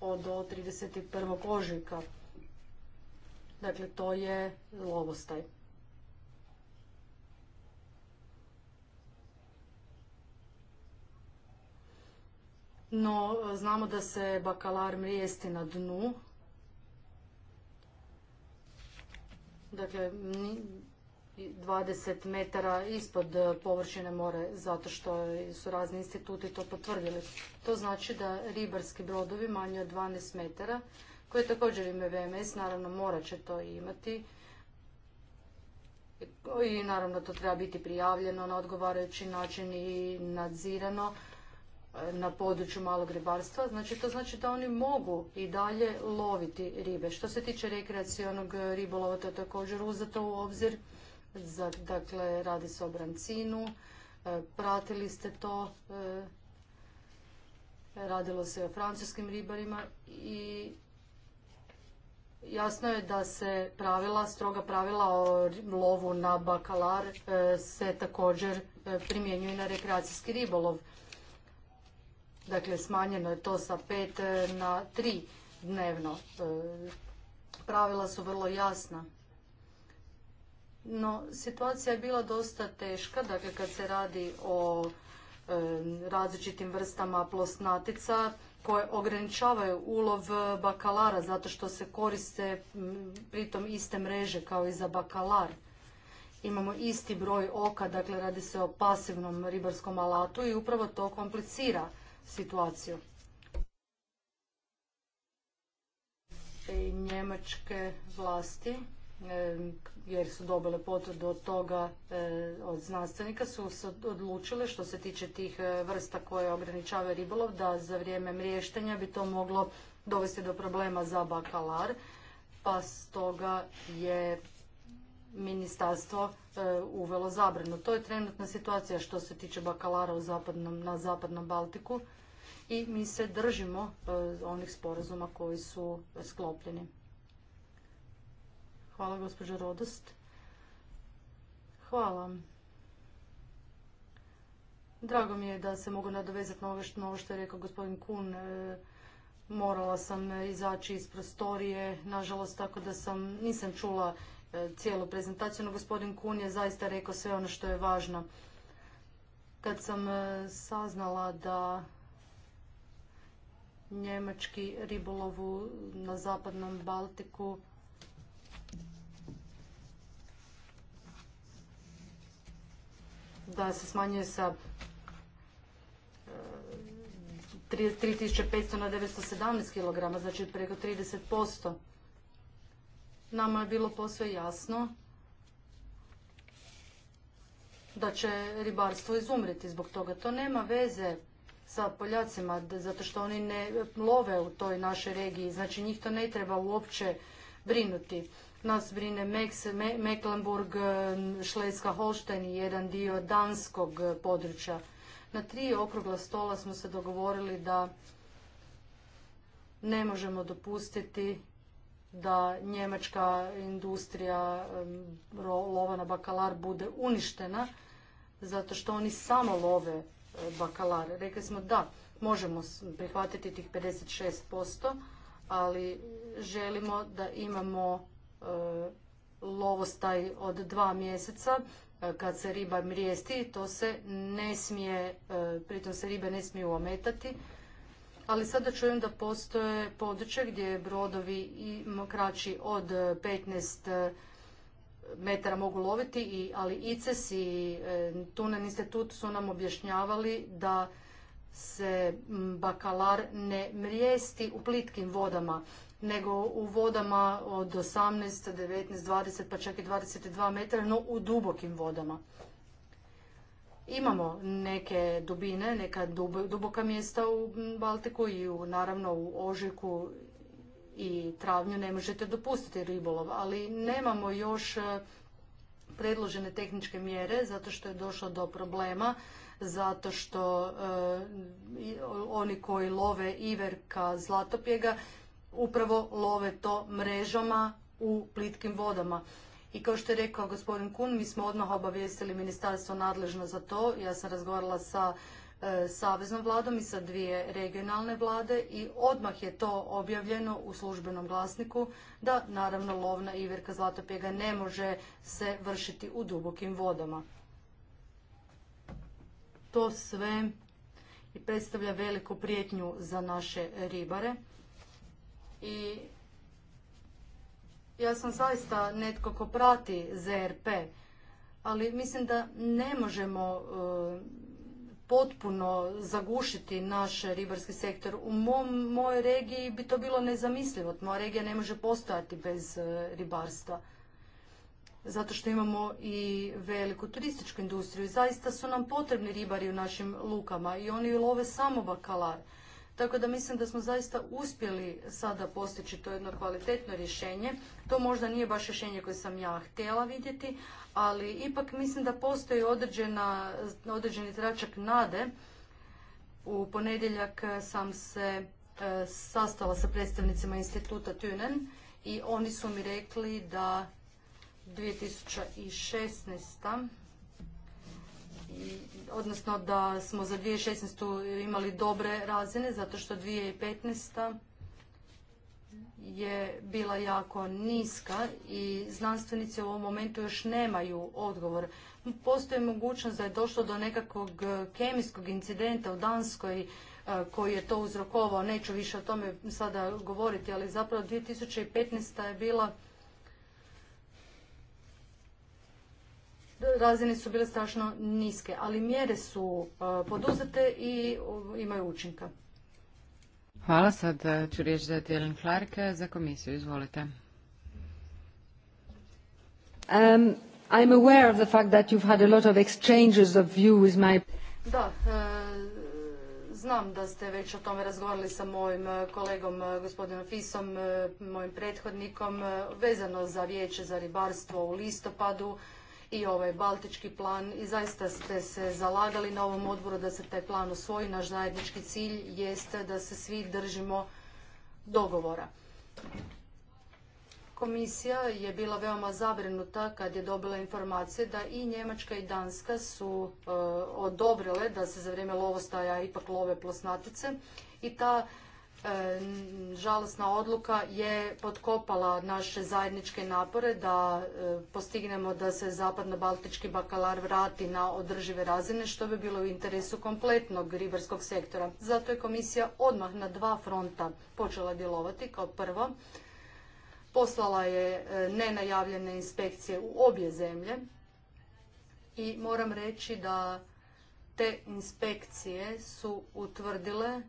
od do 31. ožujka. Dakle, to je lovostaj. No, e, znamo da se bakalar mrijesti na dnu dakle 20 metara ispod e, površine more zato što su razni instituti to potvrdili. To znači da ribarski brodovi manji od 12 metara koje također imaju VMS, naravno morat će to imati i naravno to treba biti prijavljeno na odgovarajući način i nadzirano E, na području malog ribarstva, znači to znači da oni mogu i dalje loviti ribe. Što se tiče rekreacionog ribolova, to je također uzeto u obzir. Dakle, radi se o brancinu, e, pratili ste to, e, radilo se o francuskim ribarima i jasno je da se pravila, stroga pravila o lovu na bakalar se također primjenjuju na rekreacijski ribolov. Dakle, smanjeno je to sa pet e, na tri dnevno. E, pravila su vrlo jasna. No, situacija je bila dosta teška, dakle kad se radi o e, različitim vrstama plosnatica koje ograničavaju ulov bakalara zato što se koriste pritom iste mreže kao i za bakalar. Imamo isti broj oka, dakle radi se o pasivnom ribarskom alatu i upravo to komplicira situaciju. I e, njemačke vlasti, e, jer su dobile potvrdu od toga e, od znanstvenika, su se odlučile što se tiče tih vrsta koje ograničavaju ribolov, da za vrijeme mriještenja bi to moglo dovesti do problema za bakalar, pa stoga je ministarstvo e, uvelo zabranu. To je trenutna situacija što se tiče bakalara na zapadnom Baltiku i mi se držimo e, onih sporazuma koji su sklopljeni. Hvala gospođo Rodost. Hvala. Drago mi je da se mogu nadovezati na ovo što je rekao gospodin Kun. E, morala sam izaći iz prostorije, nažalost, tako da sam, nisam čula cijelu prezentaciju, no gospodin Kun je zaista rekao sve ono što je važno. Kad sam e, saznala da njemački ribolovu na zapadnom Baltiku da se smanjuje sa 3500 e, na 917 kg, znači preko 30%. Nama je bilo posve jasno da će ribarstvo izumriti zbog toga. To nema veze sa Poljacima, zato što oni ne love u toj našoj regiji. Znači njih to ne treba uopće brinuti. Nas brine Mecklenburg, Šleska, Holštajn i jedan dio danskog područja. Na tri okrugla stola smo se dogovorili da ne možemo dopustiti da njemačka industrija lova na bakalar bude uništena zato što oni samo love e, bakalar. Rekli smo da, možemo prihvatiti tih 56%, ali želimo da imamo e, lovostaj od dva mjeseca e, kad se riba mrijesti, to se ne smije, pritom se ribe ne smiju ometati ali sada čujem da postoje područje gdje brodovi i kraći od 15 e, metara mogu loviti, i, ali ICES i e, Tunen institut su nam objašnjavali da se bakalar ne mrijesti u plitkim vodama, nego u vodama od 18, 19, 20 pa čak i 22 metara, no u dubokim vodama. Imamo neke dubine, neka duboka mjesta u Baltiku i naravno u Ožiku i travnju ne možete dopustiti ribolov, ali nemamo još e, predložene tehničke mjere zato što je došlo do problema, zato što e, oni koji love iverka zlatopjega upravo love to mrežama u plitkim vodama. I kao što je rekao gospodin Kun, mi smo odmah obavijestili ministarstvo nadležno za to. Ja sam razgovarala sa e, saveznom vladom i sa dvije regionalne vlade i odmah je to objavljeno u službenom glasniku da naravno lovna iverka zlatopjega ne može se vršiti u dubokim vodama. To sve i predstavlja veliku prijetnju za naše ribare i ja sam zaista netko ko prati ZRP, ali mislim da ne možemo e, potpuno zagušiti naš ribarski sektor. U mojoj regiji bi to bilo nezamislivo. Moja regija ne može postojati bez e, ribarstva. Zato što imamo i veliku turističku industriju. Zaista su nam potrebni ribari u našim lukama i oni love samo bakalar. Tako da mislim da smo zaista uspjeli sada postići to jedno kvalitetno rješenje. To možda nije baš rješenje koje sam ja htjela vidjeti, ali ipak mislim da postoji određeni tračak nade. U ponedjeljak sam se e, sastala sa predstavnicima instituta Tunen i oni su mi rekli da 2016 odnosno da smo za 2016. imali dobre razine, zato što 2015 je bila jako niska i znanstvenici u ovom momentu još nemaju odgovor. Postoji mogućnost da je došlo do nekakvog e, kemijskog incidenta u Danskoj e, koji je to uzrokovao. Neću više o tome sada govoriti, ali zapravo 2015. je bila razine su bile strašno niske, ali mjere su e, poduzete i imaju učinka. Hvala, sad e, ću riječ za Tijelen Clark e, za komisiju, izvolite. Um, I'm aware of the fact that you've had a lot of exchanges of view with my... Da, znam da ste već o tome razgovarali sa mojim kolegom gospodinom Fisom, mojim prethodnikom, vezano za vijeće za ribarstvo u listopadu i ovaj baltički plan i zaista ste se zalagali na ovom odboru da se taj plan osvoji. Naš zajednički cilj jeste da se svi držimo dogovora. Komisija je bila veoma zabrinuta kad je dobila informacije da i Njemačka i Danska su e, odobrile da se za vrijeme lovostaja ipak love plosnatice i ta E, žalosna odluka je potkopala naše zajedničke napore da e, postignemo da se zapadno-baltički bakalar vrati na održive razine što bi bilo u interesu kompletnog ribarskog sektora. Zato je komisija odmah na dva fronta počela djelovati kao prvo. Poslala je e, nenajavljene inspekcije u obje zemlje i moram reći da te inspekcije su utvrdile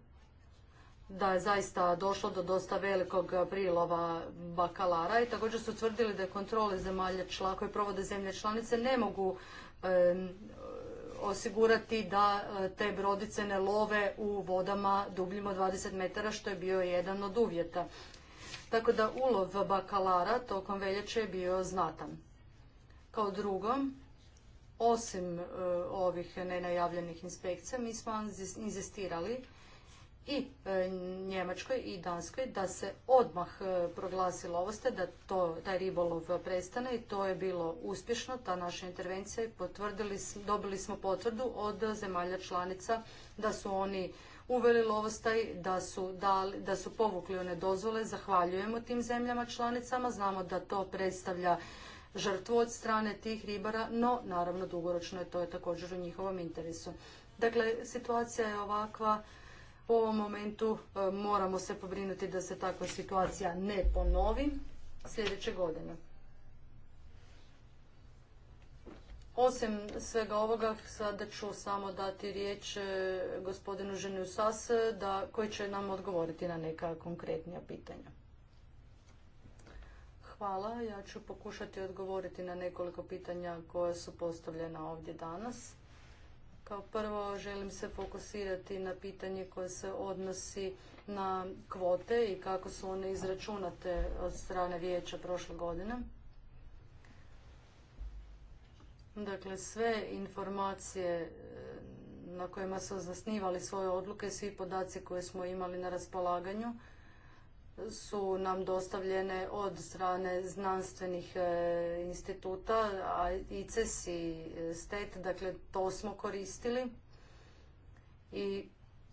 da je zaista došlo do dosta velikog prilova bakalara i također su tvrdili da kontrole zemalja čla, koje provode zemlje članice ne mogu osigurati da e, te brodice ne love u vodama dubljim od 20 metara što je bio jedan od uvjeta. Tako da ulov bakalara tokom veljače je bio znatan. Kao drugo, osim e, ovih nenajavljenih inspekcija, mi smo inzistirali i e, Njemačkoj i Danskoj da se odmah e, proglasi lovostaj, da to, taj ribolov prestane i to je bilo uspješno, ta naša intervencija i potvrdili, dobili smo potvrdu od zemalja članica da su oni uveli lovostaj, da su, dali, da su povukli one dozvole, zahvaljujemo tim zemljama članicama, znamo da to predstavlja žrtvu od strane tih ribara, no naravno dugoročno je to je također u njihovom interesu. Dakle, situacija je ovakva po ovom momentu e, moramo se pobrinuti da se takva situacija ne ponovi sljedeće godine. Osim svega ovoga, sada ću samo dati riječ e, gospodinu Ženiju Sas, da, koji će nam odgovoriti na neka konkretnija pitanja. Hvala, ja ću pokušati odgovoriti na nekoliko pitanja koja su postavljena ovdje danas. Kao prvo želim se fokusirati na pitanje koje se odnosi na kvote i kako su one izračunate od strane vijeća prošle godine. Dakle, sve informacije e, na kojima su zasnivali svoje odluke, svi podaci koje smo imali na raspolaganju, su nam dostavljene od strane znanstvenih e, instituta, ICES i e, STET, dakle to smo koristili. I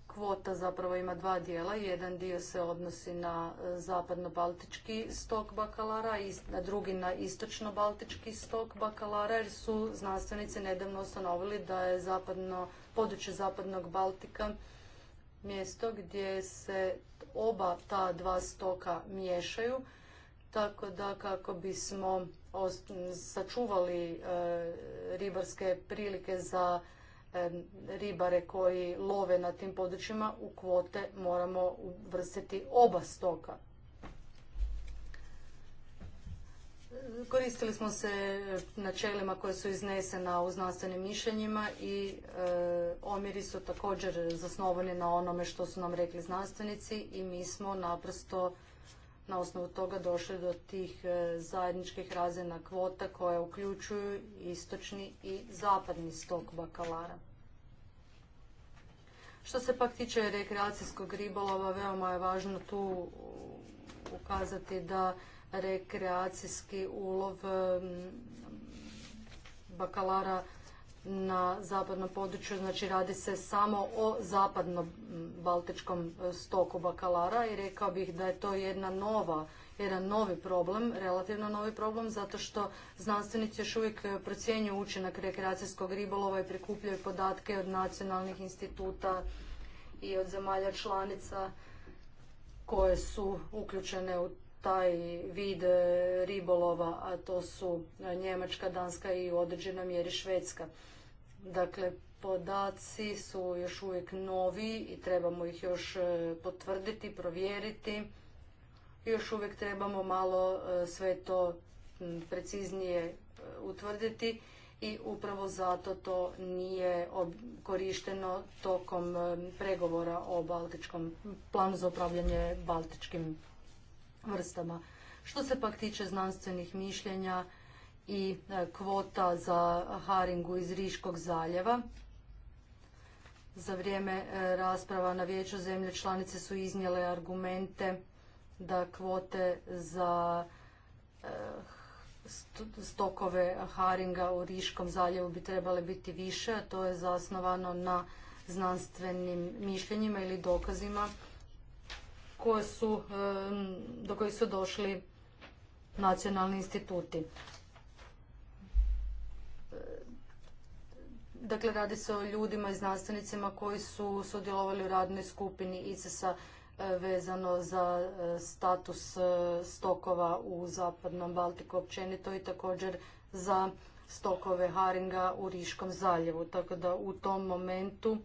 kvota zapravo ima dva dijela. Jedan dio se odnosi na e, zapadno-baltički stok bakalara, i drugi na istočno-baltički stok bakalara, jer su znanstvenici nedavno ustanovili da je zapadno, područje zapadnog Baltika mjesto gdje se oba ta dva stoka miješaju, tako da kako bismo sačuvali e, ribarske prilike za e, ribare koji love na tim područjima, u kvote moramo uvrstiti oba stoka. koristili smo se načelima koje su iznesena u znanstvenim mišljenjima i e, omjeri su također zasnovani na onome što su nam rekli znanstvenici i mi smo naprosto na osnovu toga došli do tih e, zajedničkih razina kvota koje uključuju istočni i zapadni stok bakalara. Što se pak tiče rekreacijskog ribolova, veoma je važno tu ukazati da rekreacijski ulov mm, bakalara na zapadnom području, znači radi se samo o zapadno baltičkom e, stoku bakalara i rekao bih da je to jedna nova, jedan novi problem, relativno novi problem, zato što znanstvenici još uvijek e, procjenjuju učinak rekreacijskog ribolova i prikupljaju podatke od nacionalnih instituta i od zemalja članica koje su uključene u taj vid e, ribolova, a to su e, Njemačka, Danska i u određenoj mjeri Švedska. Dakle, podaci su još uvijek novi i trebamo ih još e, potvrditi, provjeriti. Još uvijek trebamo malo sve to preciznije utvrditi i upravo zato to nije korišteno tokom pregovora o Baltičkom planu za upravljanje Baltičkim vrstama. Što se pak tiče znanstvenih mišljenja i e, kvota za haringu iz Riškog zaljeva, za vrijeme e, rasprava na vijeću zemlje članice su iznijele argumente da kvote za e, stokove haringa u Riškom zaljevu bi trebale biti više, a to je zasnovano na znanstvenim mišljenjima ili dokazima su, do kojih su došli nacionalni instituti. Dakle, radi se o ljudima i znanstvenicima koji su sudjelovali u radnoj skupini ices e, vezano za e, status e, stokova u zapadnom Baltiku općenito i također za stokove haringa u Riškom zaljevu. Tako da u tom momentu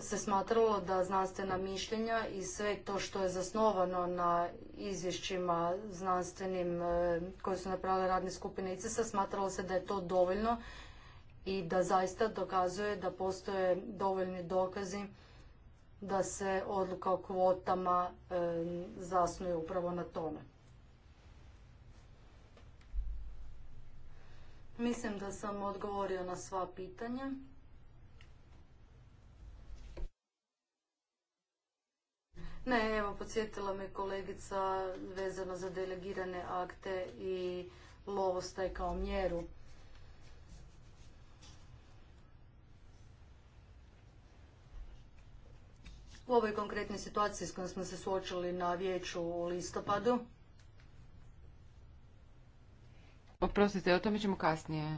se smatralo da znanstvena mišljenja i sve to što je zasnovano na izvješćima znanstvenim e, koje su napravile radne skupine ices smatralo se da je to dovoljno i da zaista dokazuje da postoje dovoljni dokazi da se odluka o kvotama e, zasnuje upravo na tome. Mislim da sam odgovorio na sva pitanja. Ne, evo, podsjetila me kolegica vezano za delegirane akte i lovostaj kao mjeru. U ovoj konkretnoj situaciji s kojom smo se suočili na vijeću u listopadu. Oprostite, o tome ćemo kasnije. E,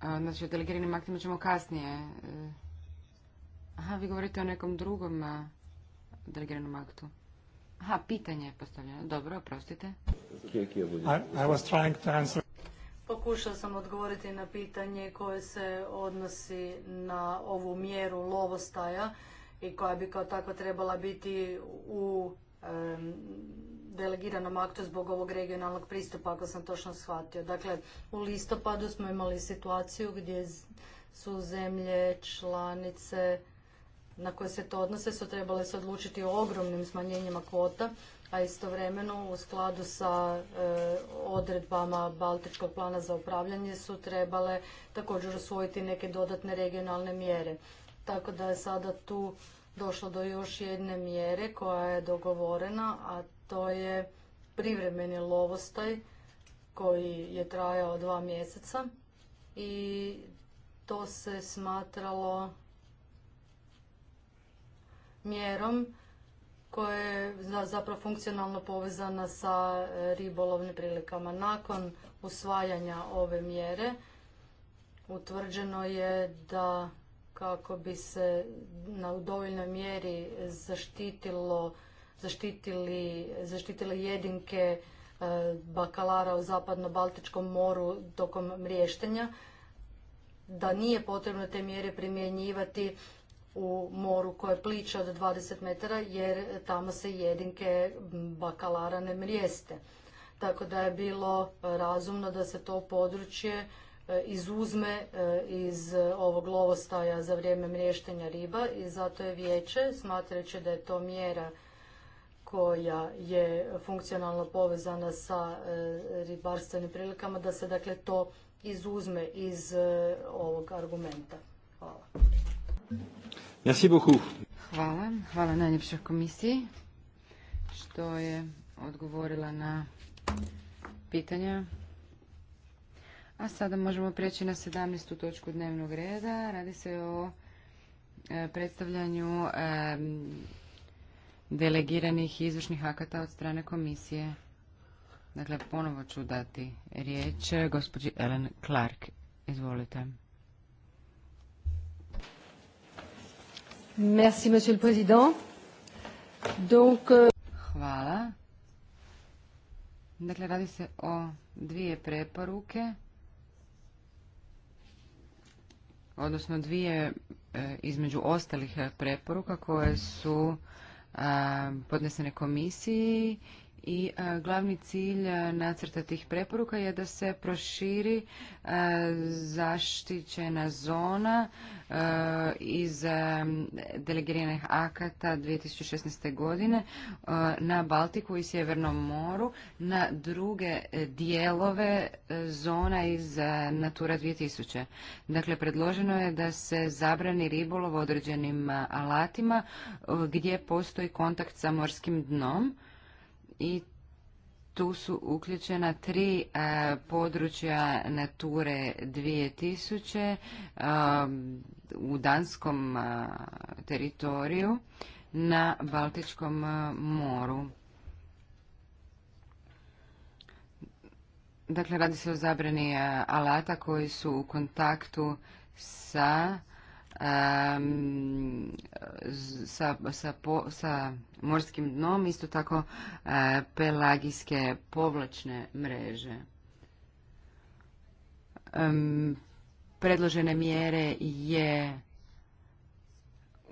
znači, o delegiranim aktima ćemo kasnije. E. Aha, vi govorite o nekom drugom aktu? Aha, pitanje je postavljeno. Dobro, oprostite. Pokušao sam odgovoriti na pitanje koje se odnosi na ovu mjeru lovostaja i koja bi kao takva trebala biti u delegiranom aktu zbog ovog regionalnog pristupa, ako sam točno shvatio. Dakle, u listopadu smo imali situaciju gdje su zemlje članice na koje se to odnose su trebale se odlučiti o ogromnim smanjenjima kvota, a istovremeno u skladu sa e, odredbama Baltičkog plana za upravljanje su trebale također usvojiti neke dodatne regionalne mjere. Tako da je sada tu došlo do još jedne mjere koja je dogovorena, a to je privremeni lovostaj koji je trajao dva mjeseca i to se smatralo mjerom koja je zapravo funkcionalno povezana sa e, ribolovnim prilikama. Nakon usvajanja ove mjere utvrđeno je da kako bi se na u dovoljnoj mjeri zaštitilo zaštitili, jedinke e, bakalara u zapadno-baltičkom moru tokom mriještenja, da nije potrebno te mjere primjenjivati u moru koje pliče od 20 metara jer tamo se jedinke bakalara ne mrijeste. Tako da je bilo razumno da se to područje e, izuzme e, iz ovog lovostaja za vrijeme mriještenja riba i zato je vijeće, smatrajući da je to mjera koja je funkcionalno povezana sa e, ribarstvenim prilikama, da se dakle to izuzme iz ovog argumenta. Hvala. Hvala. Hvala komisiji što je odgovorila na pitanja. A sada možemo preći na 17. točku dnevnog reda. Radi se o e, predstavljanju e, delegiranih izvršnih akata od strane komisije. Dakle, ponovo ću dati riječ gospođi Ellen Clark. Izvolite. Merci, monsieur le président. Donc... Euh, Hvala. Dakle, radi se o dvije preporuke, odnosno dvije e, između ostalih preporuka koje su podnesene komisiji i e, glavni cilj e, nacrta tih preporuka je da se proširi e, zaštićena zona iz delegiranih akata 2016. godine na Baltiku i Sjevernom moru na druge dijelove zona iz Natura 2000. Dakle, predloženo je da se zabrani ribolov određenim alatima gdje postoji kontakt sa morskim dnom i tu su uključena tri e, područja Nature 2000 e, u danskom e, teritoriju na Baltičkom moru. Dakle, radi se o zabrani alata koji su u kontaktu sa sa, sa, po, sa morskim dnom, isto tako e, pelagijske povlačne mreže. Predložene mjere je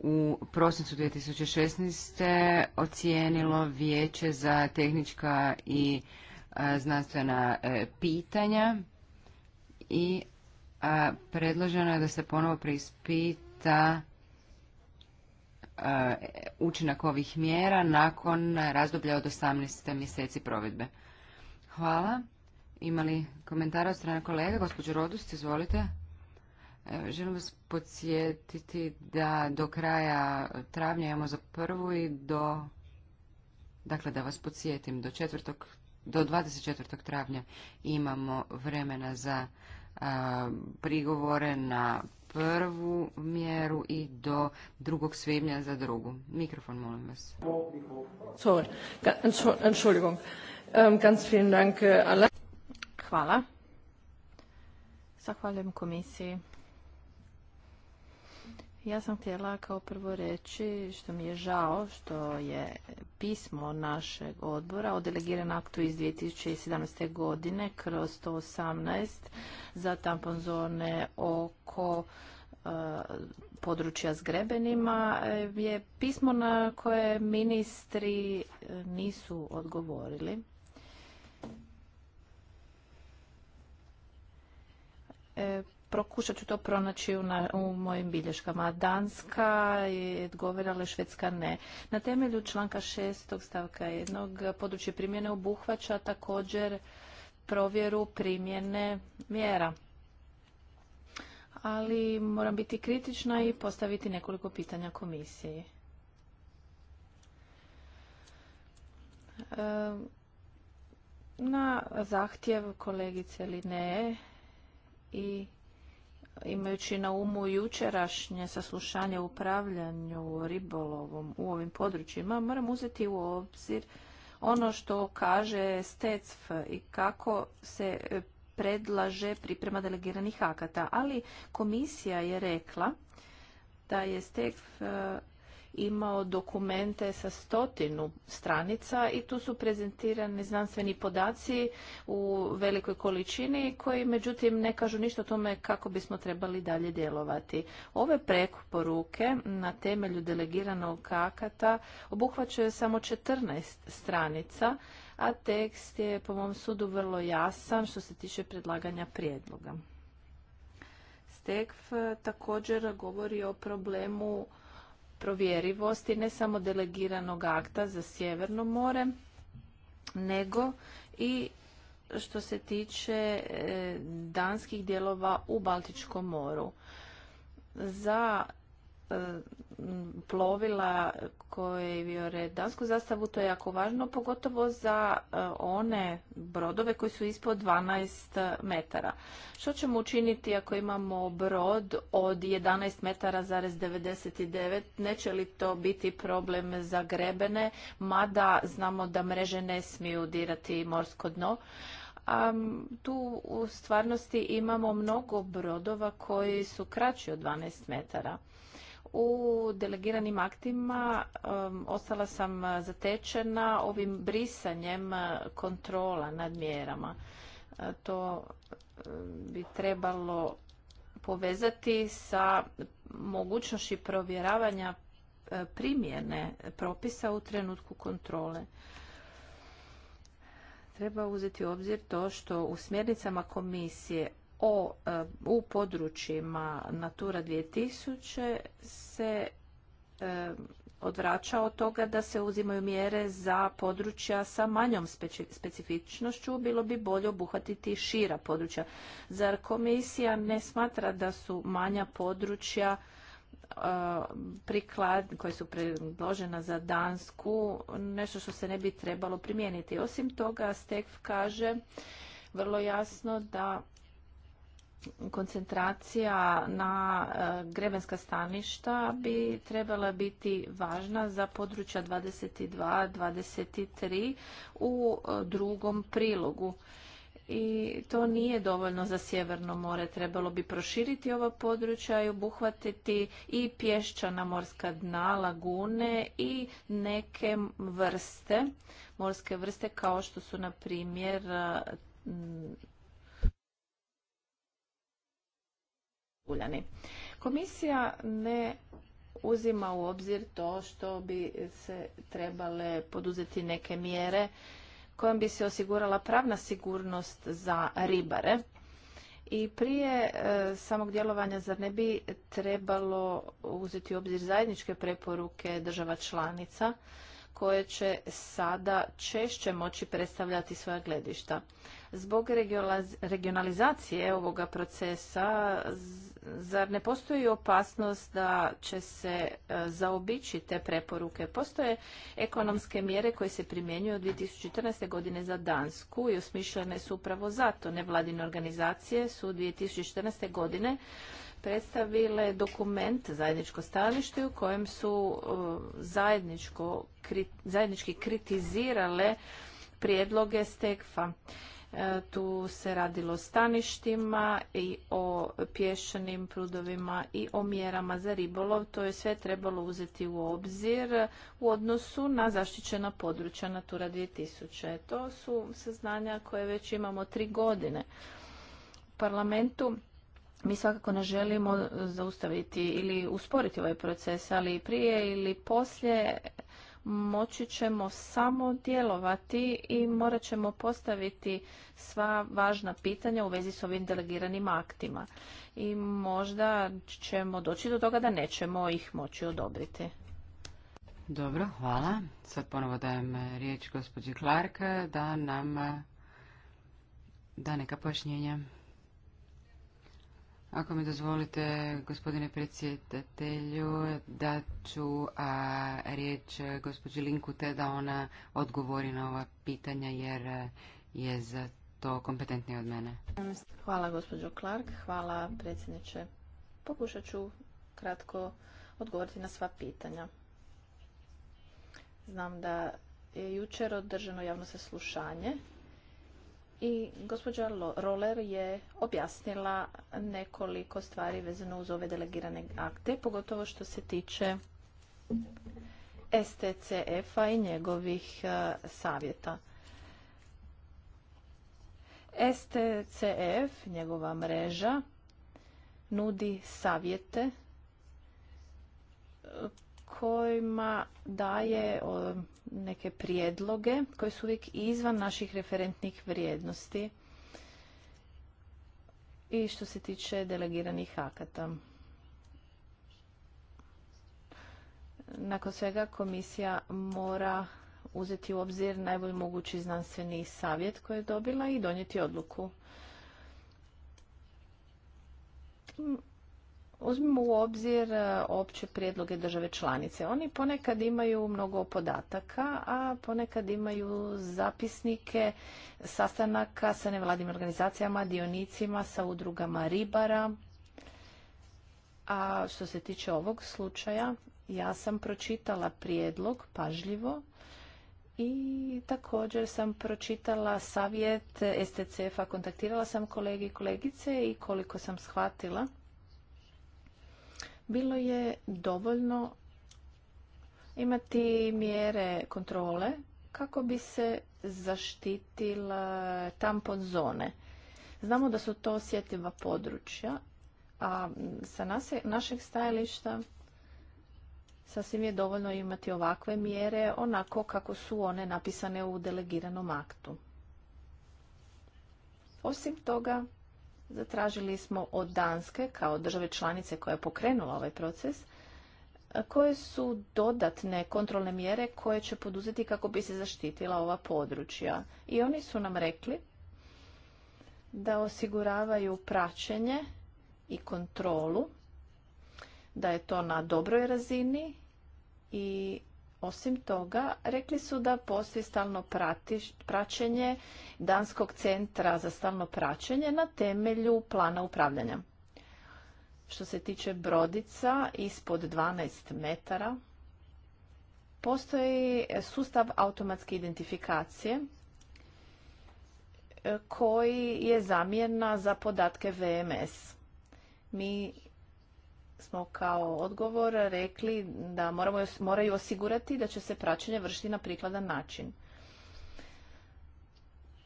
u prosincu 2016. ocijenilo vijeće za tehnička i e, znanstvena e, pitanja i predloženo je da se ponovo preispita učinak ovih mjera nakon razdoblja od 18 mjeseci provedbe. Hvala. Imali komentara od strane kolega? Gospodin Rodust, izvolite. E, želim vas podsjetiti da do kraja travnja imamo za prvu i do... Dakle, da vas podsjetim, do, do 24. travnja imamo vremena za prigovore na prvu mjeru i do drugog svibnja za drugu. Mikrofon, molim vas. Ähm, äh, Hvala. Zahvaljujem komisiji ja sam htjela kao prvo reći što mi je žao što je pismo našeg odbora o delegiran aktu iz 2017. godine kroz 118 za tampon zone oko e, područja s grebenima e, je pismo na koje ministri e, nisu odgovorili. E, Prokušat ću to pronaći u, mojim bilješkama. Danska je odgovarala, Švedska ne. Na temelju članka 6. stavka jednog područje primjene obuhvaća također provjeru primjene mjera. Ali moram biti kritična i postaviti nekoliko pitanja komisiji. E, na zahtjev kolegice Linee i Imajući na umu jučerašnje saslušanje u upravljanju ribolovom u ovim područjima, moram uzeti u obzir ono što kaže STECF i kako se e, predlaže priprema delegiranih akata. Ali komisija je rekla da je STECF imao dokumente sa stotinu stranica i tu su prezentirani znanstveni podaci u velikoj količini koji međutim ne kažu ništa o tome kako bismo trebali dalje djelovati. Ove poruke na temelju delegiranog akata obuhvaćaju samo 14 stranica, a tekst je po mom sudu vrlo jasan što se tiče predlaganja prijedloga. Stekf eh, također govori o problemu provjerivosti ne samo delegiranog akta za Sjeverno more, nego i što se tiče e, danskih dijelova u Baltičkom moru. Za E, plovila koje vjore dansku zastavu, to je jako važno, pogotovo za e, one brodove koji su ispod 12 metara. Što ćemo učiniti ako imamo brod od 11 metara zarez 99? Neće li to biti problem za grebene, mada znamo da mreže ne smiju dirati morsko dno? tu u stvarnosti imamo mnogo brodova koji su kraći od 12 metara u delegiranim aktima um, ostala sam uh, zatečena ovim brisanjem uh, kontrola nad mjerama. Uh, to um, bi trebalo povezati sa mogućnošću provjeravanja primjene propisa u trenutku kontrole. Treba uzeti u obzir to što u smjernicama komisije o, e, u područjima Natura 2000 se e, odvraća od toga da se uzimaju mjere za područja sa manjom specifičnošću, bilo bi bolje obuhvatiti šira područja. Zar komisija ne smatra da su manja područja e, priklad koje su predložena za Dansku, nešto što se ne bi trebalo primijeniti. Osim toga, Stekf kaže vrlo jasno da koncentracija na e, grebenska staništa bi trebala biti važna za područja 22-23 u e, drugom prilogu. I to nije dovoljno za Sjeverno more. Trebalo bi proširiti ova područja i obuhvatiti i pješčana morska dna, lagune i neke vrste, morske vrste kao što su na primjer e, Komisija ne uzima u obzir to što bi se trebale poduzeti neke mjere kojom bi se osigurala pravna sigurnost za ribare. I prije e, samog djelovanja zar ne bi trebalo uzeti u obzir zajedničke preporuke država članica koje će sada češće moći predstavljati svoja gledišta. Zbog regionalizacije ovoga procesa, zar ne postoji opasnost da će se e, zaobići te preporuke? Postoje ekonomske mjere koje se primjenjuju od 2014. godine za Dansku i osmišljene su upravo zato. Nevladine organizacije su 2014. godine predstavile dokument zajedničko stajalište u kojem su e, zajednički kritizirale prijedloge stekfa. E, tu se radilo o staništima i o pješanim prudovima i o mjerama za ribolov. To je sve trebalo uzeti u obzir u odnosu na zaštićena područja Natura 2000. To su saznanja koje već imamo tri godine. U parlamentu mi svakako ne želimo zaustaviti ili usporiti ovaj proces, ali prije ili poslije moći ćemo samo djelovati i morat ćemo postaviti sva važna pitanja u vezi s ovim delegiranim aktima. I možda ćemo doći do toga da nećemo ih moći odobriti. Dobro, hvala. Sad ponovo dajem riječ gospođi Clark da nam da neka pojašnjenja. Ako mi dozvolite, gospodine predsjedatelju, da ću a, riječ gospođi Linku te da ona odgovori na ova pitanja jer je za to kompetentnije od mene. Hvala gospođo Clark, hvala predsjedniče. Pokušat ću kratko odgovoriti na sva pitanja. Znam da je jučer održano javno saslušanje i gospođa Roller je objasnila nekoliko stvari vezano uz ove delegirane akte, pogotovo što se tiče STCF-a i njegovih e, savjeta. STCF, njegova mreža, nudi savjete e, kojima daje neke prijedloge koji su uvijek izvan naših referentnih vrijednosti i što se tiče delegiranih akata. Nakon svega komisija mora uzeti u obzir najbolji mogući znanstveni savjet koji je dobila i donijeti odluku. Uzmimo u obzir e, opće prijedloge države članice. Oni ponekad imaju mnogo podataka, a ponekad imaju zapisnike sastanaka sa nevladim organizacijama, dionicima, sa udrugama ribara. A što se tiče ovog slučaja, ja sam pročitala prijedlog pažljivo i također sam pročitala savjet STCF-a, kontaktirala sam kolege i kolegice i koliko sam shvatila bilo je dovoljno imati mjere kontrole kako bi se zaštitila tampon zone. Znamo da su to osjetljiva područja, a sa našeg stajališta sasvim je dovoljno imati ovakve mjere onako kako su one napisane u delegiranom aktu. Osim toga, Zatražili smo od Danske kao države članice koja je pokrenula ovaj proces koje su dodatne kontrolne mjere koje će poduzeti kako bi se zaštitila ova područja. I oni su nam rekli da osiguravaju praćenje i kontrolu, da je to na dobroj razini i osim toga, rekli su da postoji stalno praćenje Danskog centra za stalno praćenje na temelju plana upravljanja. Što se tiče brodica ispod 12 metara, postoji sustav automatske identifikacije e, koji je zamjena za podatke VMS. Mi smo kao odgovor rekli da moramo, moraju osigurati da će se praćenje vršiti na prikladan način.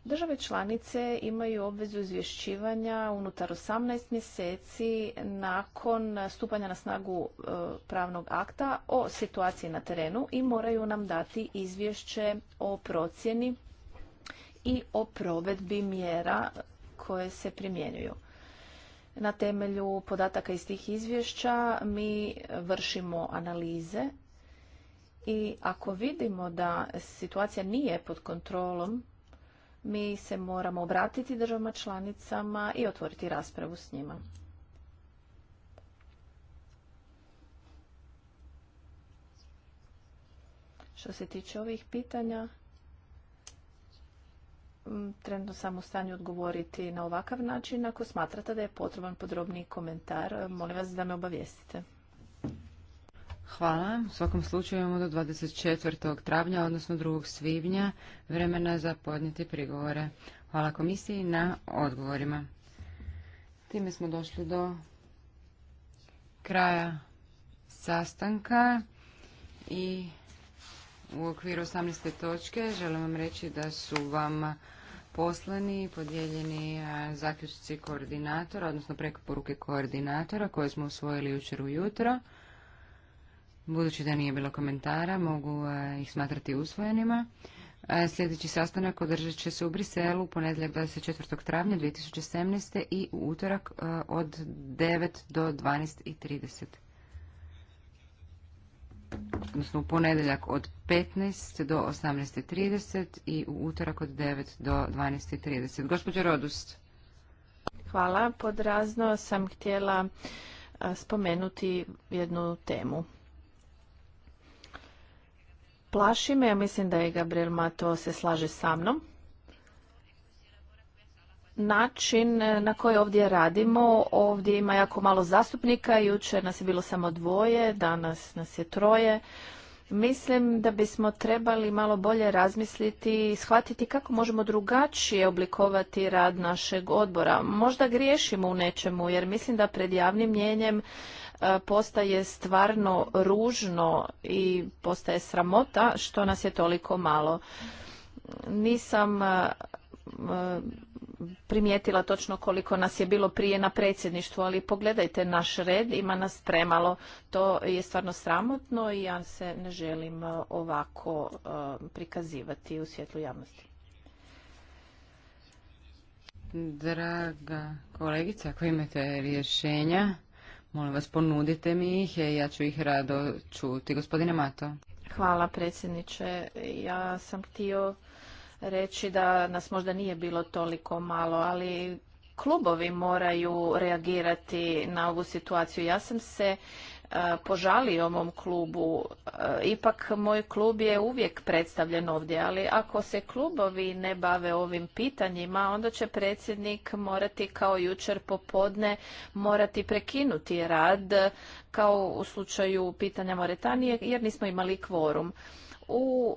Države članice imaju obvezu izvješćivanja unutar 18 mjeseci nakon stupanja na snagu e, pravnog akta o situaciji na terenu i moraju nam dati izvješće o procjeni i o provedbi mjera koje se primjenjuju. Na temelju podataka iz tih izvješća mi vršimo analize i ako vidimo da situacija nije pod kontrolom, mi se moramo obratiti državama članicama i otvoriti raspravu s njima. Što se tiče ovih pitanja, trenutno sam u stanju odgovoriti na ovakav način. Ako smatrate da je potreban podrobni komentar, e, molim vas da me obavijestite. Hvala. U svakom slučaju imamo do 24. travnja, odnosno 2. svibnja, vremena za podnijeti prigovore. Hvala komisiji na odgovorima. Time smo došli do kraja sastanka i u okviru 18. točke želim vam reći da su vam poslani i podijeljeni e, zaključci koordinatora, odnosno poruke koordinatora koje smo usvojili jučer ujutro. Budući da nije bilo komentara, mogu e, ih smatrati usvojenima. E, sljedeći sastanak održat će se u Briselu u ponedjeljak 24. travnja 2017. i u utorak od 9 do 12.30 odnosno u ponedjeljak od 15 do 18.30 i u utorak od 9 do 12.30. Gospođo Rodust. Hvala. podrazno sam htjela spomenuti jednu temu. Plaši me, ja mislim da je Gabriel Mato se slaže sa mnom, način na koji ovdje radimo. Ovdje ima jako malo zastupnika, jučer nas je bilo samo dvoje, danas nas je troje. Mislim da bismo trebali malo bolje razmisliti i shvatiti kako možemo drugačije oblikovati rad našeg odbora. Možda griješimo u nečemu jer mislim da pred javnim mjenjem e, postaje stvarno ružno i postaje sramota što nas je toliko malo. Nisam e, primijetila točno koliko nas je bilo prije na predsjedništvu, ali pogledajte naš red, ima nas premalo. To je stvarno sramotno i ja se ne želim e, ovako e, prikazivati u svjetlu javnosti. Draga kolegica, ako imate rješenja, molim vas ponudite mi ih, e, ja ću ih rado čuti. Gospodine Mato. Hvala predsjedniče. Ja sam htio reći da nas možda nije bilo toliko malo, ali klubovi moraju reagirati na ovu situaciju. Ja sam se e, požalio mom klubu. E, ipak moj klub je uvijek predstavljen ovdje, ali ako se klubovi ne bave ovim pitanjima, onda će predsjednik morati kao jučer popodne morati prekinuti rad kao u slučaju pitanja Moretanije jer nismo imali kvorum. U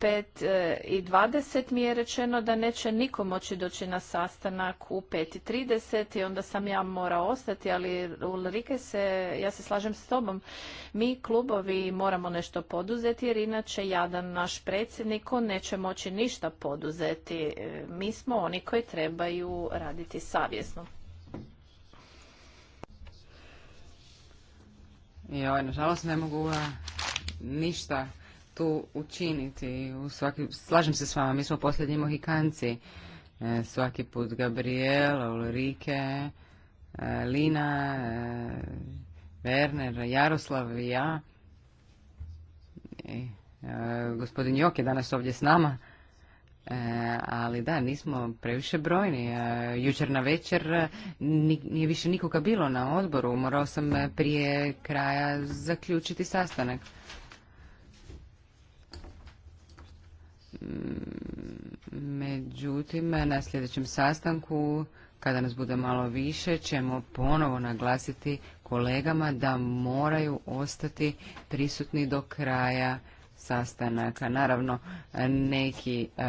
5.20 e, i mi je rečeno da neće niko moći doći na sastanak u pet i i onda sam ja mora ostati, ali Ulrike se, ja se slažem s tobom, mi klubovi moramo nešto poduzeti jer inače jadan naš predsjednik, on neće moći ništa poduzeti. E, mi smo oni koji trebaju raditi savjesno. Joj, nažalost ne mogu e, ništa tu učiniti. U svaki, slažem se s vama, mi smo posljednji mohikanci. E, svaki put Gabriel, Ulrike, e, Lina, e, Werner, Jaroslav i ja. Gospodin Jok je danas ovdje s nama. Ali da, nismo previše brojni. Jučer na večer nije više nikoga bilo na odboru. Morao sam prije kraja zaključiti sastanak. Međutim, na sljedećem sastanku, kada nas bude malo više, ćemo ponovo naglasiti kolegama da moraju ostati prisutni do kraja sastanaka. Naravno, neki e,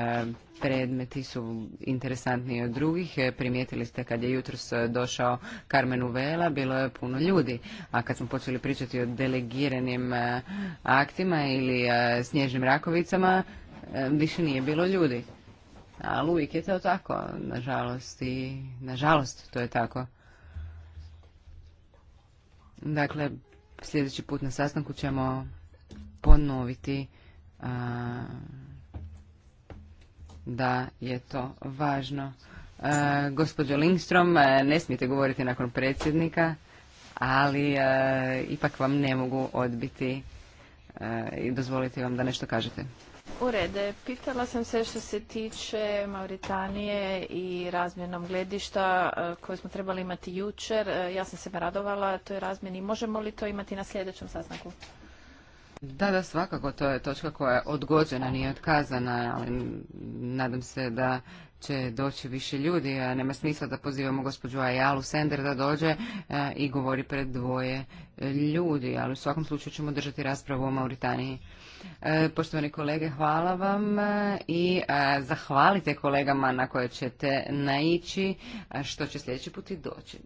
predmeti su interesantniji od drugih. Primijetili ste kad je jutros došao Carmen Uvela, bilo je puno ljudi. A kad smo počeli pričati o delegiranim e, aktima ili e, snježnim rakovicama, E, više nije bilo ljudi. Ali uvijek je to tako, nažalost, i nažalost to je tako. Dakle, sljedeći put na sastanku ćemo ponoviti da je to važno. A, e, gospođo Lindstrom, e, ne smijete govoriti nakon predsjednika, ali ipak vam ne mogu odbiti i dozvoliti vam da nešto kažete. U pitala sam se što se tiče Mauritanije i razmjenom gledišta e, koje smo trebali imati jučer. E, ja sam se radovala toj razmjeni. Možemo li to imati na sljedećem sastanku? Da, da, svakako to je točka koja je odgođena, nije otkazana, ali nadam se da će doći više ljudi, a nema smisla da pozivamo gospođu Ajalu Sender da dođe e, i govori pred dvoje ljudi, ali u svakom slučaju ćemo držati raspravu o Mauritaniji. E, poštovani kolege, hvala vam e, i e, zahvalite kolegama na koje ćete naići, što će sljedeći put i doći.